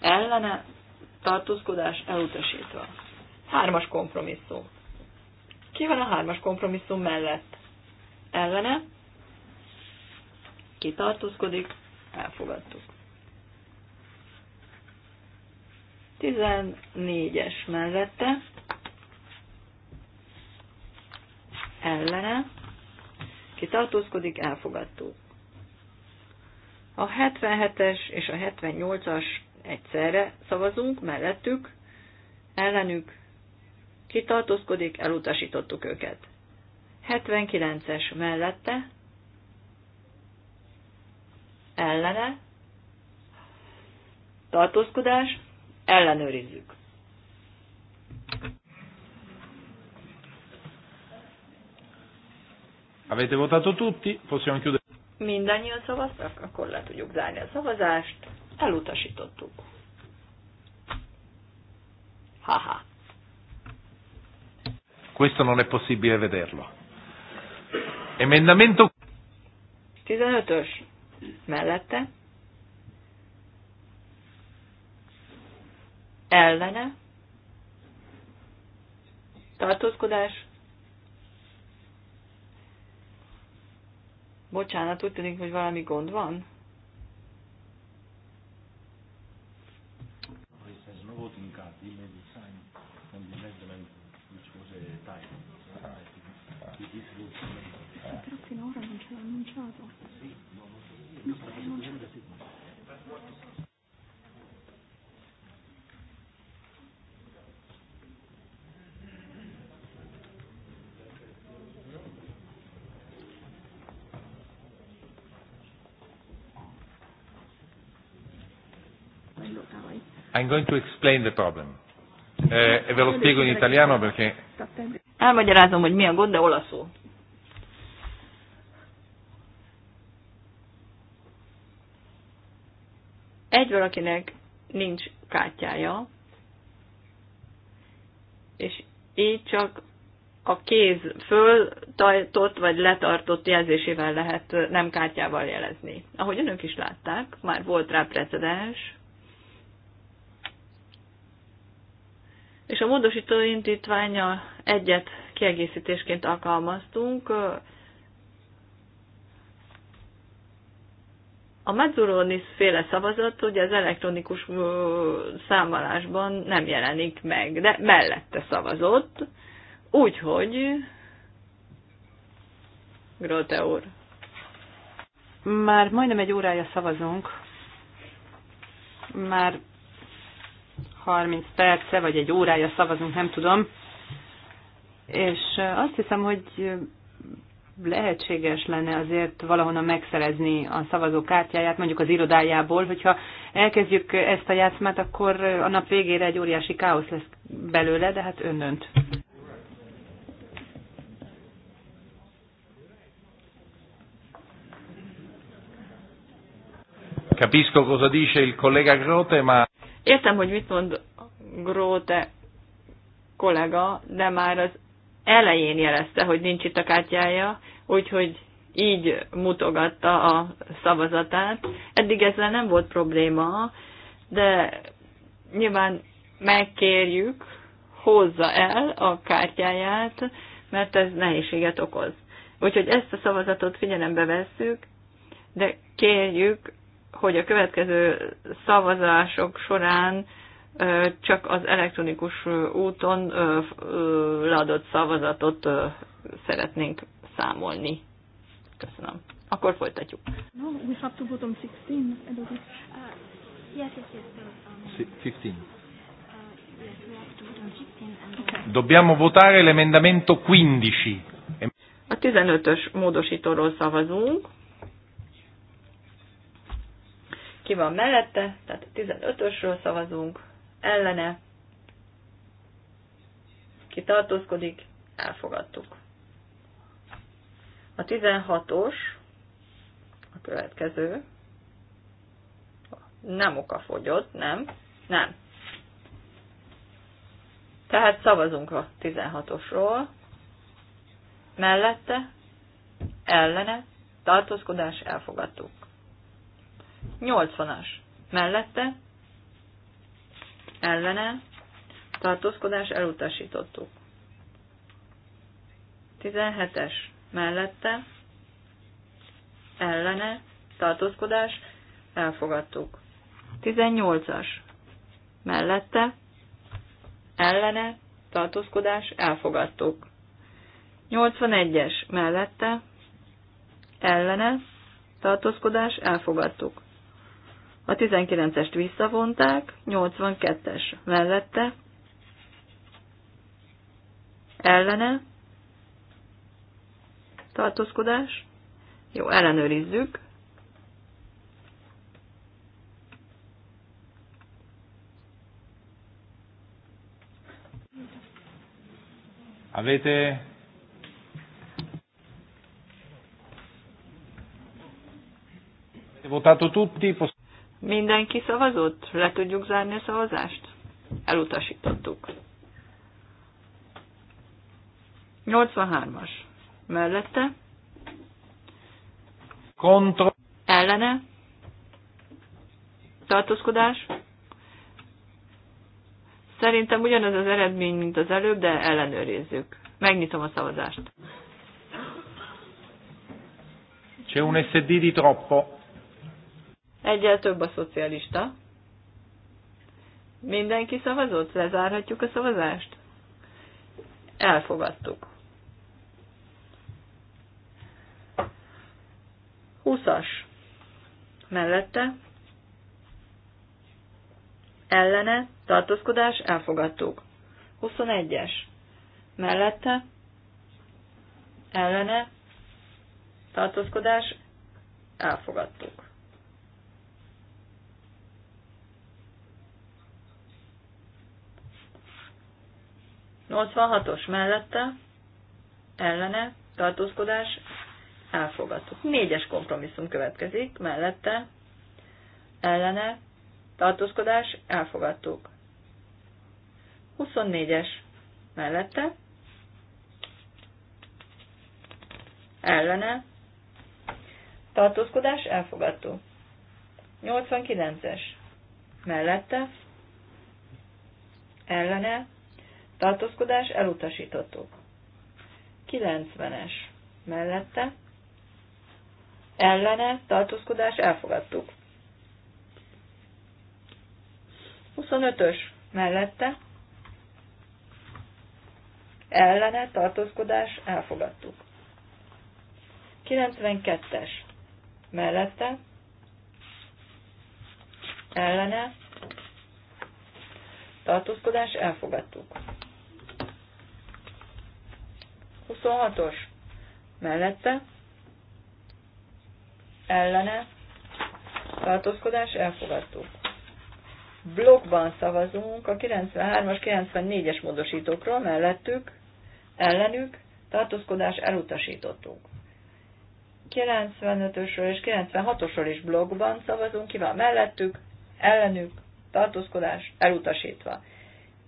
ellene, tartózkodás elutasítva. Hármas kompromisszum. Ki van a hármas kompromisszum mellett? Ellene? Ki tartózkodik? Elfogadtuk. 14-es mellette. Ellene? Ki tartózkodik? Elfogadtuk. A 77-es és a 78-as egyszerre szavazunk, mellettük, ellenük ki tartózkodik, elutasítottuk őket. 79-es mellette, ellene, tartózkodás, ellenőrizzük. Avete votato tutti? Possiamo chiudere. Mindannyian szavaztak? Akkor le tudjuk zárni a szavazást. Elutasítottuk. Haha. -ha. Questo non è possibile vederlo. Emendamento 15-ös mellette. Ellene. Tartózkodás. Bocsánat, úgy tűnik, hogy valami gond van. l'ha annunciato. No, I'm going to explain the problem. Eh, e ve lo spiego in italiano perché... Elmagyarázom, hogy mi a gond, de olaszul. egy valakinek nincs kártyája, és így csak a kéz föltajtott vagy letartott jelzésével lehet nem kártyával jelezni. Ahogy önök is látták, már volt rá precedens, és a módosító indítványa egyet kiegészítésként alkalmaztunk, A Mazzuronis féle szavazat ugye az elektronikus számolásban nem jelenik meg, de mellette szavazott, úgyhogy Grote úr. Már majdnem egy órája szavazunk. Már 30 perce, vagy egy órája szavazunk, nem tudom. És azt hiszem, hogy lehetséges lenne azért valahonnan megszerezni a szavazó kártyáját, mondjuk az irodájából, hogyha elkezdjük ezt a játszmát, akkor a nap végére egy óriási káosz lesz belőle, de hát önnönt. Capisco cosa dice il collega Grote, ma... Értem, hogy mit mond Grote kollega, de már az elején jelezte, hogy nincs itt a kártyája, úgyhogy így mutogatta a szavazatát. Eddig ezzel nem volt probléma, de nyilván megkérjük, hozza el a kártyáját, mert ez nehézséget okoz. Úgyhogy ezt a szavazatot figyelembe vesszük, de kérjük, hogy a következő szavazások során csak az elektronikus úton leadott szavazatot szeretnénk számolni. Köszönöm. Akkor folytatjuk. No, we have to vote 16. Uh, yes, yes, yes. 15. Um, uh, Dobbiamo votare l'emendamento 15. A 15-ös módosítóról szavazunk. Ki van mellette? Tehát a 15-ösről szavazunk ellene ki tartózkodik, elfogadtuk. A 16-os, a következő, nem oka fogyott, nem, nem. Tehát szavazunk a 16-osról, mellette, ellene, tartózkodás, elfogadtuk. 80-as, mellette, ellene tartózkodás elutasítottuk. 17-es mellette ellene tartózkodás elfogadtuk. 18-as mellette ellene tartózkodás elfogadtuk. 81-es mellette ellene tartózkodás elfogadtuk. A 19-est visszavonták, 82-es mellette, ellene, tartózkodás. Jó, ellenőrizzük. Avete votato tutti? Mindenki szavazott? Le tudjuk zárni a szavazást? Elutasítottuk. 83-as. Mellette. Kontra. Ellene. Tartózkodás. Szerintem ugyanaz az eredmény, mint az előbb, de ellenőrizzük. Megnyitom a szavazást. C'è un SD di troppo. Egyel több a szocialista. Mindenki szavazott? Lezárhatjuk a szavazást? Elfogadtuk. 20-as. Mellette. Ellene. Tartózkodás. Elfogadtuk. 21-es. Mellette. Ellene. Tartózkodás. Elfogadtuk. 86-os mellette ellene tartózkodás elfogadtuk. Négyes kompromisszum következik, mellette ellene tartózkodás elfogadtuk. 24-es mellette ellene tartózkodás elfogadtuk. 89-es mellette ellene tartózkodás elutasítottuk. 90-es mellette ellene tartózkodás elfogadtuk. 25-ös mellette ellene tartózkodás elfogadtuk. 92-es mellette ellene tartózkodás elfogadtuk. 26-os mellette ellene tartózkodás elfogadtuk. Blokkban szavazunk a 93-as, 94-es módosítókról mellettük, ellenük tartózkodás elutasítottuk. 95-ösről és 96-osról is blogban szavazunk, ki mellettük, ellenük, tartózkodás elutasítva.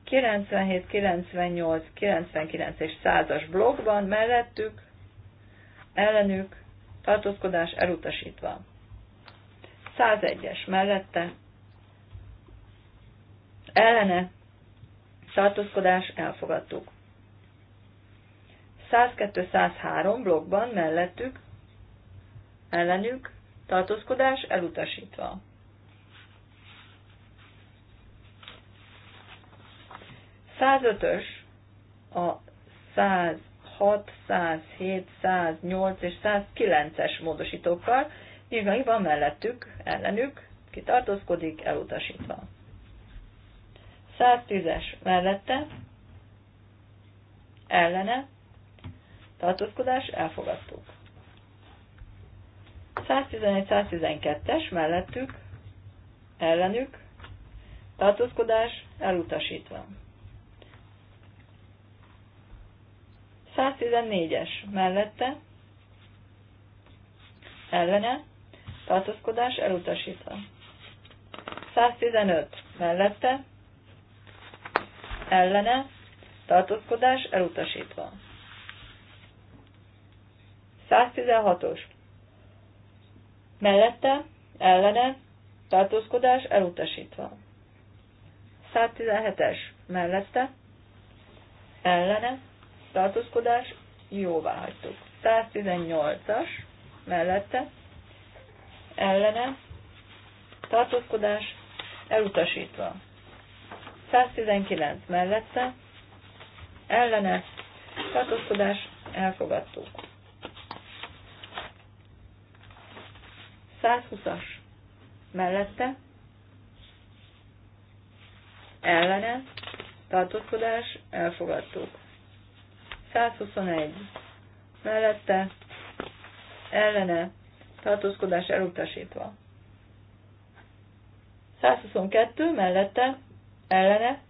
97, 98, 99 és 100-as blokkban mellettük, ellenük, tartózkodás elutasítva. 101-es mellette, ellene, tartózkodás elfogadtuk. 102-103 blokkban mellettük, ellenük, tartózkodás elutasítva. 105-ös a 106, 107, 108 és 109-es módosítókkal, nyilván van mellettük, ellenük, ki tartózkodik, elutasítva. 110-es mellette, ellene, tartózkodás, elfogadtuk. 111-112-es mellettük, ellenük, tartózkodás, elutasítva. 114-es mellette ellene tartózkodás elutasítva. 115 mellette ellene tartózkodás elutasítva. 116-os mellette ellene tartózkodás elutasítva. 117-es mellette ellene tartózkodás, jóvá hagytuk. 118-as mellette, ellene, tartózkodás, elutasítva. 119 mellette, ellene, tartózkodás, elfogadtuk. 120-as mellette, ellene, tartózkodás, elfogadtuk. 121 mellette ellene tartózkodás elutasítva. 122 mellette ellene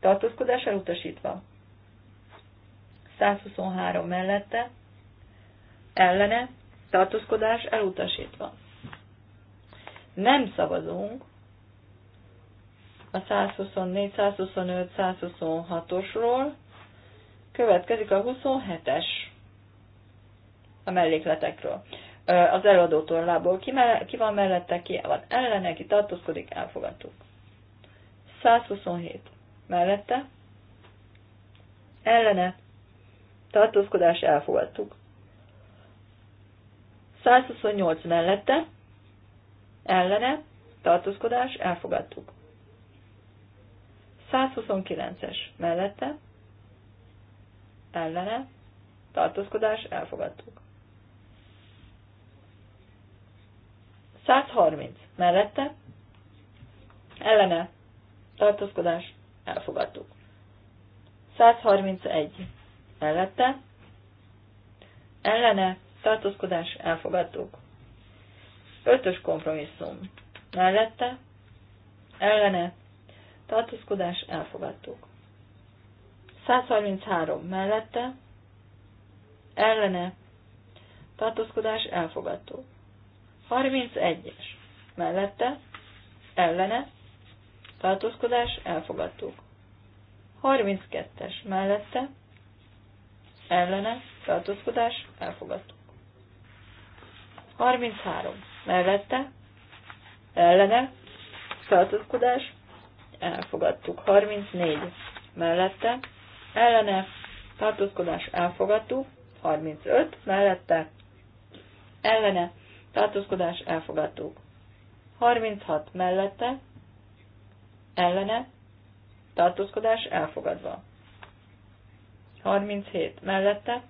tartózkodás elutasítva. 123 mellette ellene tartózkodás elutasítva. Nem szavazunk a 124, 125, 126-osról, Következik a 27-es a mellékletekről. Az előadó torlából ki, mell- ki van mellette, ki van ellene, ki tartózkodik, elfogadtuk. 127 mellette, ellene, tartózkodás, elfogadtuk. 128 mellette, ellene, tartózkodás, elfogadtuk. 129-es mellette, ellene, tartózkodás, elfogadtuk. 130 mellette, ellene, tartózkodás, elfogadtuk. 131 mellette, ellene, tartózkodás, elfogadtuk. Ötös kompromisszum mellette, ellene, tartózkodás, elfogadtuk. 133 mellette, ellene, tartózkodás elfogadó. 31-es mellette, ellene, tartózkodás elfogadtuk. 32-es mellette, ellene, tartózkodás elfogadtuk. 33 mellette, ellene, tartózkodás elfogadtuk. 34 mellette, ellene tartózkodás elfogadó, 35 mellette ellene tartózkodás elfogadó, 36 mellette ellene tartózkodás elfogadva, 37 mellette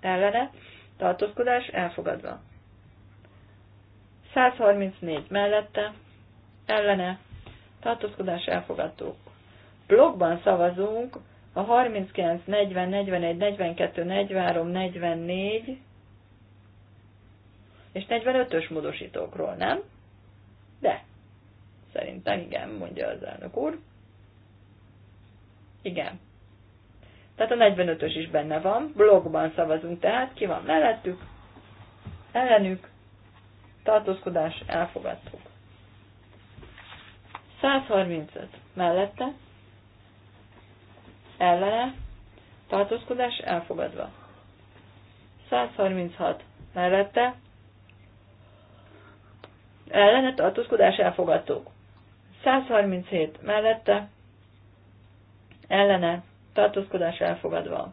ellene tartózkodás elfogadva, 134 mellette ellene tartózkodás elfogadók blogban szavazunk a 39, 40, 41, 42, 43, 44 és 45-ös módosítókról, nem? De. Szerintem igen, mondja az elnök úr. Igen. Tehát a 45-ös is benne van, blogban szavazunk, tehát ki van mellettük, ellenük, tartózkodás, elfogadtuk. 135 mellette, ellene, tartózkodás elfogadva. 136 mellette, ellene tartózkodás elfogadtuk. 137 mellette, ellene tartózkodás elfogadva.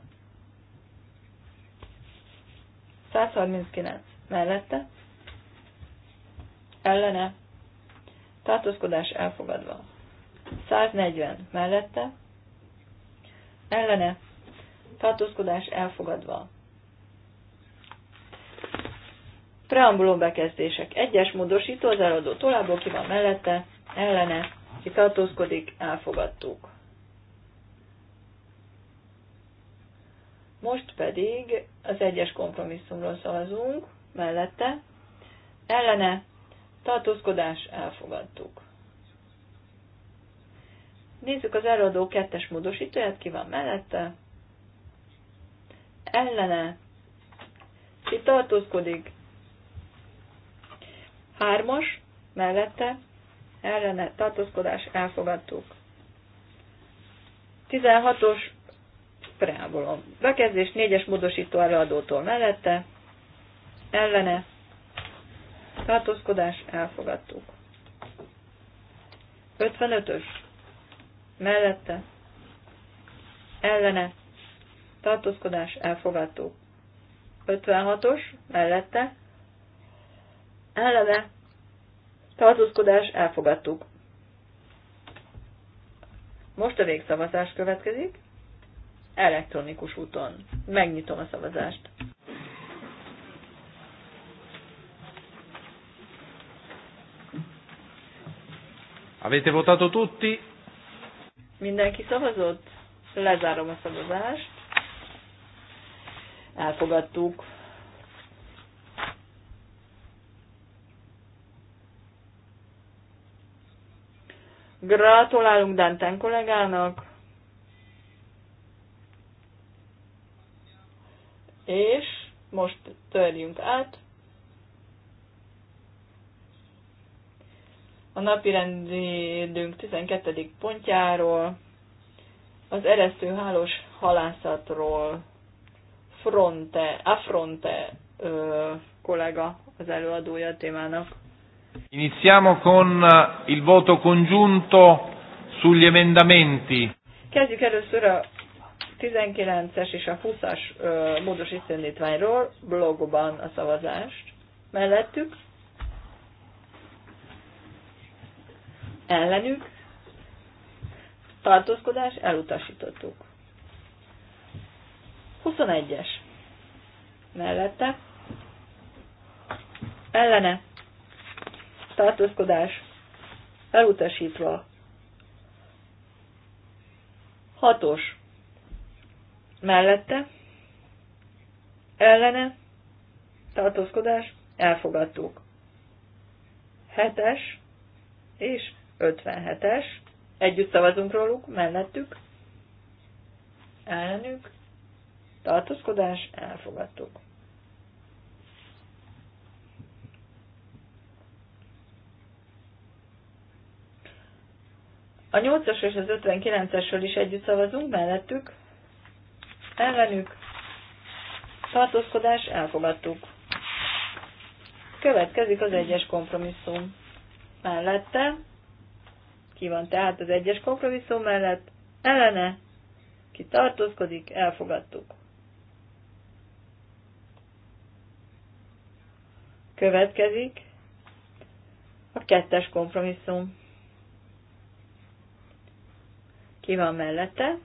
139 mellette, ellene tartózkodás elfogadva. 140 mellette, ellene tartózkodás elfogadva. Preambulum bekezdések. Egyes módosító az eladó tolából ki van mellette, ellene, ki tartózkodik, elfogadtuk. Most pedig az egyes kompromisszumról szavazunk, mellette, ellene, tartózkodás, elfogadtuk. Nézzük az előadó kettes módosítóját, ki van mellette. Ellene. Ki tartózkodik. Hármas, mellette, ellene, tartózkodás, elfogadtuk. 16-os preambulum. Bekezdés négyes módosító előadótól mellette, ellene, tartózkodás, elfogadtuk. 55-ös mellette, ellene, tartózkodás, elfogadtuk. 56-os, mellette, ellene, tartózkodás, elfogadtuk. Most a végszavazás következik, elektronikus úton. Megnyitom a szavazást. Avete votato tutti? Mindenki szavazott? Lezárom a szavazást. Elfogadtuk. Gratulálunk Danten kollégának. És most törjünk át a rendünk 12. pontjáról, az hálós halászatról Fronte, Affronte ö, kollega az előadója a témának. Iniziamo con eh, il voto congiunto sugli emendamenti. Kezdjük először a 19-es és a 20-as módosítendítványról blogban a szavazást. Mellettük ellenük, tartózkodás elutasítottuk. 21-es mellette, ellene, tartózkodás elutasítva, 6-os mellette, ellene, tartózkodás, elfogadtuk. Hetes és 57-es. Együtt szavazunk róluk, mellettük, ellenük, tartózkodás, elfogadtuk. A 8-as és az 59-esről is együtt szavazunk, mellettük, ellenük, tartózkodás, elfogadtuk. Következik az egyes kompromisszum. Mellette, ki van tehát az egyes kompromisszum mellett? Ellene. Ki tartózkodik? Elfogadtuk. Következik a kettes kompromisszum. Ki van mellette?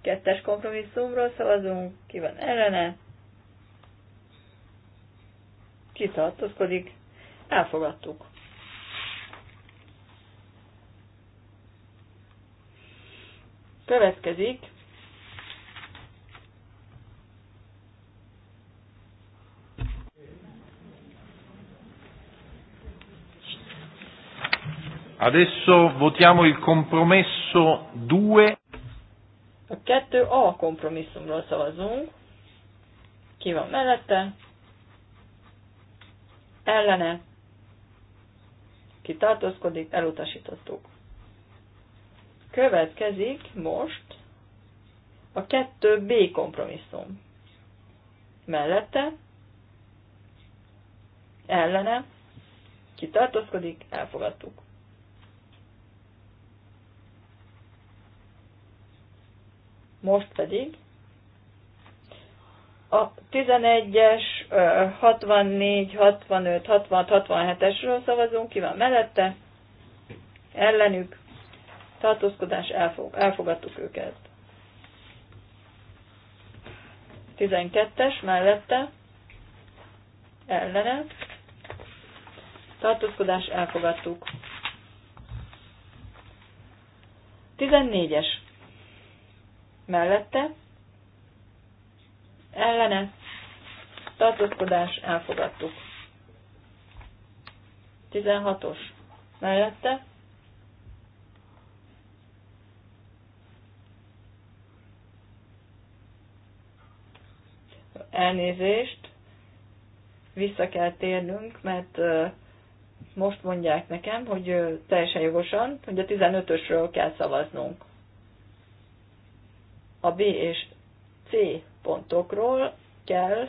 Kettes kompromisszumról szavazunk. Ki van ellene? Ki tartózkodik? Elfogadtuk. Következik Adesso votiamo il compromesso 2. A 2A kompromisszumról szavazunk. Ki van mellette? Ellene. Ki tartózkodik? Elutasítottuk. Következik most a 2B kompromisszum. Mellette, ellene, ki tartózkodik, elfogadtuk. Most pedig a 11-es, 64, 65, 66, 67-esről szavazunk, ki van mellette, ellenük, tartózkodás, elfog, elfogadtuk őket. 12-es mellette, ellene, tartózkodás, elfogadtuk. 14-es mellette, ellene, tartózkodás, elfogadtuk. 16-os mellette, elnézést, vissza kell térnünk, mert most mondják nekem, hogy teljesen jogosan, hogy a 15-ösről kell szavaznunk. A B és C pontokról kell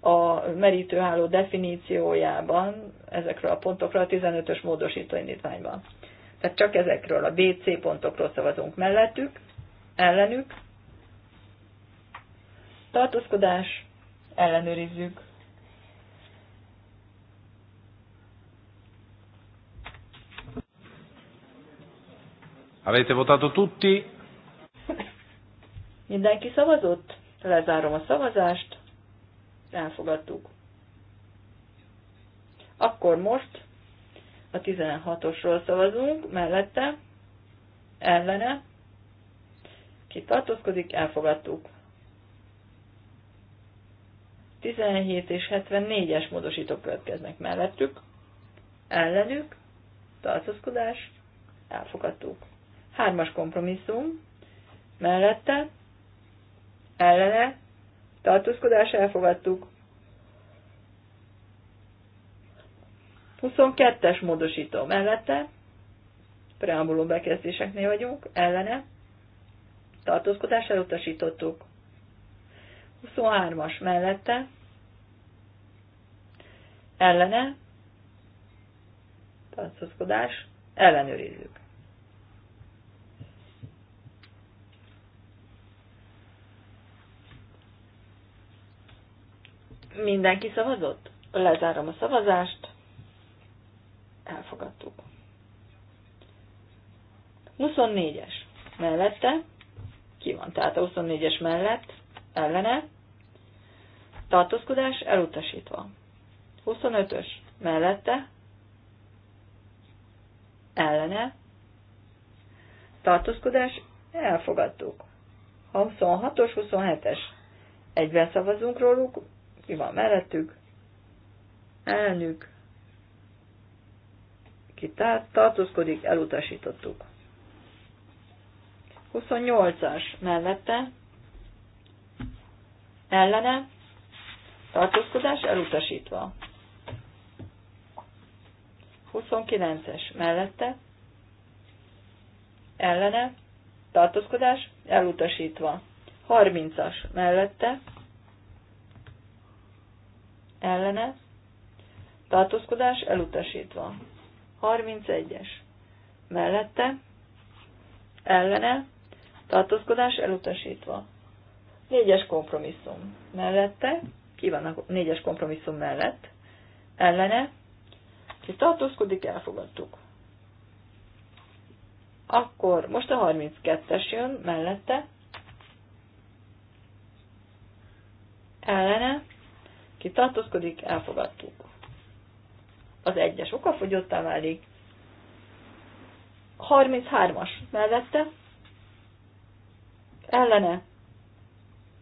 a merítőháló definíciójában ezekről a pontokról a 15-ös módosító indítványban. Tehát csak ezekről a B, C pontokról szavazunk mellettük, ellenük, tartózkodás, ellenőrizzük. Avete votato tutti? Mindenki szavazott? Lezárom a szavazást. Elfogadtuk. Akkor most a 16-osról szavazunk, mellette, ellene, ki tartózkodik, elfogadtuk. 17 és 74-es módosítók következnek mellettük, ellenük, tartózkodás, elfogadtuk. Hármas kompromisszum, mellette, ellene, tartózkodás, elfogadtuk. 22-es módosító mellette, preambuló bekezdéseknél vagyunk, ellene, tartózkodás elutasítottuk. 23-as mellette, ellene, tartózkodás, ellenőrizzük. Mindenki szavazott? Lezárom a szavazást. Elfogadtuk. 24-es mellette. Ki van tehát a 24-es mellett? ellene, tartózkodás elutasítva. 25-ös mellette, ellene, tartózkodás elfogadtuk. 26-os, 27-es. Egyben szavazunk róluk, Mi van mellettük, ellenük, ki tartózkodik, elutasítottuk. 28-as mellette, ellene, tartózkodás elutasítva. 29-es mellette, ellene, tartózkodás elutasítva. 30-as mellette, ellene, tartózkodás elutasítva. 31-es mellette, ellene, tartózkodás elutasítva. Négyes kompromisszum mellette, ki van a négyes kompromisszum mellett, ellene, ki tartózkodik, elfogadtuk. Akkor most a 32-es jön mellette, ellene, ki tartózkodik, elfogadtuk. Az egyes okafogyottá válik, 33-as mellette, ellene,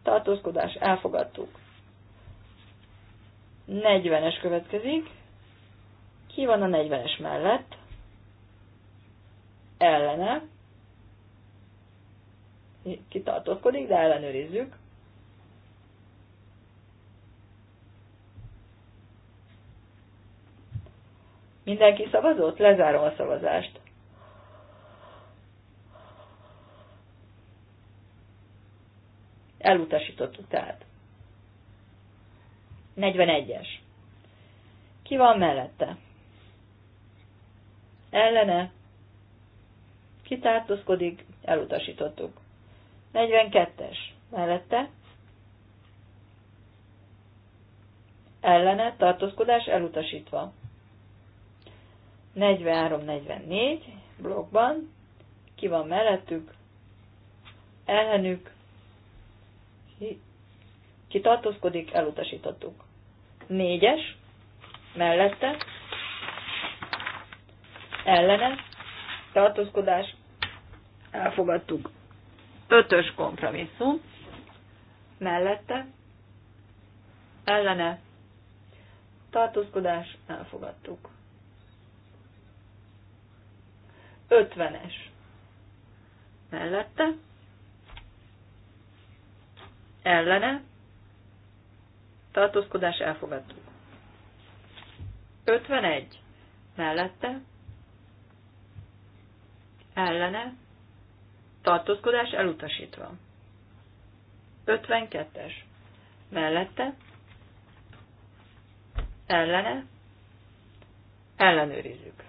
tartózkodás, elfogadtuk. 40-es következik. Ki van a 40-es mellett? Ellene. Ki tartózkodik, de ellenőrizzük. Mindenki szavazott? Lezárom a szavazást. Elutasítottuk tehát. 41-es. Ki van mellette? Ellene. Ki tartózkodik? Elutasítottuk. 42-es. Mellette. Ellene. Tartózkodás elutasítva. 43-44 blokkban, ki van mellettük, ellenük, ki tartózkodik, elutasítottuk. Négyes, mellette, ellene, tartózkodás, elfogadtuk. Ötös kompromisszum, mellette, ellene, tartózkodás, elfogadtuk. Ötvenes, mellette, ellene, tartózkodás elfogadtuk. 51 mellette, ellene, tartózkodás elutasítva. 52-es mellette, ellene, ellenőrizzük.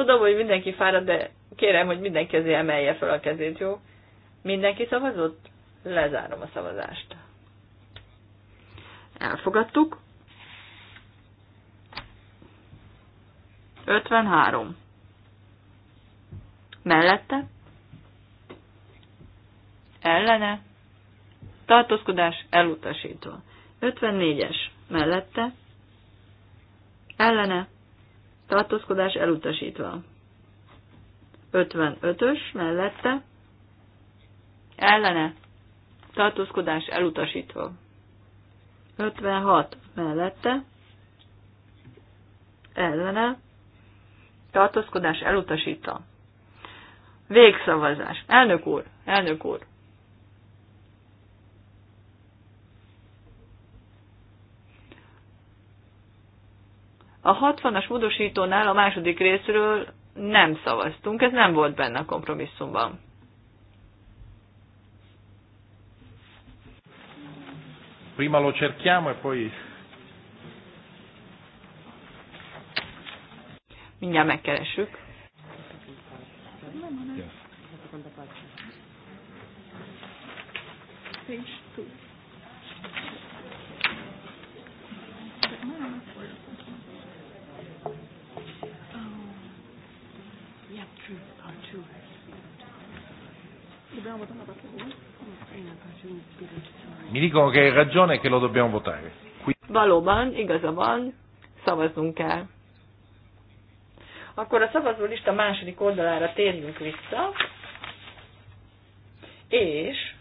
Tudom, hogy mindenki fárad, de kérem, hogy mindenki azért emelje fel a kezét, jó? Mindenki szavazott? Lezárom a szavazást. Elfogadtuk. 53. Mellette? Ellene? Tartózkodás elutasítva. 54-es. Mellette? Ellene? tartózkodás elutasítva. 55-ös mellette, ellene, tartózkodás elutasítva. 56 mellette, ellene, tartózkodás elutasítva. Végszavazás. Elnök úr, elnök úr, A 60-as módosítónál a második részről nem szavaztunk, ez nem volt benne a kompromisszumban. Prima lo cerchiamo e poi... Mindjárt megkeressük. Yes. Page two. Mi dicono che hai ragione e che lo dobbiamo votare. Valóban, igaza van, szavaznunk el. Akkor a szavazó lista második oldalára térjünk vissza, és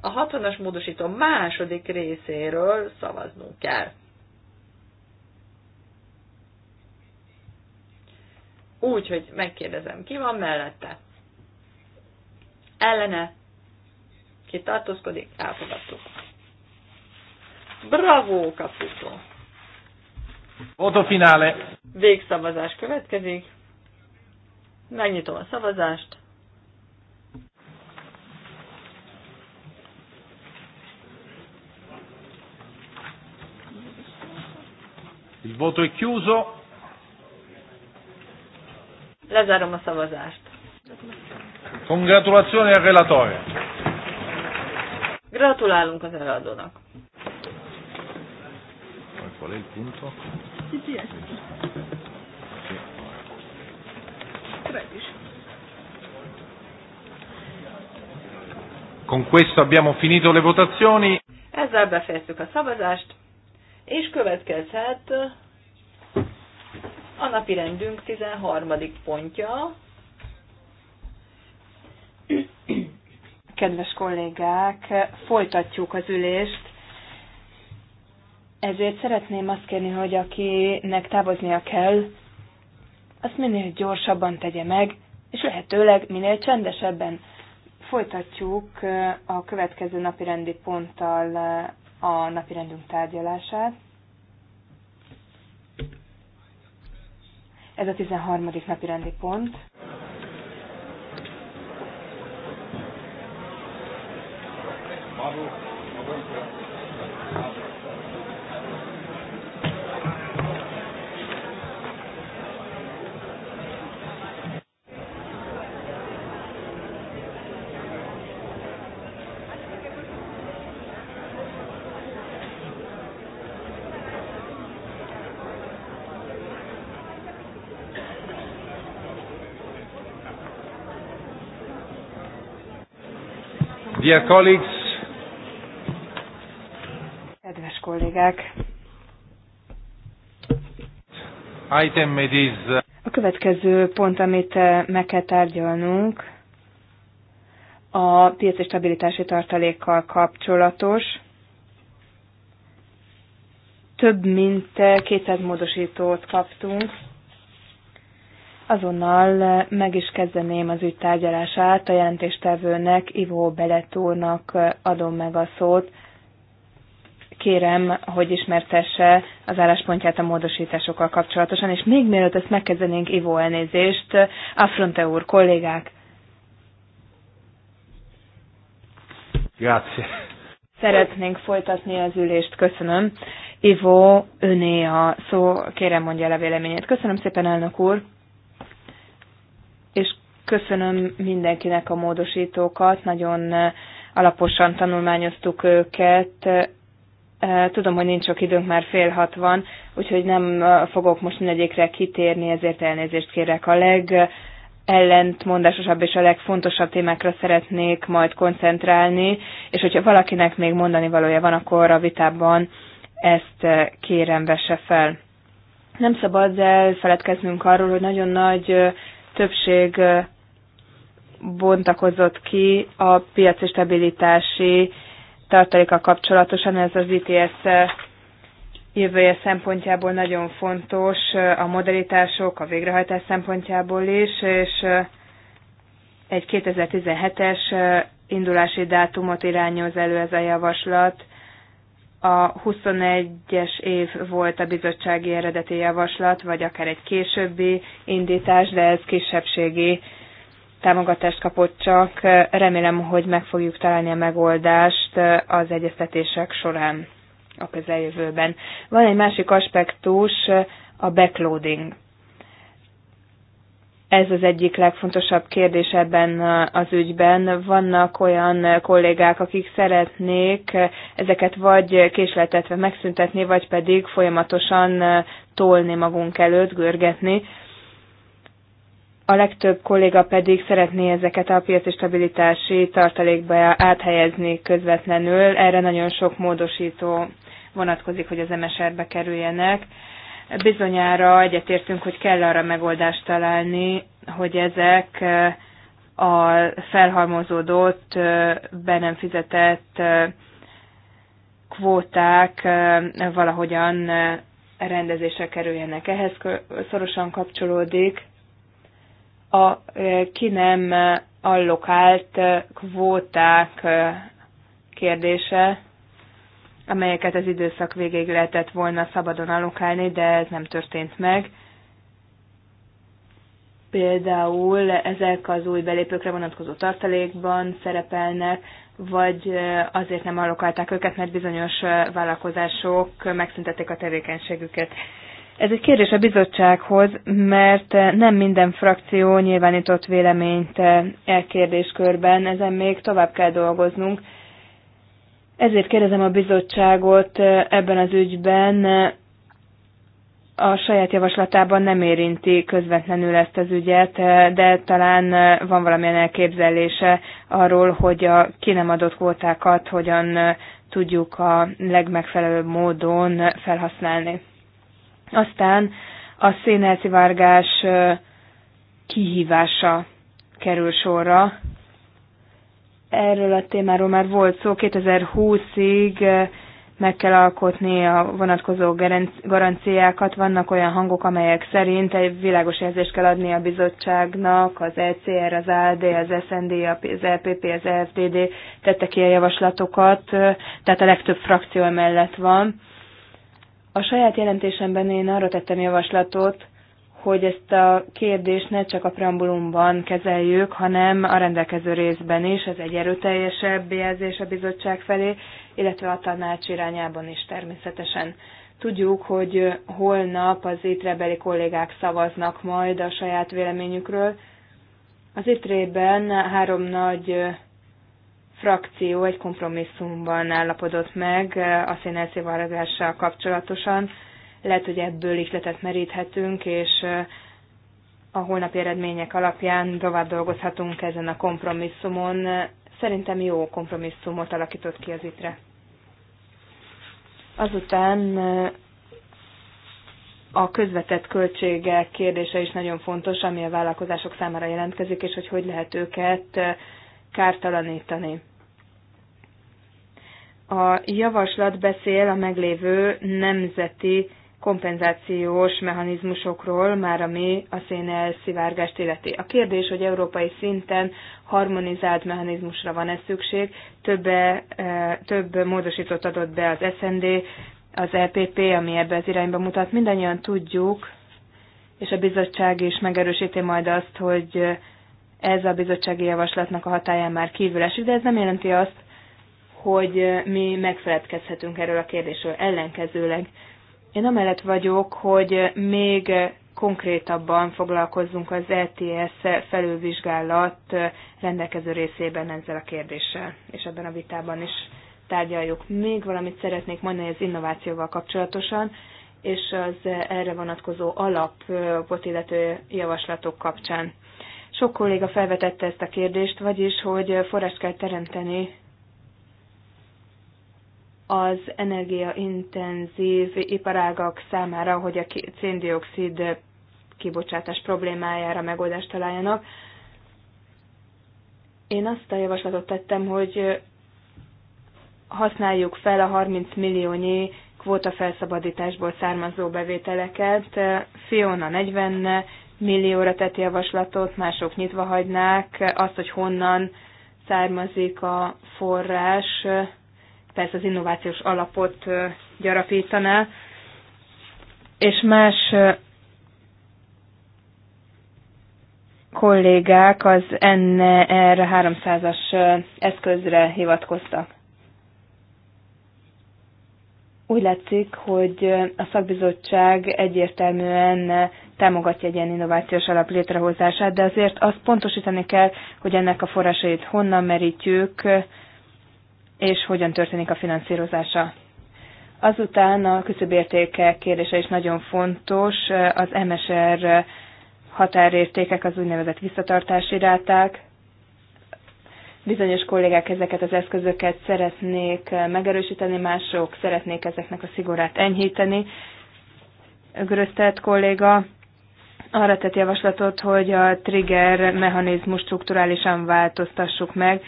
a hatvanas módosító második részéről szavaznunk kell. Úgy, hogy megkérdezem, ki van mellette? Ellene? Ki tartózkodik? Elfogadtuk. Bravo, Caputo! Otto finale. Végszavazás következik. Megnyitom a szavazást. Il voto è chiuso. Lezárom a szavazást. Congratulazioni al relatore. Gratulálunk az eladónak. Qual è il punto? Con questo abbiamo finito le votazioni. Ezzel befejeztük a szavazást, és következhet a napi rendünk 13. pontja. Kedves kollégák, folytatjuk az ülést. Ezért szeretném azt kérni, hogy akinek távoznia kell, azt minél gyorsabban tegye meg, és lehetőleg minél csendesebben. Folytatjuk eh, a következő napi rendi ponttal eh, a napirendünk tárgyalását. Ez a 13. napi rendi pont. Thank you. Dear colleagues, Kedves kollégák! Item it is, uh, a következő pont, amit uh, meg kell tárgyalnunk, a piaci stabilitási tartalékkal kapcsolatos. Több mint 200 uh, módosítót kaptunk azonnal meg is kezdeném az ügy tárgyalását. A jelentéstevőnek, Ivó Beletúrnak adom meg a szót. Kérem, hogy ismertesse az álláspontját a módosításokkal kapcsolatosan, és még mielőtt ezt megkezdenénk, Ivó elnézést, Affronte úr, kollégák! Grazie. Szeretnénk folytatni az ülést, köszönöm. Ivo, öné a szó, kérem mondja el a véleményét. Köszönöm szépen, elnök úr. Köszönöm mindenkinek a módosítókat, nagyon eh, alaposan tanulmányoztuk őket. Eh, tudom, hogy nincs sok időnk, már fél hat van, úgyhogy nem eh, fogok most mindegyikre kitérni, ezért elnézést kérek. A ellentmondásosabb és a legfontosabb témákra szeretnék majd koncentrálni, és hogyha valakinek még mondani valója van, akkor a vitában ezt kérem vesse fel. Nem szabad elfeledkeznünk arról, hogy nagyon nagy többség bontakozott ki a piaci stabilitási tartaléka kapcsolatosan. Ez az ITS jövője szempontjából nagyon fontos, a modalitások, a végrehajtás szempontjából is, és egy 2017-es indulási dátumot irányoz elő ez a javaslat. A 21-es év volt a bizottsági eredeti javaslat, vagy akár egy későbbi indítás, de ez kisebbségi támogatást kapott csak. Remélem, hogy meg fogjuk találni a megoldást az egyeztetések során a közeljövőben. Van egy másik aspektus, a backloading. Ez az egyik legfontosabb kérdés ebben az ügyben. Vannak olyan kollégák, akik szeretnék ezeket vagy késletetve megszüntetni, vagy pedig folyamatosan tolni magunk előtt, görgetni a legtöbb kolléga pedig szeretné ezeket a piaci stabilitási tartalékba áthelyezni közvetlenül. Erre nagyon sok módosító vonatkozik, hogy az MSR-be kerüljenek. Bizonyára egyetértünk, hogy kell arra megoldást találni, hogy ezek eh, a felhalmozódott, eh, be nem fizetett eh, kvóták valahogyan rendezésre kerüljenek. Ehhez szorosan kapcsolódik a ki nem allokált kvóták kérdése, amelyeket az időszak végéig lehetett volna szabadon allokálni, de ez nem történt meg. Például ezek az új belépőkre vonatkozó tartalékban szerepelnek, vagy azért nem allokálták őket, mert bizonyos vállalkozások megszüntették a tevékenységüket. Ez egy kérdés a bizottsághoz, mert nem minden frakció nyilvánított véleményt e kérdéskörben, ezen még tovább kell dolgoznunk. Ezért kérdezem a bizottságot ebben az ügyben, a saját javaslatában nem érinti közvetlenül ezt az ügyet, de talán van valamilyen elképzelése arról, hogy a ki nem adott kvótákat hogyan tudjuk a legmegfelelőbb módon felhasználni. Aztán a szénelszivárgás kihívása kerül sorra. Erről a témáról már volt szó, 2020-ig meg kell alkotni a vonatkozó garanciákat. Vannak olyan hangok, amelyek szerint egy világos jelzést kell adni a bizottságnak, az ECR, az ALD, az SND, az LPP, e az e FDD tette ki a javaslatokat, tehát a legtöbb frakció mellett van. A saját jelentésemben én arra tettem javaslatot, hogy ezt a kérdést ne csak a preambulumban kezeljük, hanem a rendelkező részben is, ez egy erőteljesebb jelzés a bizottság felé, illetve a tanács irányában is természetesen. Tudjuk, hogy holnap az itrebeli kollégák szavaznak majd a saját véleményükről. Az itrében három nagy frakció egy kompromisszumban állapodott meg a szénelszivárgással kapcsolatosan. Lehet, hogy ebből ihletet meríthetünk, és a holnapi eredmények alapján tovább dolgozhatunk ezen a kompromisszumon. Szerintem jó kompromisszumot alakított ki az ITRE. Azután a közvetett költségek kérdése is nagyon fontos, ami a vállalkozások számára jelentkezik, és hogy hogy lehet őket kártalanítani. A javaslat beszél a meglévő nemzeti kompenzációs mechanizmusokról, már ami a szénelszivárgást illeti. A kérdés, hogy európai szinten harmonizált mechanizmusra van-e szükség, többe, e, több módosított adott be az SND, az EPP, ami ebbe az irányba mutat. Mindannyian tudjuk, és a bizottság is megerősíti majd azt, hogy ez a bizottsági javaslatnak a hatáján már kívül esik, de ez nem jelenti azt, hogy mi megfeledkezhetünk erről a kérdésről. Ellenkezőleg én amellett vagyok, hogy még konkrétabban foglalkozzunk az ETS felülvizsgálat rendelkező részében ezzel a kérdéssel, és ebben a vitában is tárgyaljuk. Még valamit szeretnék mondani az innovációval kapcsolatosan, és az erre vonatkozó alapot illető javaslatok kapcsán. Sok kolléga felvetette ezt a kérdést, vagyis, hogy forrást kell teremteni az energiaintenzív iparágak számára, hogy a széndiokszid kibocsátás problémájára megoldást találjanak. Én azt a javaslatot tettem, hogy használjuk fel a 30 milliónyi felszabadításból származó bevételeket. Fiona 40 millióra tett javaslatot, mások nyitva hagynák azt, hogy honnan származik a forrás, persze az innovációs alapot gyarapítaná, és más kollégák az NR e 300-as eszközre hivatkoztak. Úgy látszik, hogy a szakbizottság egyértelműen támogatja egy ilyen innovációs alap létrehozását, de azért azt pontosítani kell, hogy ennek a forrásait honnan merítjük, és hogyan történik a finanszírozása. Azután a küszöbértékek kérdése is nagyon fontos. Az MSR határértékek, az úgynevezett visszatartási ráták. Bizonyos kollégák ezeket az eszközöket szeretnék megerősíteni, mások szeretnék ezeknek a szigorát enyhíteni. Grösztelt kolléga arra tett javaslatot, hogy a trigger mechanizmus strukturálisan változtassuk meg,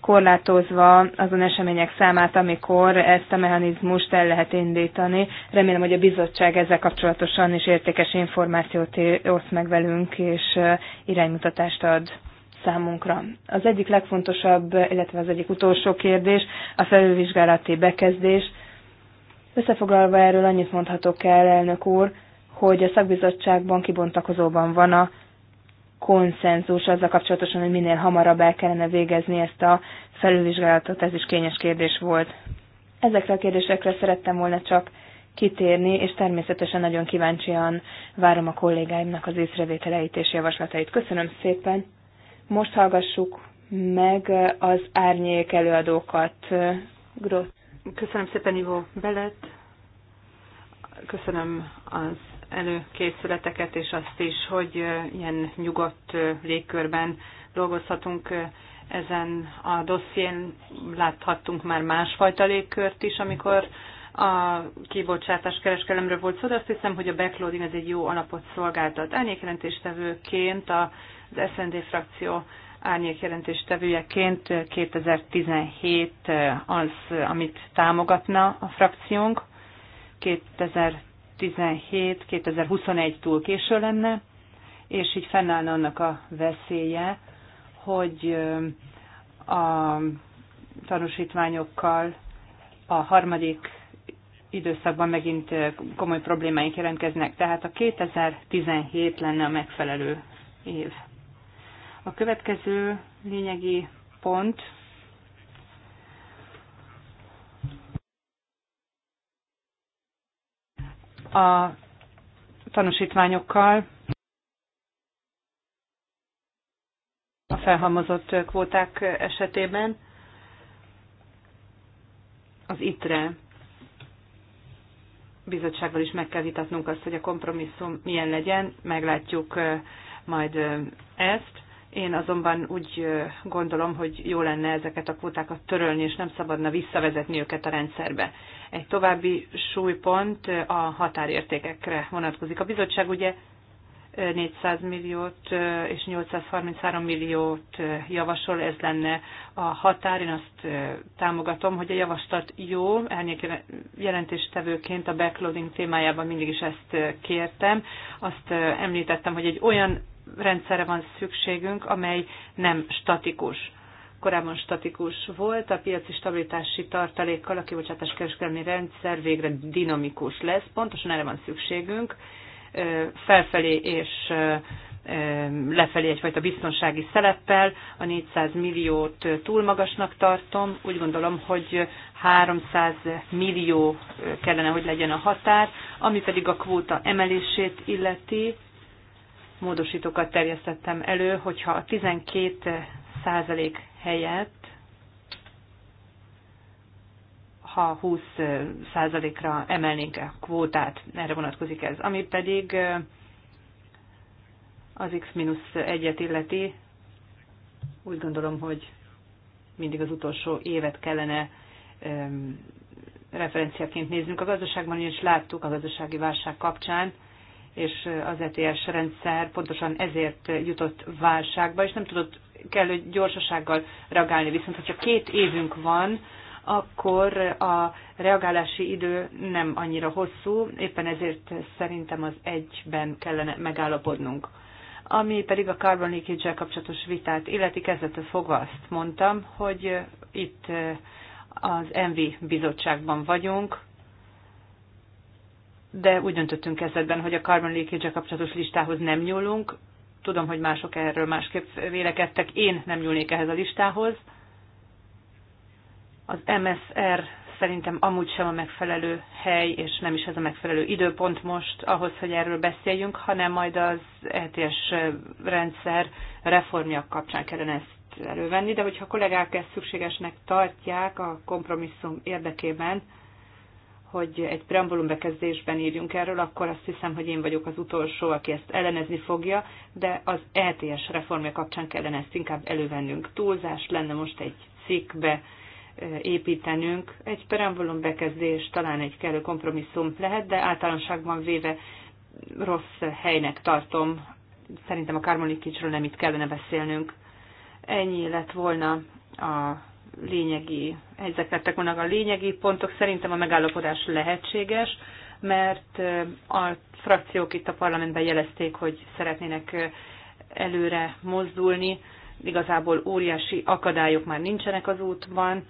korlátozva azon események számát, amikor ezt a mechanizmust el lehet indítani. Remélem, hogy a bizottság ezzel kapcsolatosan is értékes információt oszt meg velünk, és iránymutatást ad számunkra. Az egyik legfontosabb, illetve az egyik utolsó kérdés a felülvizsgálati bekezdés. Összefoglalva erről annyit mondhatok el, elnök úr, hogy a szakbizottságban kibontakozóban van a konszenzus azzal kapcsolatosan, hogy minél hamarabb el kellene végezni ezt a felülvizsgálatot, ez is kényes kérdés volt. Ezekre a kérdésekre szerettem volna csak kitérni, és természetesen nagyon kíváncsian várom a kollégáimnak az észrevételeit és javaslatait. Köszönöm szépen! Most hallgassuk meg az árnyék előadókat. Grot. Köszönöm szépen, Ivo Belet. Köszönöm az előkészületeket, és azt is, hogy ilyen nyugodt légkörben dolgozhatunk ezen a dosszién. Láthattunk már másfajta légkört is, amikor a kibocsátás kereskelemről volt szó, de azt hiszem, hogy a backloading ez egy jó alapot szolgáltat. Árnyékjelentéstevőként az SND frakció árnyékjelentéstevőjeként 2017 az, amit támogatna a frakciónk. 2000 2017-2021 túl késő lenne, és így fennállna annak a veszélye, hogy a tanúsítványokkal a harmadik időszakban megint komoly problémáink jelentkeznek. Tehát a 2017 lenne a megfelelő év. A következő lényegi pont a tanúsítványokkal, a felhalmozott kvóták esetében az ITRE bizottsággal is meg kell vitatnunk azt, hogy a kompromisszum milyen legyen, meglátjuk majd ezt. Én azonban úgy gondolom, hogy jó lenne ezeket a kvótákat törölni, és nem szabadna visszavezetni őket a rendszerbe. Egy további súlypont a határértékekre vonatkozik. A bizottság ugye 400 milliót és 833 milliót javasol, ez lenne a határ. Én azt támogatom, hogy a javaslat jó, elnyék jelentéstevőként a backloading témájában mindig is ezt kértem. Azt említettem, hogy egy olyan rendszerre van szükségünk, amely nem statikus korábban statikus volt, a piaci stabilitási tartalékkal a kibocsátás kereskedelmi rendszer végre dinamikus lesz, pontosan erre van szükségünk, felfelé és lefelé egyfajta biztonsági szeleppel. A 400 milliót túl magasnak tartom. Úgy gondolom, hogy 300 millió kellene, hogy legyen a határ, ami pedig a kvóta emelését illeti. Módosítókat terjesztettem elő, hogyha a 12 százalék helyett, ha 20%-ra emelnénk a kvótát, erre vonatkozik ez. Ami pedig az x 1 egyet illeti, úgy gondolom, hogy mindig az utolsó évet kellene öm, referenciaként néznünk. A gazdaságban is láttuk a gazdasági válság kapcsán, és az ETS rendszer pontosan ezért jutott válságba, és nem tudott kellő gyorsasággal reagálni. Viszont, hogyha két évünk van, akkor a reagálási idő nem annyira hosszú, éppen ezért szerintem az egyben kellene megállapodnunk. Ami pedig a carbon leakage kapcsolatos vitát illeti, kezdettől fogva azt mondtam, hogy itt az ENVI bizottságban vagyunk, de úgy döntöttünk kezdetben, hogy a carbon leakage kapcsolatos listához nem nyúlunk, Tudom, hogy mások erről másképp vélekedtek, én nem nyúlnék ehhez a listához. Az MSR szerintem amúgy sem a megfelelő hely, és nem is ez a megfelelő időpont most ahhoz, hogy erről beszéljünk, hanem majd az ETS rendszer reformja kapcsán kellene ezt elővenni, de hogyha a kollégák ezt szükségesnek tartják a kompromisszum érdekében, hogy egy preambulum bekezdésben írjunk erről, akkor azt hiszem, hogy én vagyok az utolsó, aki ezt ellenezni fogja, de az ETS reformja kapcsán kellene ezt inkább elővennünk. Túlzás lenne most egy cikkbe építenünk. Egy preambulum bekezdés talán egy kellő kompromisszum lehet, de általánosságban véve rossz helynek tartom. Szerintem a Kármoli kicsről nem itt kellene beszélnünk. Ennyi lett volna a lényegi ezek lettek volna a lényegi pontok. Szerintem a megállapodás lehetséges, mert a frakciók itt a parlamentben jelezték, hogy szeretnének előre mozdulni. Igazából óriási akadályok már nincsenek az útban,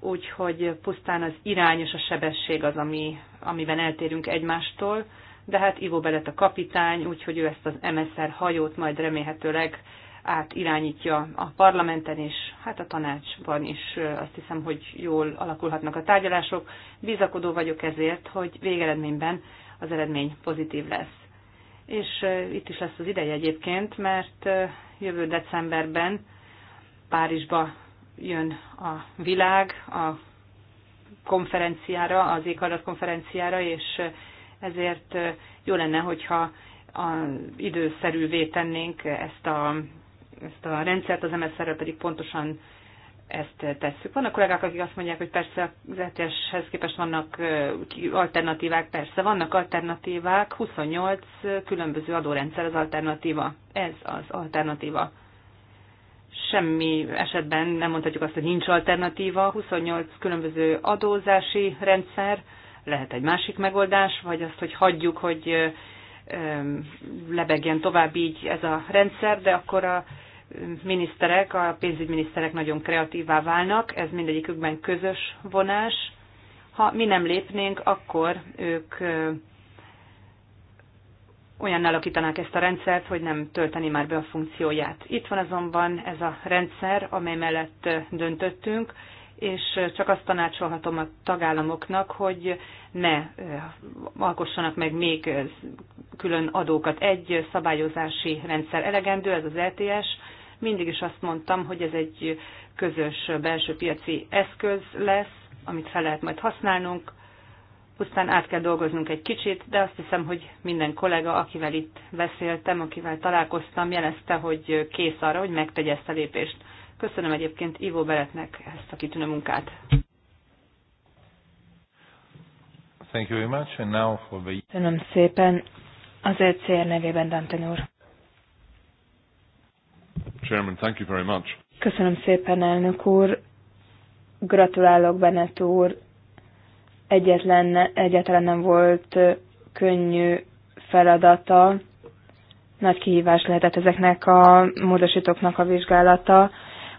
úgyhogy pusztán az irány és a sebesség az, ami, amiben eltérünk egymástól. De hát Ivo Belet a kapitány, úgyhogy ő ezt az MSR hajót majd remélhetőleg át irányítja a parlamenten és hát a tanácsban is. Azt hiszem, hogy jól alakulhatnak a tárgyalások. Bizakodó vagyok ezért, hogy végeredményben az eredmény pozitív lesz. És itt is lesz az ideje egyébként, mert jövő decemberben Párizsba jön a világ a konferenciára, az konferenciára, és ezért jó lenne, hogyha a időszerűvé tennénk ezt a ezt a rendszert, az msz ről pedig pontosan ezt tesszük. Vannak kollégák, akik azt mondják, hogy persze az ETS-hez képest vannak alternatívák, persze vannak alternatívák, 28 különböző adórendszer az alternatíva. Ez az alternatíva. Semmi esetben nem mondhatjuk azt, hogy nincs alternatíva, 28 különböző adózási rendszer, lehet egy másik megoldás, vagy azt, hogy hagyjuk, hogy lebegjen tovább így ez a rendszer, de akkor a miniszterek, a pénzügyminiszterek nagyon kreatívá válnak, ez mindegyikükben közös vonás. Ha mi nem lépnénk, akkor ők olyan alakítanák ezt a rendszert, hogy nem tölteni már be a funkcióját. Itt van azonban ez a rendszer, amely mellett döntöttünk, és csak azt tanácsolhatom a tagállamoknak, hogy ne alkossanak meg még külön adókat. Egy szabályozási rendszer elegendő, ez az LTS, e mindig is azt mondtam, hogy ez egy közös belső piaci eszköz lesz, amit fel lehet majd használnunk, pusztán át kell dolgoznunk egy kicsit, de azt hiszem, hogy minden kollega, akivel itt beszéltem, akivel találkoztam, jelezte, hogy kész arra, hogy megtegye ezt a lépést. Köszönöm egyébként Ivo Beretnek ezt a kitűnő munkát. Thank you very much, and now for the... Köszönöm szépen. Az ECR nevében Dante úr. Chairman, thank you very much. Köszönöm szépen, elnök úr. Gratulálok, Bennett úr. Egyetlen, egyetlen nem volt könnyű feladata. Nagy kihívás lehetett ezeknek a módosítóknak a vizsgálata.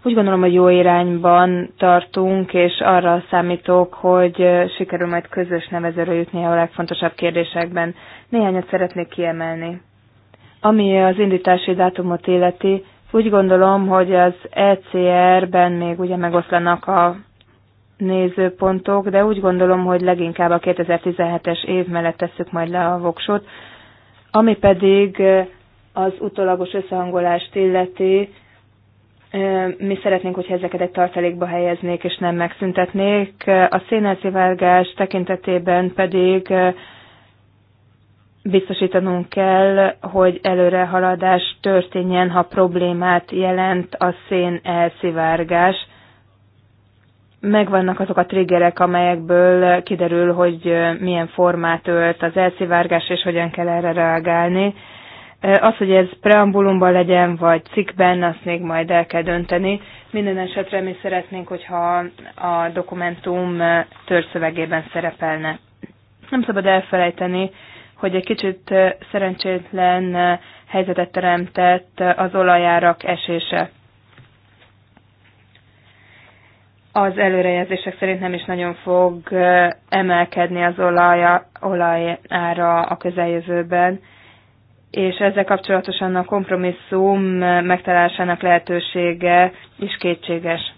Úgy gondolom, hogy jó irányban tartunk, és arra számítok, hogy sikerül majd közös nevezőre jutni a legfontosabb kérdésekben. Néhányat szeretnék kiemelni. Ami az indítási dátumot illeti, úgy gondolom, hogy az ECR-ben még ugye megoszlanak a nézőpontok, de úgy gondolom, hogy leginkább a 2017-es év mellett tesszük majd le a voksot, ami pedig az utolagos összehangolást illeti, mi szeretnénk, hogyha ezeket egy tartalékba helyeznék és nem megszüntetnék. A szénelszivárgás tekintetében pedig biztosítanunk kell, hogy előrehaladás történjen, ha problémát jelent a szén elszivárgás. Megvannak azok a triggerek, amelyekből kiderül, hogy milyen formát ölt az elszivárgás, és hogyan kell erre reagálni. Az, hogy ez preambulumban legyen, vagy cikkben, azt még majd el kell dönteni. Minden esetre mi szeretnénk, hogyha a dokumentum törzszövegében szerepelne. Nem szabad elfelejteni, hogy egy kicsit eh, szerencsétlen eh, helyzetet teremtett eh, az olajárak esése. Az előrejelzések szerint nem is nagyon fog emelkedni az olaja olajára a közeljövőben, és ezzel kapcsolatosan a kompromisszum megtalálásának lehetősége is kétséges.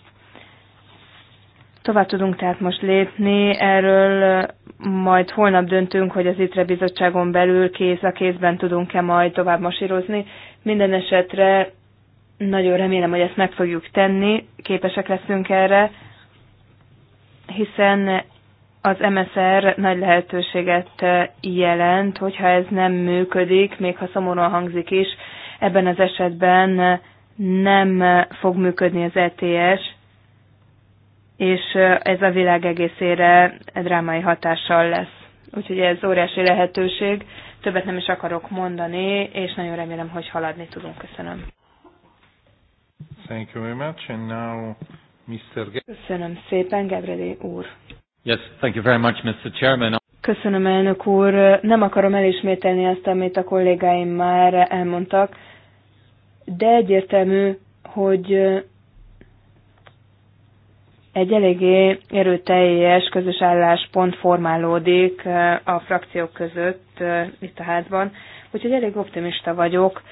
Tovább tudunk tehát most lépni, erről majd holnap döntünk, hogy az ITRE bizottságon belül kéz a kézben tudunk-e majd tovább masírozni. Minden esetre nagyon remélem, hogy ezt meg fogjuk tenni, képesek leszünk erre, hiszen az MSR nagy lehetőséget jelent, hogyha ez nem működik, még ha szomorúan hangzik is, ebben az esetben nem fog működni az ETS, és ez a világ egészére drámai hatással lesz. Úgyhogy ez óriási lehetőség, többet nem is akarok mondani, és nagyon remélem, hogy haladni tudunk. Köszönöm. Thank you very much. And now Mr. Köszönöm szépen, Gebredi úr. Yes, thank you very much, Mr. Chairman. Köszönöm, elnök úr. Nem akarom elismételni azt, amit a kollégáim már elmondtak, de egyértelmű, hogy egy eléggé erőteljes közös álláspont formálódik a frakciók között itt a házban, úgyhogy elég optimista vagyok,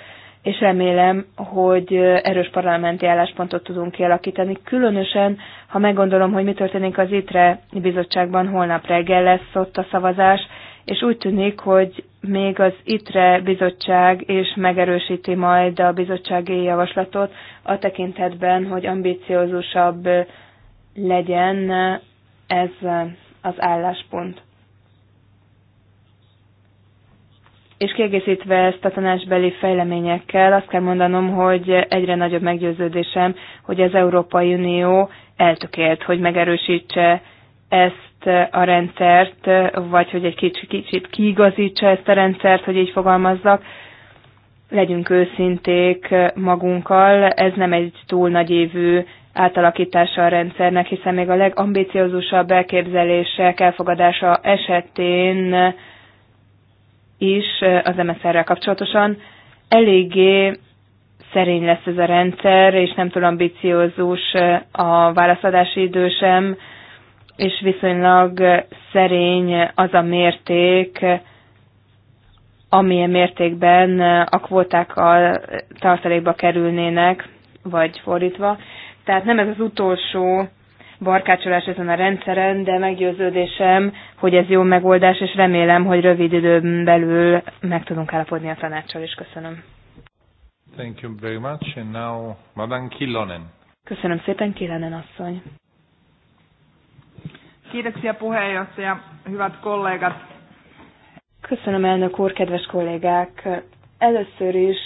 és remélem, hogy erős parlamenti álláspontot tudunk kialakítani, különösen, ha meggondolom, hogy mi történik az ITRE bizottságban, holnap reggel lesz ott a szavazás, és úgy tűnik, hogy még az ITRE bizottság és megerősíti majd a bizottsági javaslatot a tekintetben, hogy ambiciózusabb legyen ez az álláspont. És kiegészítve ezt a tanácsbeli fejleményekkel, azt kell mondanom, hogy egyre nagyobb meggyőződésem, hogy az Európai Unió eltökélt, hogy megerősítse ezt a rendszert, vagy hogy egy kicsit, kicsit kiigazítsa ezt a rendszert, hogy így fogalmazzak. Legyünk őszinték magunkkal, ez nem egy túl nagy évű átalakítása a rendszernek, hiszen még a legambiciózusabb elképzelések elfogadása esetén is eh, az MSZR-rel kapcsolatosan eléggé szerény lesz ez a rendszer, és nem túl ambiciózus eh, a válaszadási idő sem, és viszonylag eh, szerény az a mérték, amilyen mértékben a kvóták a tartalékba kerülnének, vagy fordítva. Tehát nem ez az utolsó barkácsolás ezen a rendszeren, de meggyőződésem, hogy ez jó megoldás, és remélem, hogy rövid időn belül meg tudunk állapodni a tanácssal, és köszönöm. Thank you very much, and now Madame Killonen. Köszönöm szépen, Killonen asszony. Kiitoksia puheenjohtaja, hyvät kollégat. Köszönöm elnök úr, kedves kollégák. Először is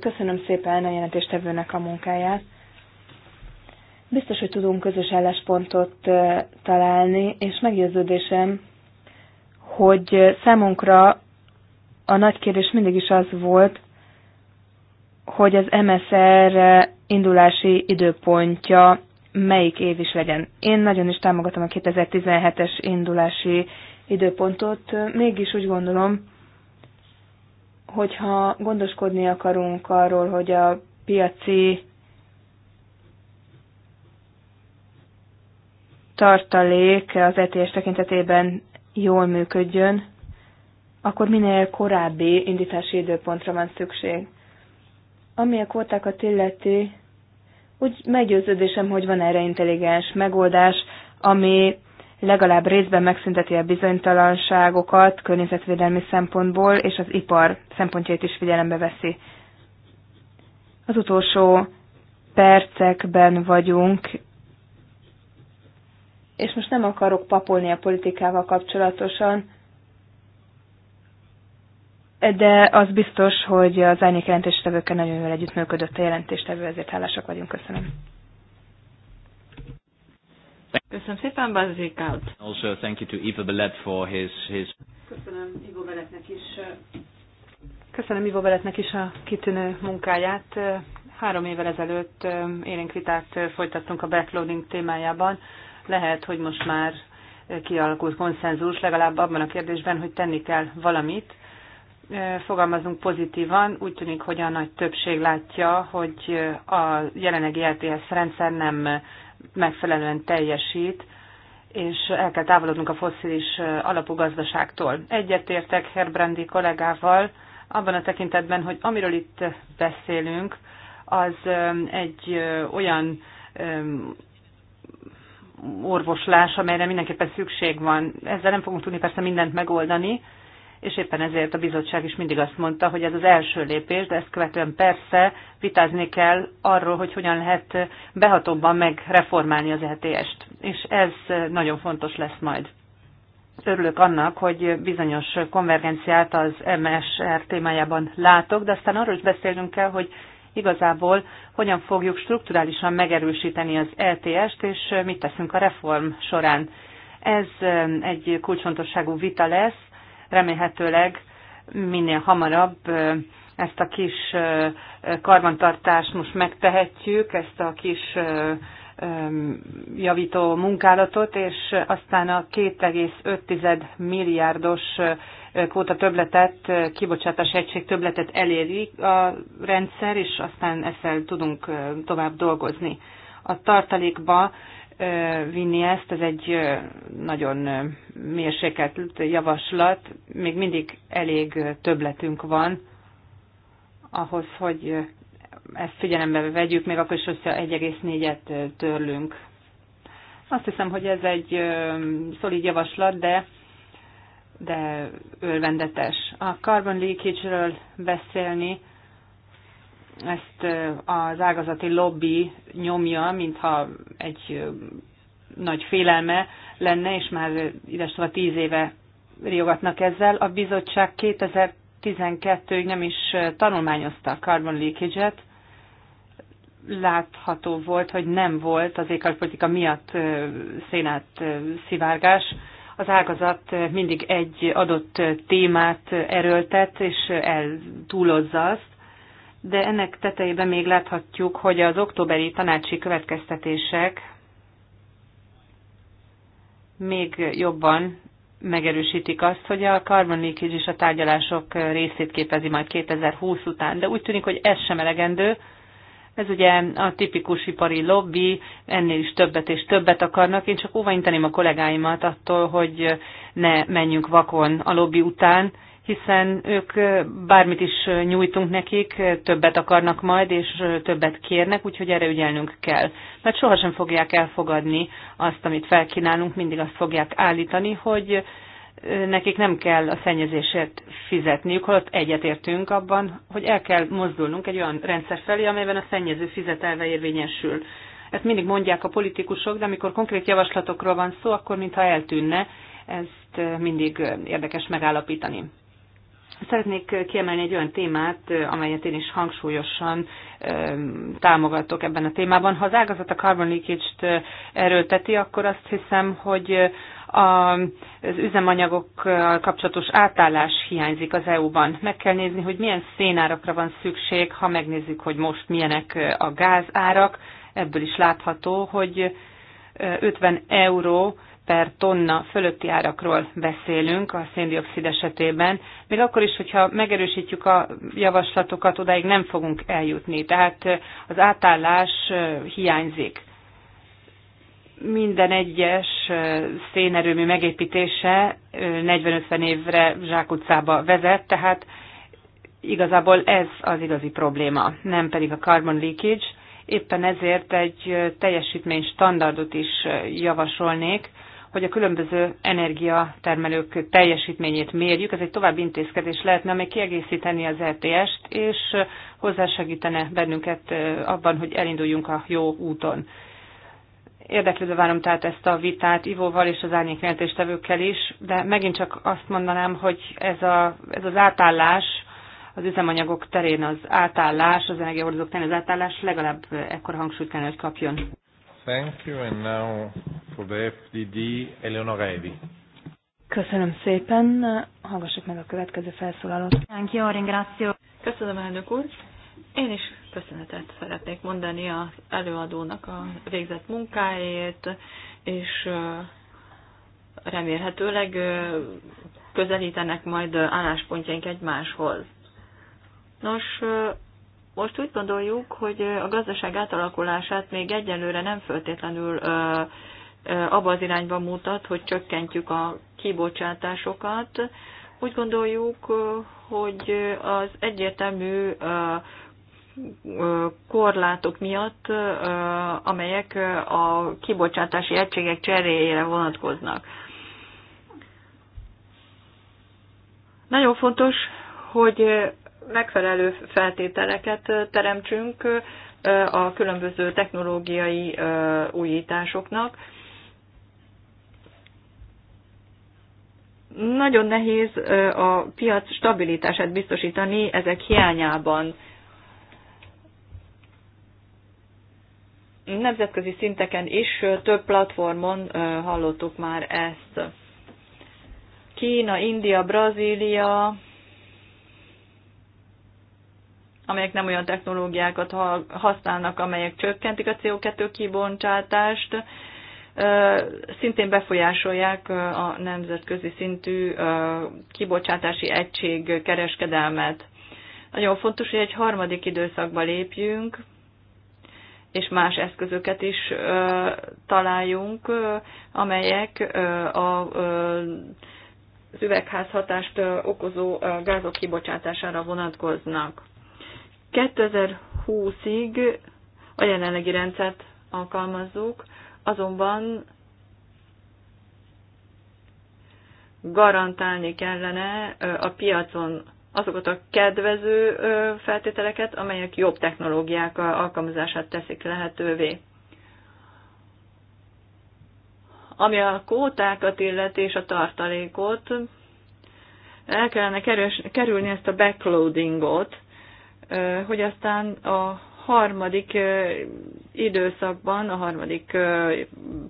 Köszönöm szépen a jelentéstevőnek a munkáját. Biztos, hogy tudunk közös álláspontot találni, és meggyőződésem, hogy számunkra a nagy kérdés mindig is az volt, hogy az MSR indulási időpontja melyik év is legyen. Én nagyon is támogatom a 2017-es indulási időpontot, mégis úgy gondolom, hogyha gondoskodni akarunk arról, hogy a piaci tartalék az ETS tekintetében jól működjön, akkor minél korábbi indítási időpontra van szükség. Ami a kvótákat illeti, úgy meggyőződésem, hogy van erre intelligens megoldás, ami legalább részben megszünteti a bizonytalanságokat környezetvédelmi szempontból, és az ipar szempontjait is figyelembe veszi. Az utolsó percekben vagyunk, és most nem akarok papolni a politikával kapcsolatosan, de az biztos, hogy az árnyék jelentéstevőkkel nagyon jól együttműködött a jelentéstevő, ezért hálásak vagyunk. Köszönöm. Köszönöm szépen, Bazik out. Also thank you to Ivo Belet for his, his... Köszönöm Ivo Beletnek is. Köszönöm Ivo Beletnek is a kitűnő munkáját. Három évvel ezelőtt élénk vitát folytattunk a backloading témájában. Lehet, hogy most már kialakult konszenzus, legalább abban a kérdésben, hogy tenni kell valamit. Fogalmazunk pozitívan, úgy tűnik, hogy a nagy többség látja, hogy a jelenlegi LTS rendszer nem megfelelően teljesít, és el kell távolodnunk a foszilis alapú gazdaságtól. Egyetértek Herbrandi kollégával abban a tekintetben, hogy amiről itt beszélünk, az egy olyan orvoslás, amelyre mindenképpen szükség van. Ezzel nem fogunk tudni persze mindent megoldani, és éppen ezért a bizottság is mindig azt mondta, hogy ez az első lépés, de ezt követően persze vitázni kell arról, hogy hogyan lehet behatóbban megreformálni az ETS-t. És ez nagyon fontos lesz majd. Örülök annak, hogy bizonyos konvergenciát az MSR témájában látok, de aztán arról is beszélnünk kell, hogy igazából hogyan fogjuk strukturálisan megerősíteni az ETS-t, és mit teszünk a reform során. Ez um, egy kulcsfontosságú vita lesz, remélhetőleg minél hamarabb ezt a kis karbantartást most megtehetjük, ezt a kis javító munkálatot, és aztán a 2,5 milliárdos kóta töbletet, kibocsátás egység töbletet eléri a rendszer, és aztán ezzel tudunk tovább dolgozni. A tartalékba vinni ezt, ez egy nagyon mérsékelt javaslat. Még mindig elég többletünk van ahhoz, hogy ezt figyelembe vegyük, még akkor is, hogyha 1,4-et törlünk. Azt hiszem, hogy ez egy szolid javaslat, de, de örvendetes. A carbon leakage-ről beszélni, ezt az ágazati lobby nyomja, mintha egy nagy félelme lenne, és már a tíz éve riogatnak ezzel. A bizottság 2012-ig nem is tanulmányozta a carbon leakage-et. Látható volt, hogy nem volt az éghajlatpolitika miatt szénát szivárgás. Az ágazat mindig egy adott témát erőltet, és eltúlozza azt de ennek tetejében még láthatjuk, hogy az októberi tanácsi következtetések még jobban megerősítik azt, hogy a carbon leakage is a tárgyalások részét képezi majd 2020 után, de úgy tűnik, hogy ez sem elegendő. Ez ugye a tipikus ipari lobby, ennél is többet és többet akarnak. Én csak óvainteném a kollégáimat attól, hogy ne menjünk vakon a lobby után, hiszen ők bármit is nyújtunk nekik, többet akarnak majd, és többet kérnek, úgyhogy erre ügyelnünk kell. Mert sohasem fogják elfogadni azt, amit felkínálunk, mindig azt fogják állítani, hogy nekik nem kell a szennyezésért fizetniük, holott egyetértünk abban, hogy el kell mozdulnunk egy olyan rendszer felé, amelyben a szennyező fizetelve érvényesül. Ezt mindig mondják a politikusok, de amikor konkrét javaslatokról van szó, akkor mintha eltűnne, ezt mindig érdekes megállapítani. Szeretnék kiemelni egy olyan témát, amelyet én is hangsúlyosan támogatok ebben a témában. Ha az ágazat a carbon leakage-t erőlteti, akkor azt hiszem, hogy az üzemanyagokkal kapcsolatos átállás hiányzik az EU-ban. Meg kell nézni, hogy milyen szénárakra van szükség, ha megnézzük, hogy most milyenek a gázárak. Ebből is látható, hogy 50 euró per tonna fölötti árakról beszélünk a széndiokszid esetében, még akkor is, hogyha megerősítjük a javaslatokat, odáig nem fogunk eljutni. Tehát az átállás hiányzik. Minden egyes szénerőmű megépítése 40-50 évre zsákutcába vezet, tehát igazából ez az igazi probléma, nem pedig a carbon leakage. Éppen ezért egy teljesítmény standardot is javasolnék, hogy a különböző energiatermelők teljesítményét mérjük. Ez egy további intézkedés lehetne, amely kiegészíteni az RTS-t, e és hozzásegítene bennünket abban, hogy elinduljunk a jó úton. Érdeklődve várom tehát ezt a vitát Ivóval és az árnyékjelentéstevőkkel is, de megint csak azt mondanám, hogy ez, a, ez az átállás, az üzemanyagok terén az átállás, az energiahordozók terén az átállás legalább ekkor hangsúlyt kellene, hogy kapjon. Thank you, and now for the FDD, Eleonora Evi. Köszönöm szépen. Hallgassuk meg a következő felszólalót. Thank you, ringrazio. Köszönöm, elnök úr. Én is köszönetet szeretnék mondani az előadónak a végzett munkáért, és remélhetőleg közelítenek majd álláspontjaink egymáshoz. Nos, most úgy gondoljuk, hogy a gazdaság átalakulását még egyelőre nem föltétlenül abba az irányba mutat, hogy csökkentjük a kibocsátásokat. Úgy gondoljuk, hogy az egyértelmű korlátok miatt, amelyek a kibocsátási egységek cseréjére vonatkoznak. Nagyon fontos, hogy megfelelő feltételeket teremtsünk a különböző technológiai újításoknak. Nagyon nehéz a piac stabilitását biztosítani ezek hiányában. Nemzetközi szinteken is több platformon hallottuk már ezt. Kína, India, Brazília, amelyek nem olyan technológiákat használnak, amelyek csökkentik a CO2 kibocsátást, szintén befolyásolják a nemzetközi szintű kibocsátási egység kereskedelmet. Nagyon fontos, hogy egy harmadik időszakba lépjünk, és más eszközöket is találjunk, amelyek a, az üvegházhatást okozó gázok kibocsátására vonatkoznak. 2020-ig a jelenlegi rendszert alkalmazzuk, azonban garantálni kellene a piacon azokat a kedvező feltételeket, amelyek jobb technológiák alkalmazását teszik lehetővé. Ami a kótákat illeti és a tartalékot, el kellene kerülni ezt a backloadingot, hogy aztán a harmadik időszakban, a harmadik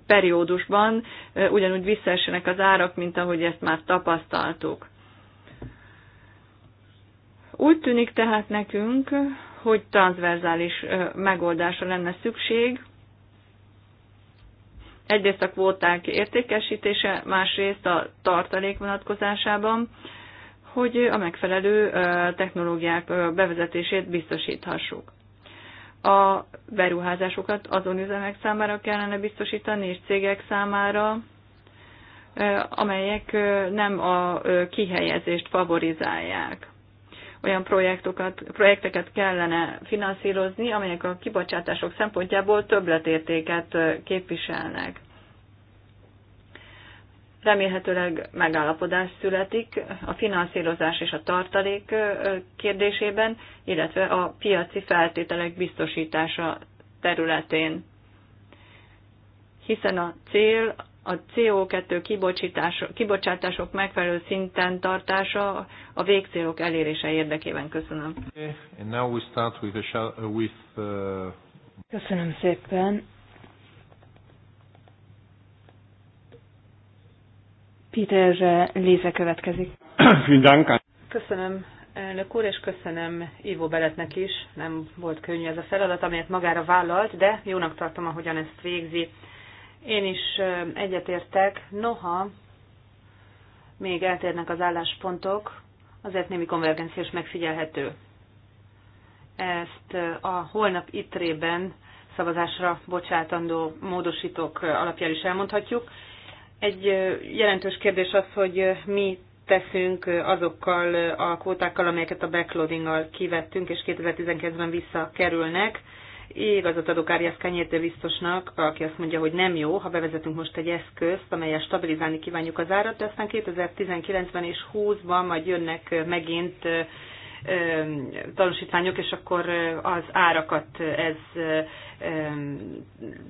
periódusban ugyanúgy visszaessenek az árak, mint ahogy ezt már tapasztaltuk. Úgy tűnik tehát nekünk, hogy transzverzális megoldásra lenne szükség. Egyrészt a kvóták értékesítése, másrészt a tartalék vonatkozásában hogy a megfelelő technológiák bevezetését biztosíthassuk. A beruházásokat azon üzemek számára kellene biztosítani, és cégek számára, amelyek nem a kihelyezést favorizálják. Olyan projektokat, projekteket kellene finanszírozni, amelyek a kibocsátások szempontjából többletértéket képviselnek remélhetőleg megállapodás születik a finanszírozás és a tartalék kérdésében, illetve a piaci feltételek biztosítása területén. Hiszen a cél a CO2 kibocsátások megfelelő szinten tartása a végcélok elérése érdekében. Köszönöm. Uh, uh, Köszönöm szépen. Péter Léze következik. Köszönöm, elnök úr, és köszönöm Ivo Beletnek is. Nem volt könnyű ez a feladat, amelyet magára vállalt, de jónak tartom, ahogyan ezt végzi. Én is egyetértek, noha még eltérnek az álláspontok, azért némi konvergencia is megfigyelhető. Ezt a holnap itrében szavazásra bocsátandó módosítók alapján is elmondhatjuk. Egy jelentős kérdés az, hogy mi teszünk azokkal a kvótákkal, amelyeket a backloadinggal kivettünk, és 2019-ben visszakerülnek. Igazat adok Árias Kányérte biztosnak, aki azt mondja, hogy nem jó, ha bevezetünk most egy eszközt, amelyel stabilizálni kívánjuk az árat, de aztán 2019-ben és 20-ban majd jönnek megint tanúsítványok, és akkor az árakat ez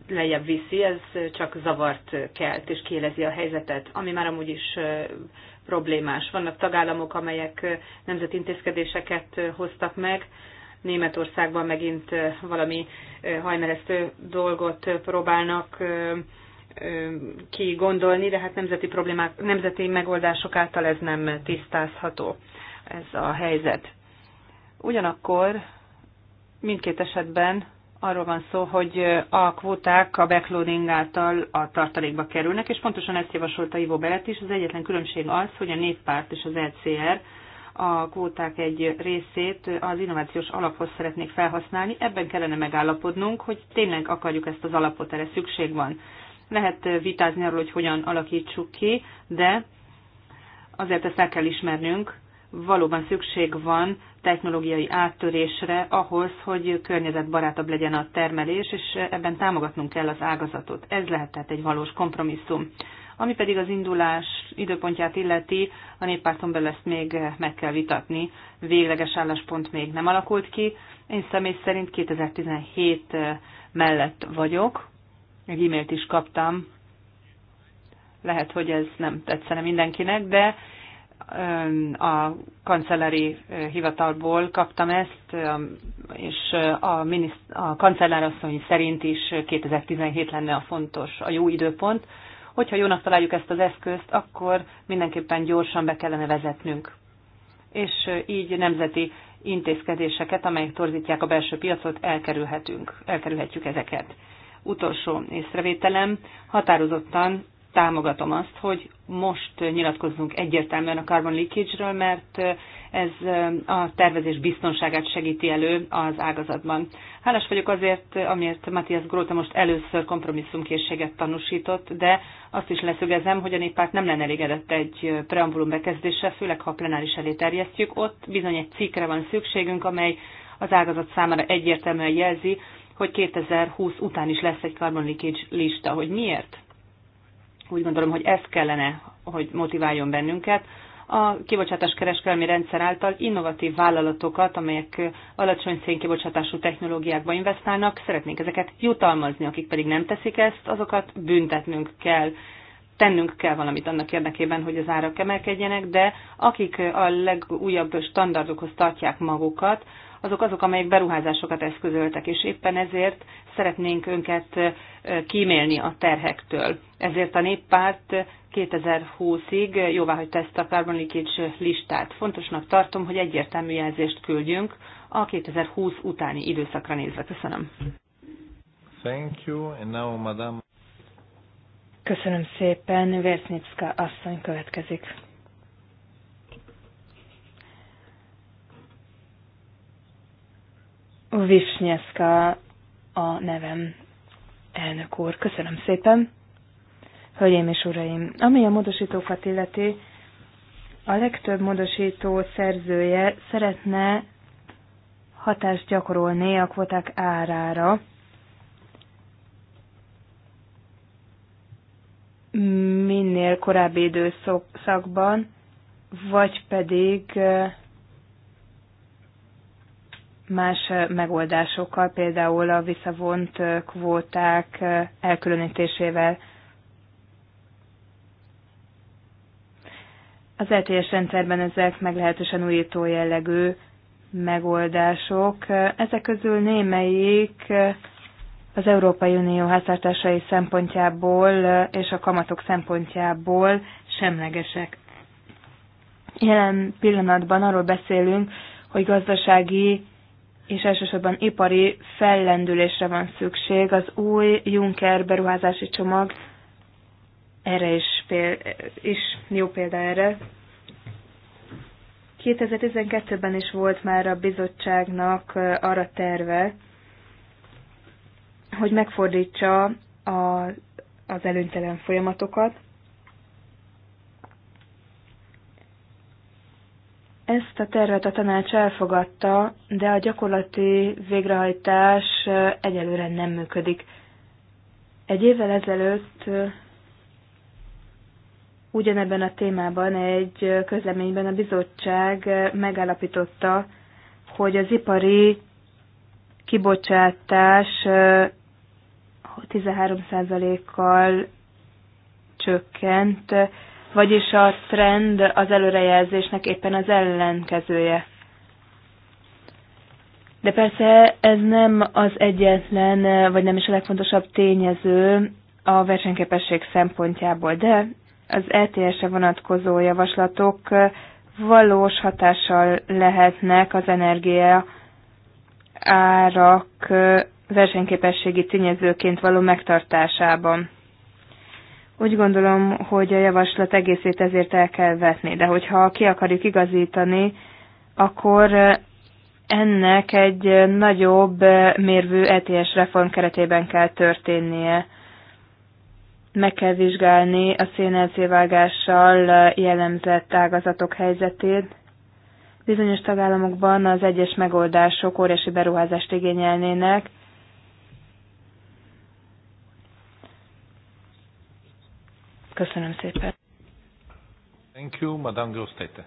lejjebb viszi, ez csak zavart kelt, és kielezi a helyzetet, ami már amúgy is problémás. Vannak tagállamok, amelyek nemzeti intézkedéseket hoztak meg, Németországban megint valami hajmeresztő dolgot próbálnak ki gondolni, de hát nemzeti, problémák, nemzeti megoldások által ez nem tisztázható, ez a helyzet. Ugyanakkor mindkét esetben arról van szó, hogy a kvóták a backloading által a tartalékba kerülnek, és pontosan ezt javasolta Ivo Belet is. Az egyetlen különbség az, hogy a néppárt és az LCR e a kvóták egy részét az innovációs alaphoz szeretnék felhasználni. Ebben kellene megállapodnunk, hogy tényleg akarjuk ezt az alapot, erre szükség van. Lehet vitázni arról, hogy hogyan alakítsuk ki, de azért ezt el kell ismernünk, valóban szükség van technológiai áttörésre ahhoz, hogy környezetbarátabb legyen a termelés, és ebben támogatnunk kell az ágazatot. Ez lehet tehát egy valós kompromisszum. Ami pedig az indulás időpontját illeti, a néppárton belül ezt még meg kell vitatni. Végleges álláspont még nem alakult ki. Én személy szerint 2017 mellett vagyok. Egy e-mailt is kaptam. Lehet, hogy ez nem tetszene mindenkinek, de a kancellári hivatalból kaptam ezt, és a, miniszt- a kancellárasszony szerint is 2017 lenne a fontos, a jó időpont. Hogyha jónak találjuk ezt az eszközt, akkor mindenképpen gyorsan be kellene vezetnünk. És így nemzeti intézkedéseket, amelyek torzítják a belső piacot, elkerülhetünk, elkerülhetjük ezeket. Utolsó észrevételem, határozottan támogatom azt, hogy most nyilatkozzunk egyértelműen a carbon leakage-ről, mert ez a tervezés biztonságát segíti elő az ágazatban. Hálás vagyok azért, amiért Matthias Gróta most először kompromisszumkészséget tanúsított, de azt is leszögezem, hogy a néppárt nem lenne elégedett egy preambulum bekezdéssel, főleg ha a plenáris elé terjesztjük. Ott bizony egy cikkre van szükségünk, amely az ágazat számára egyértelműen jelzi, hogy 2020 után is lesz egy carbon leakage lista. Hogy miért? Úgy gondolom, hogy ez kellene, hogy motiváljon bennünket. A kibocsátás kereskedelmi rendszer által innovatív vállalatokat, amelyek alacsony szénkibocsátású technológiákba investálnak, szeretnénk ezeket jutalmazni, akik pedig nem teszik ezt, azokat büntetnünk kell, tennünk kell valamit annak érdekében, hogy az árak emelkedjenek, de akik a legújabb standardokhoz tartják magukat, azok azok, amelyek beruházásokat eszközöltek, és éppen ezért szeretnénk önket kímélni a terhektől. Ezért a néppárt 2020-ig jóváhagyta ezt a Carbon Leakage listát. Fontosnak tartom, hogy egyértelmű jelzést küldjünk a 2020 utáni időszakra nézve. Köszönöm. Thank you, and now, Madame. Köszönöm szépen. Vérsznicka asszony következik. Visnyeszka a nevem, elnök úr. Köszönöm szépen. Hölgyeim és uraim, ami a módosítókat illeti, a legtöbb módosító szerzője szeretne hatást gyakorolni a kvoták árára, minél korábbi időszakban, vagy pedig más megoldásokkal, például a visszavont kvóták elkülönítésével. Az LTS e rendszerben ezek meglehetősen újító jellegű megoldások. Ezek közül némelyik az Európai Unió háztartásai szempontjából és a kamatok szempontjából semlegesek. Jelen pillanatban arról beszélünk, hogy gazdasági és elsősorban ipari fellendülésre van szükség. Az új Juncker beruházási csomag erre is, péld, is jó példa erre. 2012-ben is volt már a bizottságnak arra terve, hogy megfordítsa a, az előnytelen folyamatokat. Ezt a tervet a tanács elfogadta, de a gyakorlati végrehajtás egyelőre nem működik. Egy évvel ezelőtt ugyanebben a témában egy közleményben a bizottság megállapította, hogy az ipari kibocsátás 13%-kal csökkent, vagyis a trend az előrejelzésnek éppen az ellenkezője. De persze ez nem az egyetlen, vagy nem is a legfontosabb tényező a versenyképesség szempontjából, de az ETS-re vonatkozó javaslatok valós hatással lehetnek az energia árak versenyképességi tényezőként való megtartásában. Úgy gondolom, hogy a javaslat egészét ezért el kell vetni, de hogyha ki akarjuk igazítani, akkor ennek egy nagyobb mérvű ETS reform keretében kell történnie. Meg kell vizsgálni a szénelcévágással jellemzett ágazatok helyzetét. Bizonyos tagállamokban az egyes megoldások óriási beruházást igényelnének, Köszönöm szépen. Thank you, Madame Grosztete.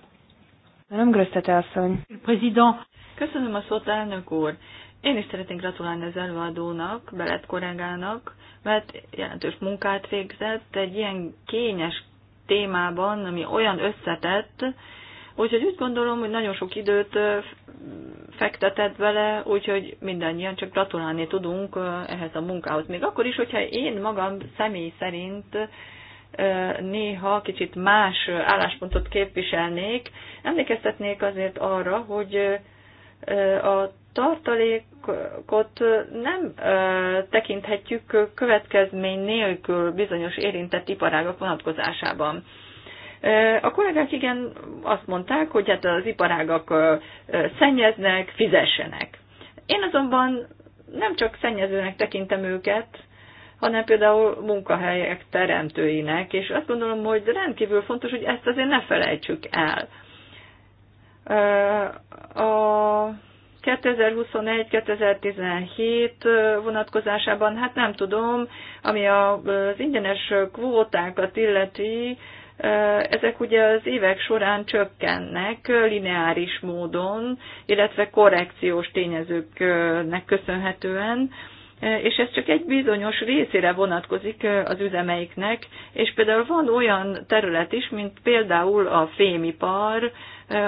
Madame Grosztete asszony. President. Köszönöm a szót, elnök úr. Én is szeretnék gratulálni az előadónak, Belet kollégának, mert jelentős munkát végzett egy ilyen kényes témában, ami olyan összetett, úgyhogy úgy gondolom, hogy nagyon sok időt fektetett vele, úgyhogy mindannyian csak gratulálni tudunk ehhez a munkához. Még akkor is, hogyha én magam személy szerint néha kicsit más álláspontot képviselnék. Emlékeztetnék azért arra, hogy a tartalékot nem tekinthetjük következmény nélkül bizonyos érintett iparágak vonatkozásában. A kollégák igen azt mondták, hogy hát az iparágak szennyeznek, fizessenek. Én azonban nem csak szennyezőnek tekintem őket, hanem például munkahelyek teremtőinek, és azt gondolom, hogy rendkívül fontos, hogy ezt azért ne felejtsük el. A 2021-2017 vonatkozásában, hát nem tudom, ami az ingyenes kvótákat illeti, ezek ugye az évek során csökkennek lineáris módon, illetve korrekciós tényezőknek köszönhetően, és ez csak egy bizonyos részére vonatkozik az üzemeiknek, és például van olyan terület is, mint például a fémipar,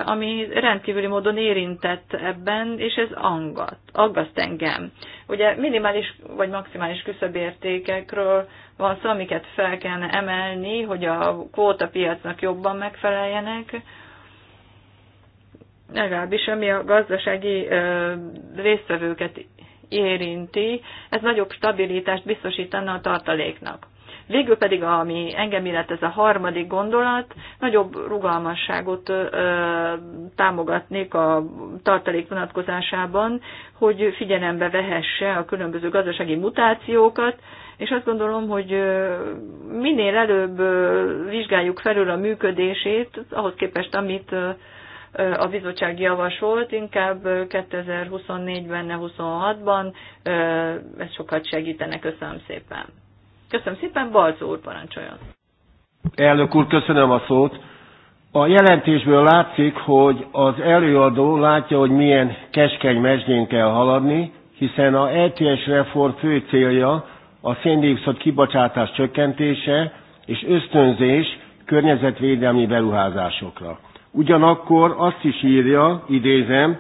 ami rendkívüli módon érintett ebben, és ez angat, aggaszt engem. Ugye minimális vagy maximális küszöbértékekről van szó, amiket fel kellene emelni, hogy a piacnak jobban megfeleljenek, legalábbis ami a gazdasági résztvevőket érinti, ez nagyobb stabilitást biztosítana a tartaléknak. Végül pedig, ami engem illet ez a harmadik gondolat, nagyobb rugalmasságot ö, támogatnék a tartalék vonatkozásában, hogy figyelembe vehesse a különböző gazdasági mutációkat, és azt gondolom, hogy minél előbb vizsgáljuk felül a működését, ahhoz képest, amit a bizottság javasolt, inkább 2024-ben, ne 26-ban, ez sokat segítene. Köszönöm szépen. Köszönöm szépen, Balcó úr parancsoljon. Elnök úr, köszönöm a szót. A jelentésből látszik, hogy az előadó látja, hogy milyen keskeny mesdjén kell haladni, hiszen a ETS reform fő célja a széndiokszid kibocsátás csökkentése és ösztönzés környezetvédelmi beruházásokra. Ugyanakkor azt is írja, idézem,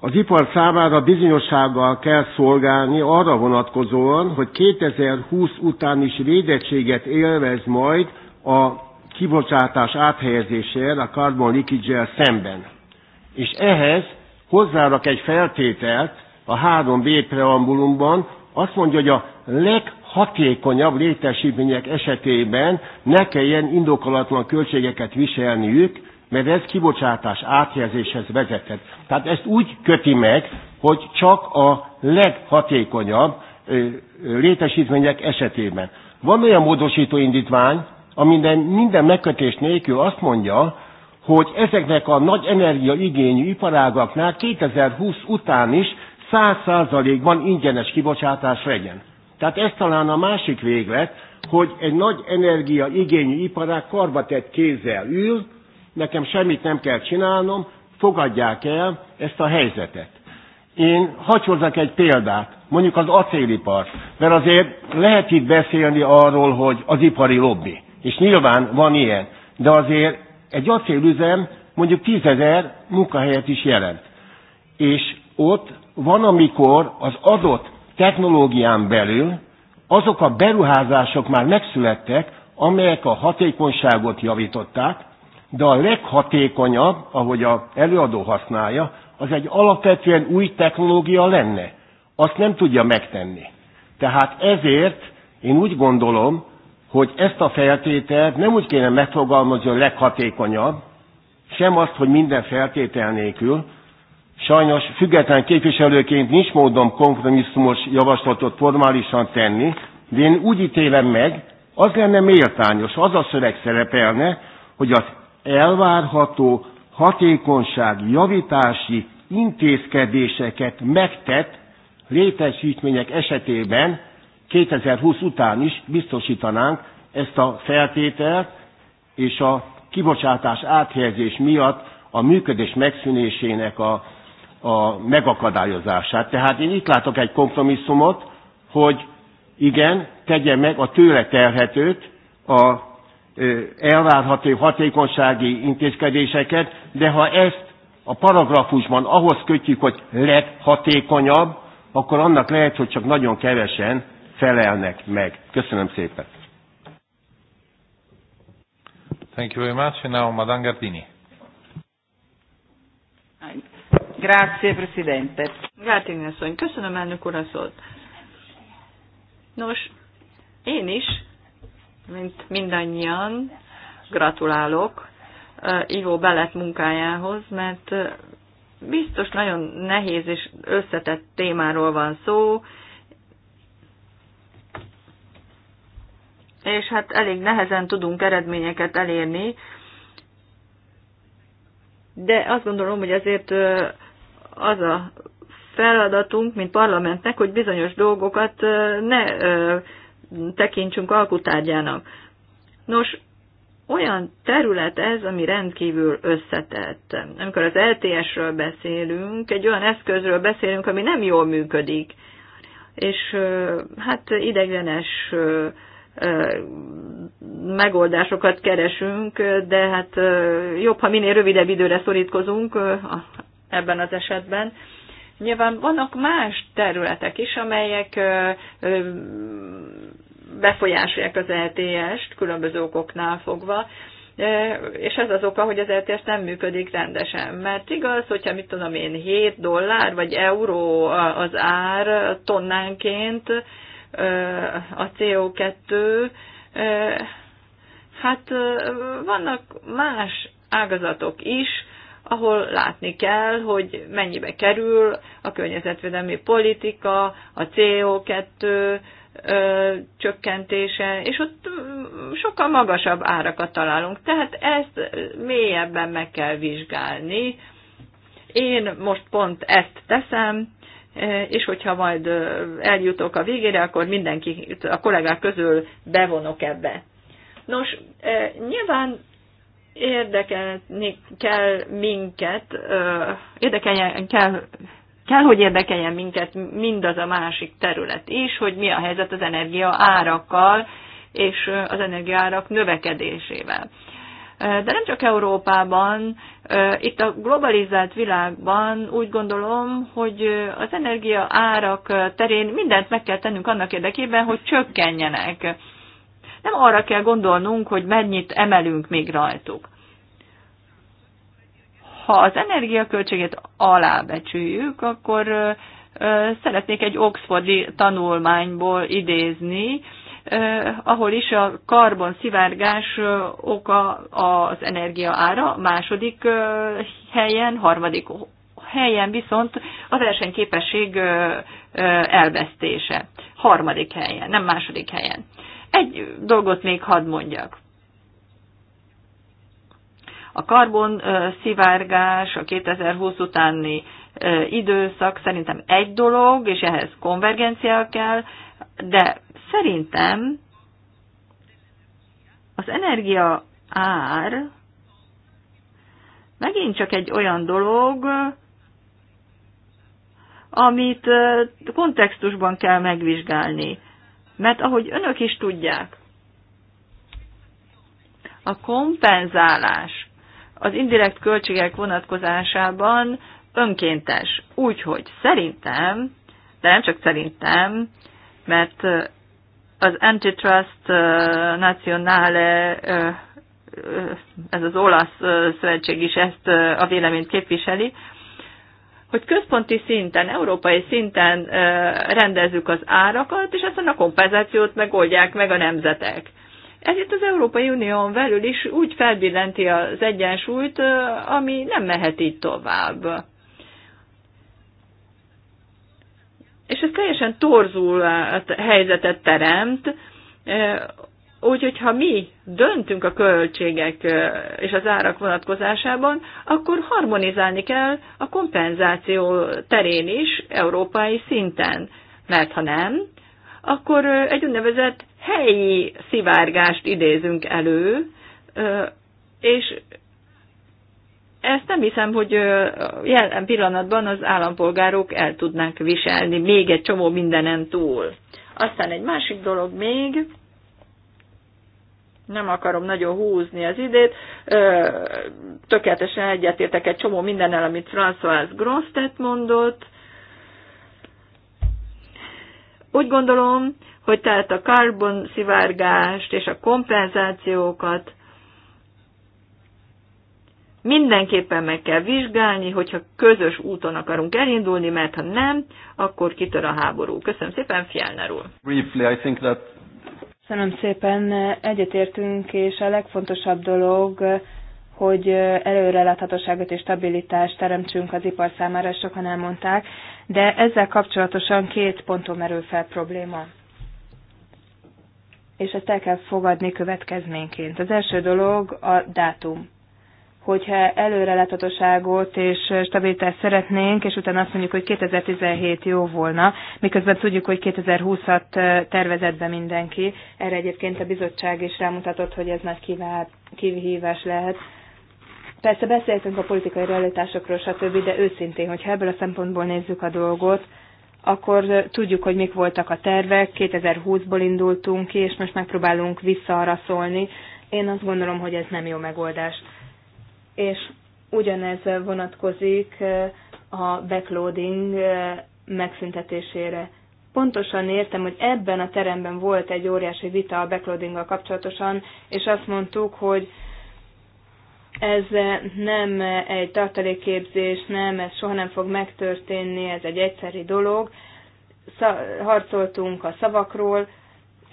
az ipar számára bizonyossággal kell szolgálni arra vonatkozóan, hogy 2020 után is védettséget élvez majd a kibocsátás áthelyezésére a carbon leakage szemben. És ehhez hozzárak egy feltételt a 3B preambulumban, azt mondja, hogy a leghatékonyabb létesítmények esetében ne kelljen indokolatlan költségeket viselniük, mert ez kibocsátás átjelzéshez vezethet. Tehát ezt úgy köti meg, hogy csak a leghatékonyabb létesítmények esetében. Van olyan módosító indítvány, amiben minden megkötés nélkül azt mondja, hogy ezeknek a nagy energiaigényű iparágaknál 2020 után is 100%-ban ingyenes kibocsátás legyen. Tehát ez talán a másik véglet, hogy egy nagy energiaigényű iparág karbatett kézzel ül, nekem semmit nem kell csinálnom, fogadják el ezt a helyzetet. Én hagyhozzak egy példát, mondjuk az acélipar, mert azért lehet itt beszélni arról, hogy az ipari lobby, és nyilván van ilyen, de azért egy acélüzem mondjuk tízezer munkahelyet is jelent. És ott van, amikor az adott technológián belül azok a beruházások már megszülettek, amelyek a hatékonyságot javították, de a leghatékonyabb, ahogy a előadó használja, az egy alapvetően új technológia lenne. Azt nem tudja megtenni. Tehát ezért én úgy gondolom, hogy ezt a feltételt nem úgy kéne megfogalmazni a leghatékonyabb, sem azt, hogy minden feltétel nélkül, sajnos független képviselőként nincs módom kompromisszumos javaslatot formálisan tenni, de én úgy ítélem meg, az lenne méltányos, az a szöveg szerepelne, hogy az elvárható hatékonyság javítási intézkedéseket megtett létesítmények esetében 2020 után is biztosítanánk ezt a feltételt, és a kibocsátás áthelyezés miatt a működés megszűnésének a, a megakadályozását. Tehát én itt látok egy kompromisszumot, hogy igen, tegye meg a tőle terhetőt a elvárható hatékonysági intézkedéseket, de ha ezt a paragrafusban ahhoz kötjük, hogy leghatékonyabb, akkor annak lehet, hogy csak nagyon kevesen felelnek meg. Köszönöm szépen. Thank you very much. And now, Madame Gardini. Grazie, Presidente. Grazie, asszony, köszönöm elnök úr a szót. Nos, én is mint mindannyian. Gratulálok Ivo Belet munkájához, mert biztos nagyon nehéz és összetett témáról van szó, és hát elég nehezen tudunk eredményeket elérni, de azt gondolom, hogy azért az a feladatunk, mint parlamentnek, hogy bizonyos dolgokat ne tekintsünk alkutárgyának. Nos, olyan terület ez, ami rendkívül összetett. Amikor az LTS-ről beszélünk, egy olyan eszközről beszélünk, ami nem jól működik, és hát ideglenes megoldásokat keresünk, de hát jobb, ha minél rövidebb időre szorítkozunk ebben az esetben, Nyilván vannak más területek is, amelyek befolyásolják az LTS-t különböző okoknál fogva, és ez az oka, hogy az LTS nem működik rendesen. Mert igaz, hogyha mit tudom én, 7 dollár vagy euró az ár tonnánként a CO2, hát vannak más ágazatok is, ahol látni kell, hogy mennyibe kerül a környezetvédelmi politika, a CO2 ö, csökkentése, és ott sokkal magasabb árakat találunk. Tehát ezt mélyebben meg kell vizsgálni. Én most pont ezt teszem, és hogyha majd eljutok a végére, akkor mindenki a kollégák közül bevonok ebbe. Nos, nyilván érdekelni kell minket, érdekeljen kell, kell, hogy érdekeljen minket mindaz a másik terület is, hogy mi a helyzet az energia árakkal és az árak növekedésével. De nem csak Európában, itt a globalizált világban úgy gondolom, hogy az energia árak terén mindent meg kell tennünk annak érdekében, hogy csökkenjenek nem arra kell gondolnunk, hogy mennyit emelünk még rajtuk. Ha az energiaköltséget alábecsüljük, akkor szeretnék egy Oxfordi tanulmányból idézni, ahol is a karbon szivárgás oka az energia ára, második helyen, harmadik helyen viszont a versenyképesség elvesztése. Harmadik helyen, nem második helyen. Egy dolgot még hadd mondjak. A karbon szivárgás, a 2020 utáni időszak szerintem egy dolog, és ehhez konvergencia kell, de szerintem az energia ár megint csak egy olyan dolog, amit kontextusban kell megvizsgálni. Mert ahogy önök is tudják, a kompenzálás az indirekt költségek vonatkozásában önkéntes. Úgyhogy szerintem, de nem csak szerintem, mert az Antitrust Nationale, ez az olasz szövetség is ezt a véleményt képviseli, hogy központi szinten, európai szinten rendezzük az árakat, és aztán a kompenzációt megoldják meg a nemzetek. Ez itt az Európai Unión belül is úgy felbillenti az egyensúlyt, ami nem mehet így tovább. És ez teljesen torzul a helyzetet teremt, úgy, ha mi döntünk a költségek és az árak vonatkozásában, akkor harmonizálni kell a kompenzáció terén is, európai szinten. Mert ha nem, akkor egy úgynevezett helyi szivárgást idézünk elő, és ezt nem hiszem, hogy jelen pillanatban az állampolgárok el tudnánk viselni még egy csomó mindenen túl. Aztán egy másik dolog még, nem akarom nagyon húzni az időt, tökéletesen egyetértek egy csomó mindennel, amit François Grostet mondott. Úgy gondolom, hogy tehát a karbon szivárgást és a kompenzációkat mindenképpen meg kell vizsgálni, hogyha közös úton akarunk elindulni, mert ha nem, akkor kitör a háború. Köszönöm szépen, Fjellner úr. Briefly, I think that Köszönöm szépen, egyetértünk, és a legfontosabb dolog, hogy előreláthatóságot és stabilitást teremtsünk az ipar számára, sokan elmondták, de ezzel kapcsolatosan két ponton merül fel probléma. És ezt el kell fogadni következményként. Az első dolog a dátum hogyha előreláthatóságot és stabilitást szeretnénk, és utána azt mondjuk, hogy 2017 jó volna, miközben tudjuk, hogy 2020-at tervezett be mindenki. Erre egyébként a bizottság is rámutatott, hogy ez nagy kihívás lehet. Persze beszéltünk a politikai realitásokról, stb., de őszintén, hogyha ebből a szempontból nézzük a dolgot, akkor tudjuk, hogy mik voltak a tervek, 2020-ból indultunk ki, és most megpróbálunk visszaaraszolni. Én azt gondolom, hogy ez nem jó megoldás és ugyanez vonatkozik a backloading megszüntetésére. Pontosan értem, hogy ebben a teremben volt egy óriási vita a backloadinggal kapcsolatosan, és azt mondtuk, hogy ez nem egy tartalékképzés, nem, ez soha nem fog megtörténni, ez egy egyszeri dolog. harcoltunk a szavakról,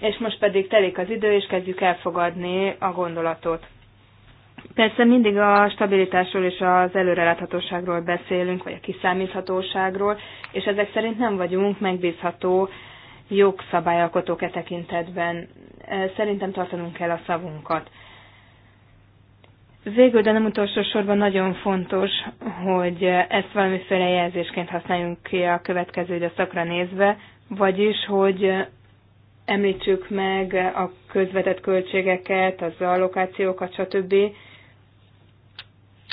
és most pedig telik az idő, és kezdjük elfogadni a gondolatot. Persze mindig a stabilitásról és az előreláthatóságról beszélünk, vagy a kiszámíthatóságról, és ezek szerint nem vagyunk megbízható jogszabályalkotók e tekintetben. E, szerintem tartanunk kell a szavunkat. Végül, de nem utolsó sorban nagyon fontos, hogy ezt valamiféle jelzésként használjuk ki a következő időszakra nézve, vagyis, hogy említsük meg a közvetett költségeket, az allokációkat, stb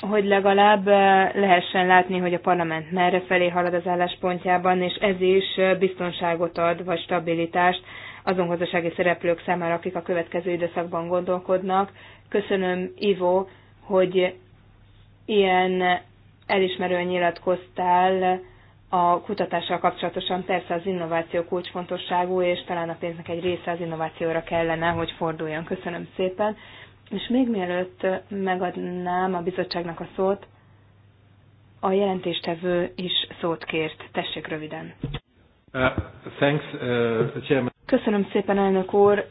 hogy legalább eh, lehessen látni, hogy a parlament merre felé halad az álláspontjában, és ez is eh, biztonságot ad, vagy stabilitást azon gazdasági szereplők számára, akik a következő időszakban gondolkodnak. Köszönöm, Ivo, hogy ilyen elismerően nyilatkoztál a kutatással kapcsolatosan. Persze az innováció kulcsfontosságú, és talán a pénznek egy része az innovációra kellene, hogy forduljon. Köszönöm szépen. És még mielőtt megadnám a bizottságnak a szót, a jelentéstevő is szót kért. Tessék röviden. Uh, thanks, uh, Köszönöm szépen, elnök úr.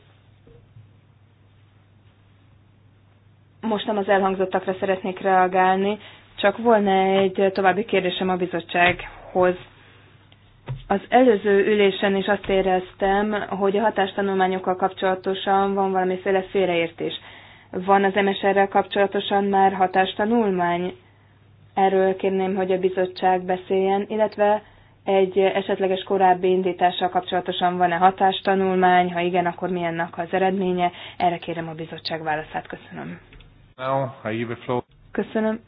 Most nem az elhangzottakra szeretnék reagálni, csak volna egy további kérdésem a bizottsághoz. Az előző ülésen is azt éreztem, hogy a hatástanulmányokkal kapcsolatosan van valamiféle félreértés. Van az MSR-rel kapcsolatosan már hatástanulmány? Erről kérném, hogy a bizottság beszéljen, illetve egy esetleges korábbi indítással kapcsolatosan van-e hatástanulmány, ha igen, akkor milyennek az eredménye? Erre kérem a bizottság válaszát. Köszönöm. Köszönöm.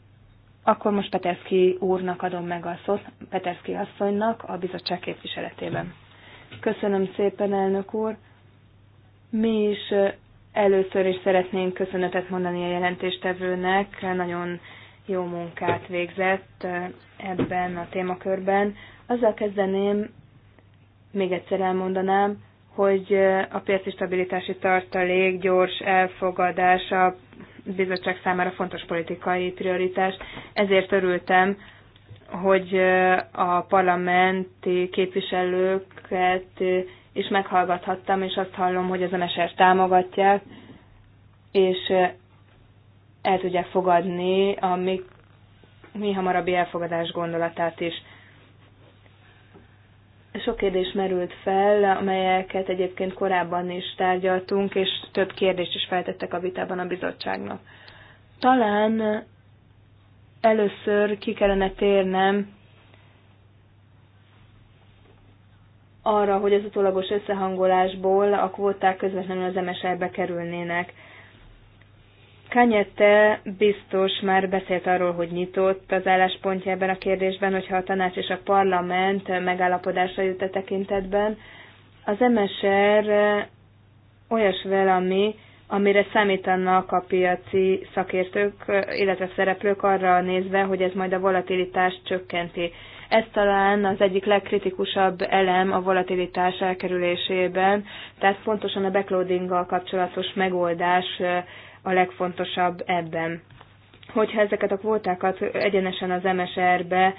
Akkor most Peterszki úrnak adom meg a szót, Peterszki asszonynak a bizottság képviseletében. Köszönöm szépen, elnök úr. Mi is Először is szeretnénk köszönetet mondani a jelentéstevőnek, nagyon jó munkát végzett ebben a témakörben. Azzal kezdeném, még egyszer elmondanám, hogy a piaci stabilitási tartalék gyors elfogadása a bizottság számára fontos politikai prioritás. Ezért örültem, hogy a parlamenti képviselőket és meghallgathattam, és azt hallom, hogy az MSR támogatják, és el tudják fogadni a mi, mi hamarabbi elfogadás gondolatát is. Sok kérdés merült fel, amelyeket egyébként korábban is tárgyaltunk, és több kérdést is feltettek a vitában a bizottságnak. Talán először ki kellene térnem arra, hogy az utólagos összehangolásból a kvóták közvetlenül az MSL-be kerülnének. Kanyette biztos már beszélt arról, hogy nyitott az álláspontja ebben a kérdésben, hogyha a tanács és a parlament megállapodásra jut a e tekintetben. Az MSR olyas ami, amire számítanak a piaci szakértők, illetve szereplők arra nézve, hogy ez majd a volatilitást csökkenti. Ez talán az egyik legkritikusabb elem a volatilitás elkerülésében, tehát fontosan a backloadinggal kapcsolatos megoldás a legfontosabb ebben. Hogyha ezeket a kvótákat egyenesen az MSR-be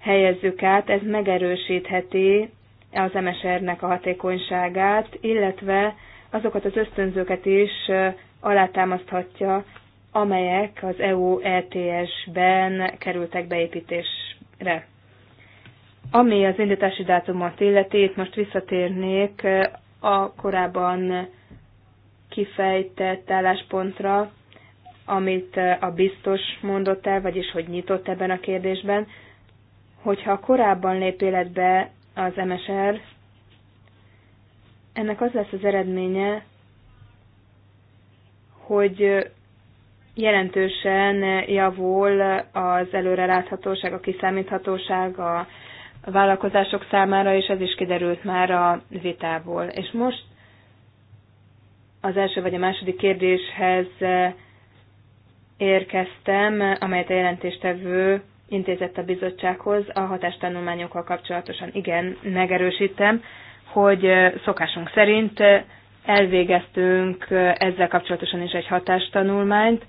helyezzük át, ez megerősítheti az MSR-nek a hatékonyságát, illetve azokat az ösztönzőket is alátámaszthatja, amelyek az EU ETS-ben kerültek beépítésre re. Ami az indítási dátumot illeti, itt most visszatérnék a korábban kifejtett álláspontra, amit a biztos mondott el, vagyis hogy nyitott ebben a kérdésben, hogyha korábban lép életbe az MSR, ennek az lesz az eredménye, hogy jelentősen javul az előreláthatóság, a kiszámíthatóság a vállalkozások számára, és ez is kiderült már a vitából. És most az első vagy a második kérdéshez érkeztem, amelyet a jelentéstevő intézett a bizottsághoz a hatástanulmányokkal kapcsolatosan. Igen, megerősítem, hogy szokásunk szerint elvégeztünk ezzel kapcsolatosan is egy hatástanulmányt,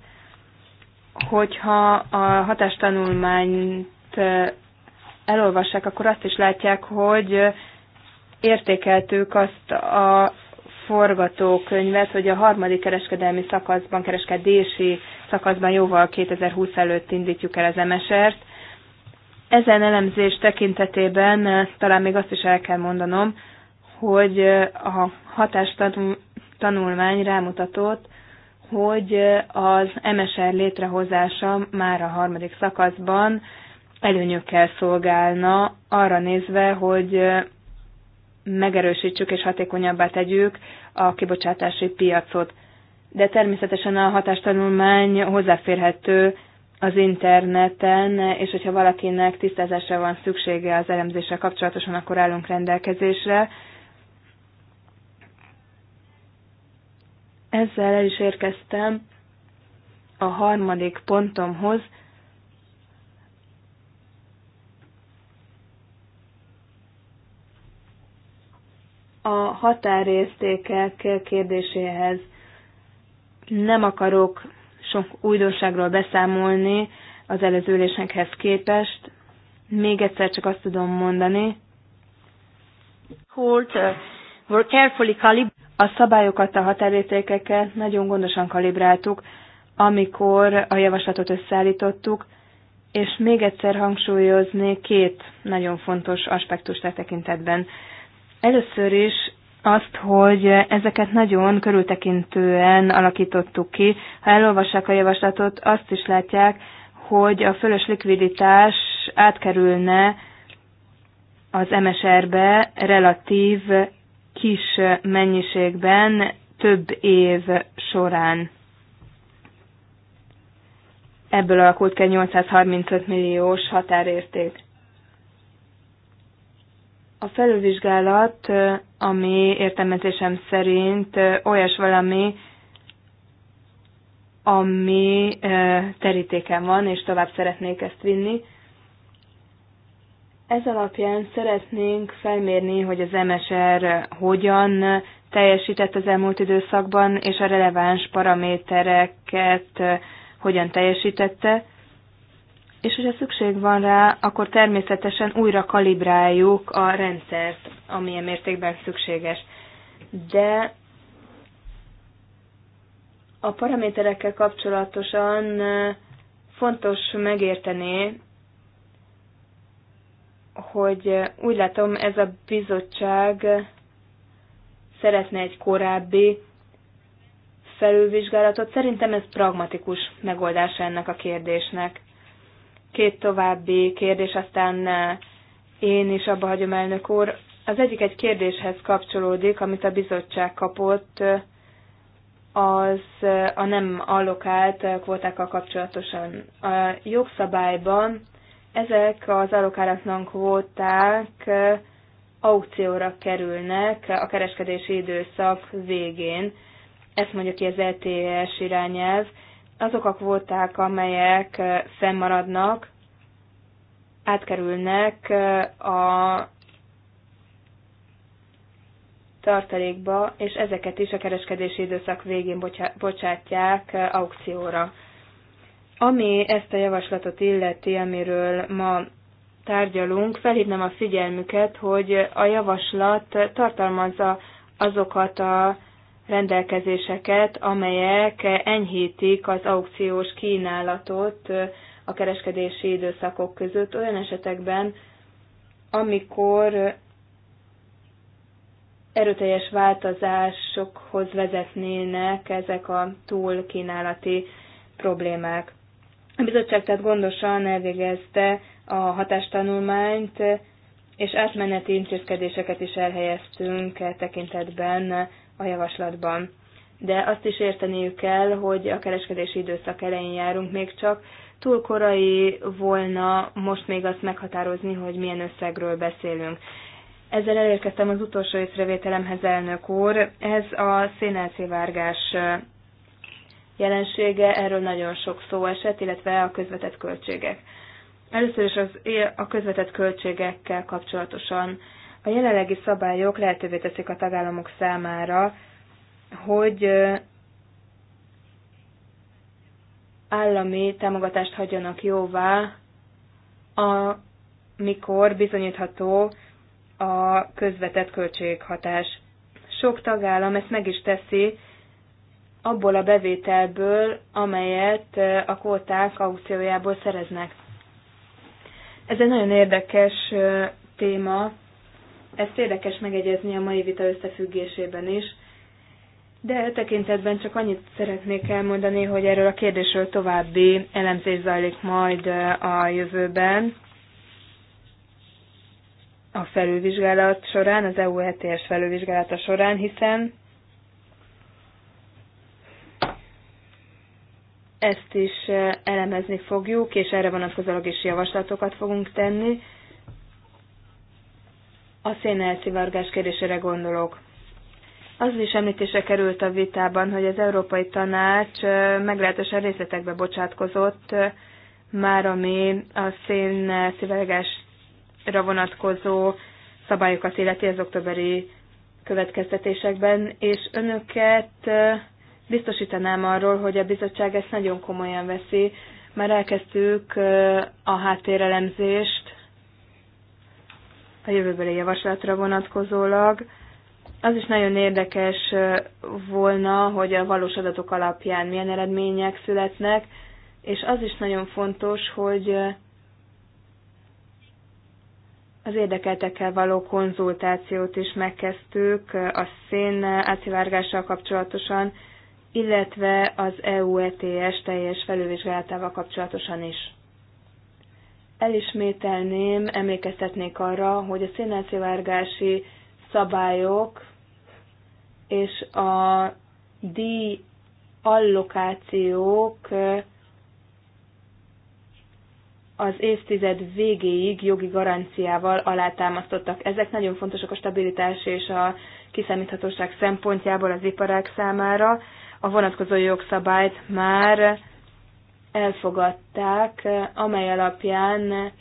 hogyha a hatástanulmányt elolvassák, akkor azt is látják, hogy értékeltük azt a forgatókönyvet, hogy a harmadik kereskedelmi szakaszban, kereskedési szakaszban jóval 2020 előtt indítjuk el az MSR-t. Ezen elemzés tekintetében talán még azt is el kell mondanom, hogy a hatástanulmány rámutatott, hogy az MSR létrehozása már a harmadik szakaszban előnyökkel szolgálna, arra nézve, hogy megerősítsük és hatékonyabbá tegyük a kibocsátási piacot. De természetesen a hatástanulmány hozzáférhető az interneten, és hogyha valakinek tisztázásra van szüksége az elemzéssel kapcsolatosan, akkor állunk rendelkezésre. Ezzel el is érkeztem a harmadik pontomhoz, a határértékek kérdéséhez. Nem akarok sok újdonságról beszámolni az előző ülésekhez képest. Még egyszer csak azt tudom mondani, uh, a szabályokat, a határértékeket nagyon gondosan kalibráltuk, amikor a javaslatot összeállítottuk, és még egyszer hangsúlyozni két nagyon fontos aspektust e tekintetben. Először is azt, hogy ezeket nagyon körültekintően alakítottuk ki. Ha elolvassák a javaslatot, azt is látják, hogy a fölös likviditás átkerülne az MSR-be relatív kis mennyiségben több év során. Ebből alakult ki 835 milliós határérték. A felülvizsgálat, ami értelmezésem szerint olyas valami, ami eh, terítéken van, és tovább szeretnék ezt vinni. Ez alapján szeretnénk felmérni, hogy az MSR hogyan teljesített az elmúlt időszakban, és a releváns paramétereket hogyan teljesítette, és hogyha szükség van rá, akkor természetesen újra kalibráljuk a rendszert, amilyen mértékben szükséges. De a paraméterekkel kapcsolatosan fontos megérteni, hogy eh, úgy látom, ez a bizottság eh, szeretne egy korábbi felülvizsgálatot. Szerintem ez pragmatikus megoldása ennek a kérdésnek. Két további kérdés, aztán eh, én is abba hagyom, elnök úr. Az egyik egy kérdéshez kapcsolódik, amit a bizottság kapott, az a nem allokált kvótákkal kapcsolatosan. A jogszabályban ezek az alokáratlan kvóták aukcióra kerülnek a kereskedési időszak végén. Ezt mondja ki az ETS irányelv. Azok a kvóták, amelyek fennmaradnak, átkerülnek a tartalékba, és ezeket is a kereskedési időszak végén bocsátják aukcióra. Ami ezt a javaslatot illeti, amiről ma tárgyalunk, felhívnám a figyelmüket, hogy a javaslat tartalmazza azokat a rendelkezéseket, amelyek enyhítik az aukciós kínálatot a kereskedési időszakok között olyan esetekben, amikor erőteljes változásokhoz vezetnének ezek a túlkínálati problémák. A bizottság tehát gondosan elvégezte a hatástanulmányt, és átmeneti intézkedéseket is elhelyeztünk e tekintetben a javaslatban. De azt is érteniük kell, hogy a kereskedési időszak elején járunk még csak, túl korai volna most még azt meghatározni, hogy milyen összegről beszélünk. Ezzel elérkeztem az utolsó észrevételemhez, elnök úr. Ez a szénelszivárgás jelensége, erről nagyon sok szó esett, illetve a közvetett költségek. Először is az, a közvetett költségekkel kapcsolatosan a jelenlegi szabályok lehetővé teszik a tagállamok számára, hogy állami támogatást hagyjanak jóvá, amikor bizonyítható a közvetett költséghatás. Sok tagállam ezt meg is teszi, abból a bevételből, amelyet a kóták aukciójából szereznek. Ez egy nagyon érdekes téma, ezt érdekes megegyezni a mai vita összefüggésében is, de e tekintetben csak annyit szeretnék elmondani, hogy erről a kérdésről további elemzés zajlik majd a jövőben a felülvizsgálat során, az EU ETS felülvizsgálata során, hiszen ezt is eh, elemezni fogjuk, és erre vonatkozólag is javaslatokat fogunk tenni. A szénelszivárgás kérdésére gondolok. Az is említése került a vitában, hogy az Európai Tanács eh, meglehetősen részletekbe bocsátkozott, eh, már ami a szénszivárgásra vonatkozó szabályokat illeti az októberi következtetésekben, és önöket biztosítanám arról, hogy a bizottság ezt nagyon komolyan veszi. Már elkezdtük a háttérelemzést a jövőbeli javaslatra vonatkozólag. Az is nagyon érdekes volna, hogy a valós adatok alapján milyen eredmények születnek, és az is nagyon fontos, hogy az érdekeltekkel való konzultációt is megkezdtük a szén átszivárgással kapcsolatosan, illetve az EU ETS teljes felülvizsgálatával kapcsolatosan is. Elismételném, emlékeztetnék arra, hogy a szénelszivárgási szabályok és a díj allokációk az évtized végéig jogi garanciával alátámasztottak. Ezek nagyon fontosak a stabilitás és a kiszámíthatóság szempontjából az iparák számára, a vonatkozó jogszabályt már elfogadták, amely alapján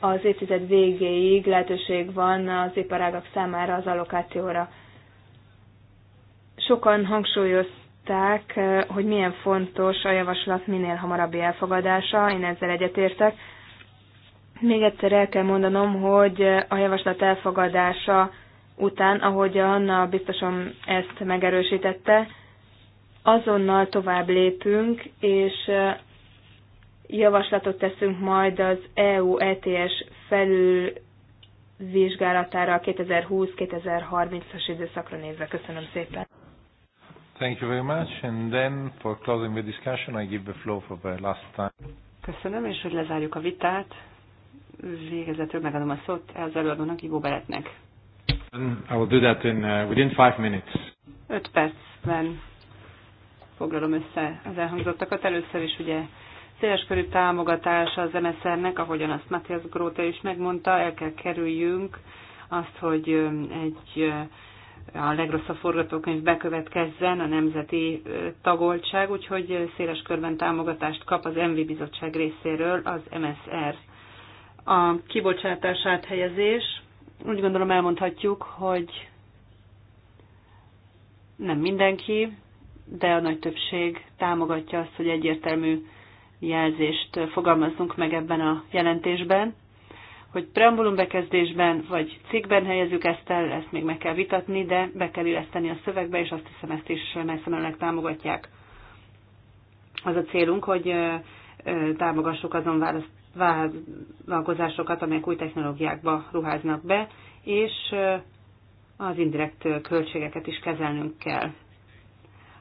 az évtized végéig lehetőség van az iparágak számára az allokációra. Sokan hangsúlyozták, hogy milyen fontos a javaslat minél hamarabbi elfogadása, én ezzel egyetértek. Még egyszer el kell mondanom, hogy a javaslat elfogadása után, ahogy Anna biztosan ezt megerősítette, azonnal tovább lépünk, és javaslatot teszünk majd az EU ETS felül vizsgálatára a 2020-2030-as időszakra nézve. Köszönöm szépen. Thank you very much. And then for closing the discussion, I give the floor for the last time. Köszönöm, és hogy lezárjuk a vitát. Végezetül megadom a szót az előadónak, Ivo Beretnek. I will do that in, uh, within five minutes. Öt percben foglalom össze az elhangzottakat. Először is ugye széleskörű támogatása az MSZR-nek, ahogyan azt Matthias Gróta is megmondta, el kell kerüljünk azt, hogy egy a legrosszabb forgatókönyv bekövetkezzen, a nemzeti tagoltság, úgyhogy széles körben támogatást kap az MV bizottság részéről az MSR. A kibocsátás áthelyezés, úgy gondolom elmondhatjuk, hogy nem mindenki, de a nagy többség támogatja azt, hogy egyértelmű jelzést fogalmazzunk meg ebben a jelentésben, hogy preambulum bekezdésben vagy cikkben helyezzük ezt el, ezt még meg kell vitatni, de be kell illeszteni a szövegbe, és azt hiszem ezt is messzemenőleg támogatják. Az a célunk, hogy támogassuk azon vállalkozásokat, amelyek új technológiákba ruháznak be, és az indirekt költségeket is kezelnünk kell.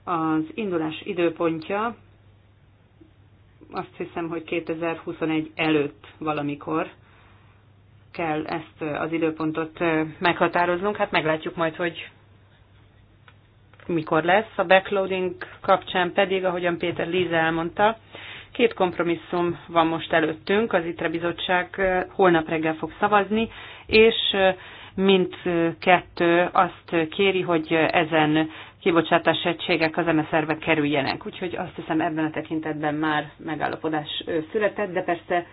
Az indulás időpontja azt hiszem, hogy 2021 előtt valamikor kell ezt az időpontot meghatároznunk. Hát meglátjuk majd, hogy mikor lesz. A backloading kapcsán pedig, ahogyan Péter Líze elmondta, két kompromisszum van most előttünk. Az ITRE bizottság holnap reggel fog szavazni, és mint kettő azt kéri, hogy ezen kibocsátás egységek az mszr be kerüljenek. Úgyhogy azt hiszem ebben a tekintetben már megállapodás született, de persze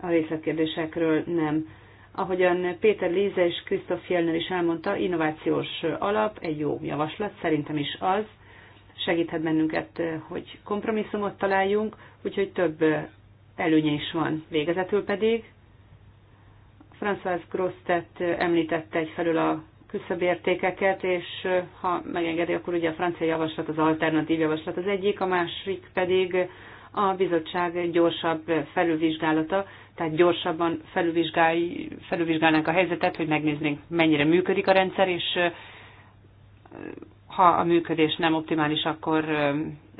a részletkérdésekről nem. Ahogyan Péter Líze és Krisztof Jelner is elmondta, innovációs alap egy jó javaslat, szerintem is az, segíthet bennünket, hogy kompromisszumot találjunk, úgyhogy több előnye is van. Végezetül pedig François Grosztet említette egyfelől a küszöbértékeket, és ha megengedi, akkor ugye a francia javaslat az alternatív javaslat az egyik, a másik pedig a bizottság gyorsabb felülvizsgálata, tehát gyorsabban felülvizsgál, felülvizsgálnánk a helyzetet, hogy megnéznénk, mennyire működik a rendszer, és ha a működés nem optimális, akkor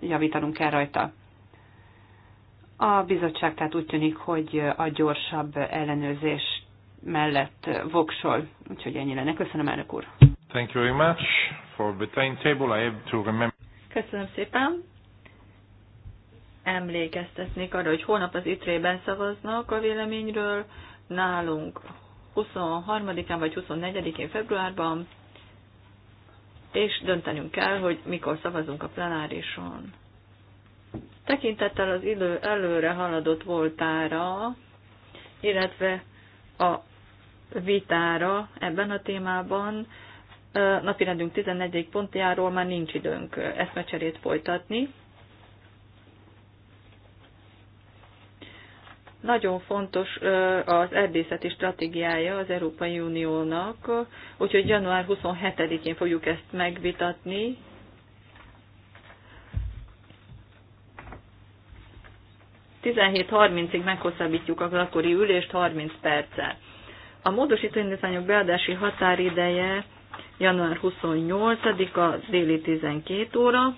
javítanunk kell rajta. A bizottság tehát úgy tűnik, hogy a gyorsabb ellenőrzés mellett voksol. Úgyhogy ennyi lenne. Köszönöm, elnök úr. Thank you very much for the timetable. I have to remember. Köszönöm szépen. Emlékeztetnék arra, hogy holnap az ITRE-ben szavaznak a véleményről. Nálunk 23-án vagy 24-én februárban, és döntenünk kell, hogy mikor szavazunk a plenárison. Tekintettel az idő előre haladott voltára, illetve a vitára ebben a témában. Napirendünk 14. pontjáról már nincs időnk eszmecserét folytatni. Nagyon fontos az erdészeti stratégiája az Európai Uniónak, úgyhogy január 27-én fogjuk ezt megvitatni, harmincig meghosszabbítjuk a lakori ülést 30 perccel. A módosító indítványok beadási határideje január 28-a déli 12 óra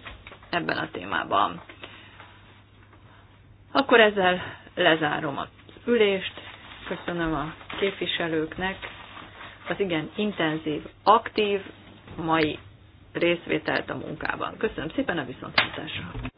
ebben a témában. Akkor ezzel lezárom a ülést. Köszönöm a képviselőknek az igen intenzív, aktív mai részvételt a munkában. Köszönöm szépen a viszontlátásra!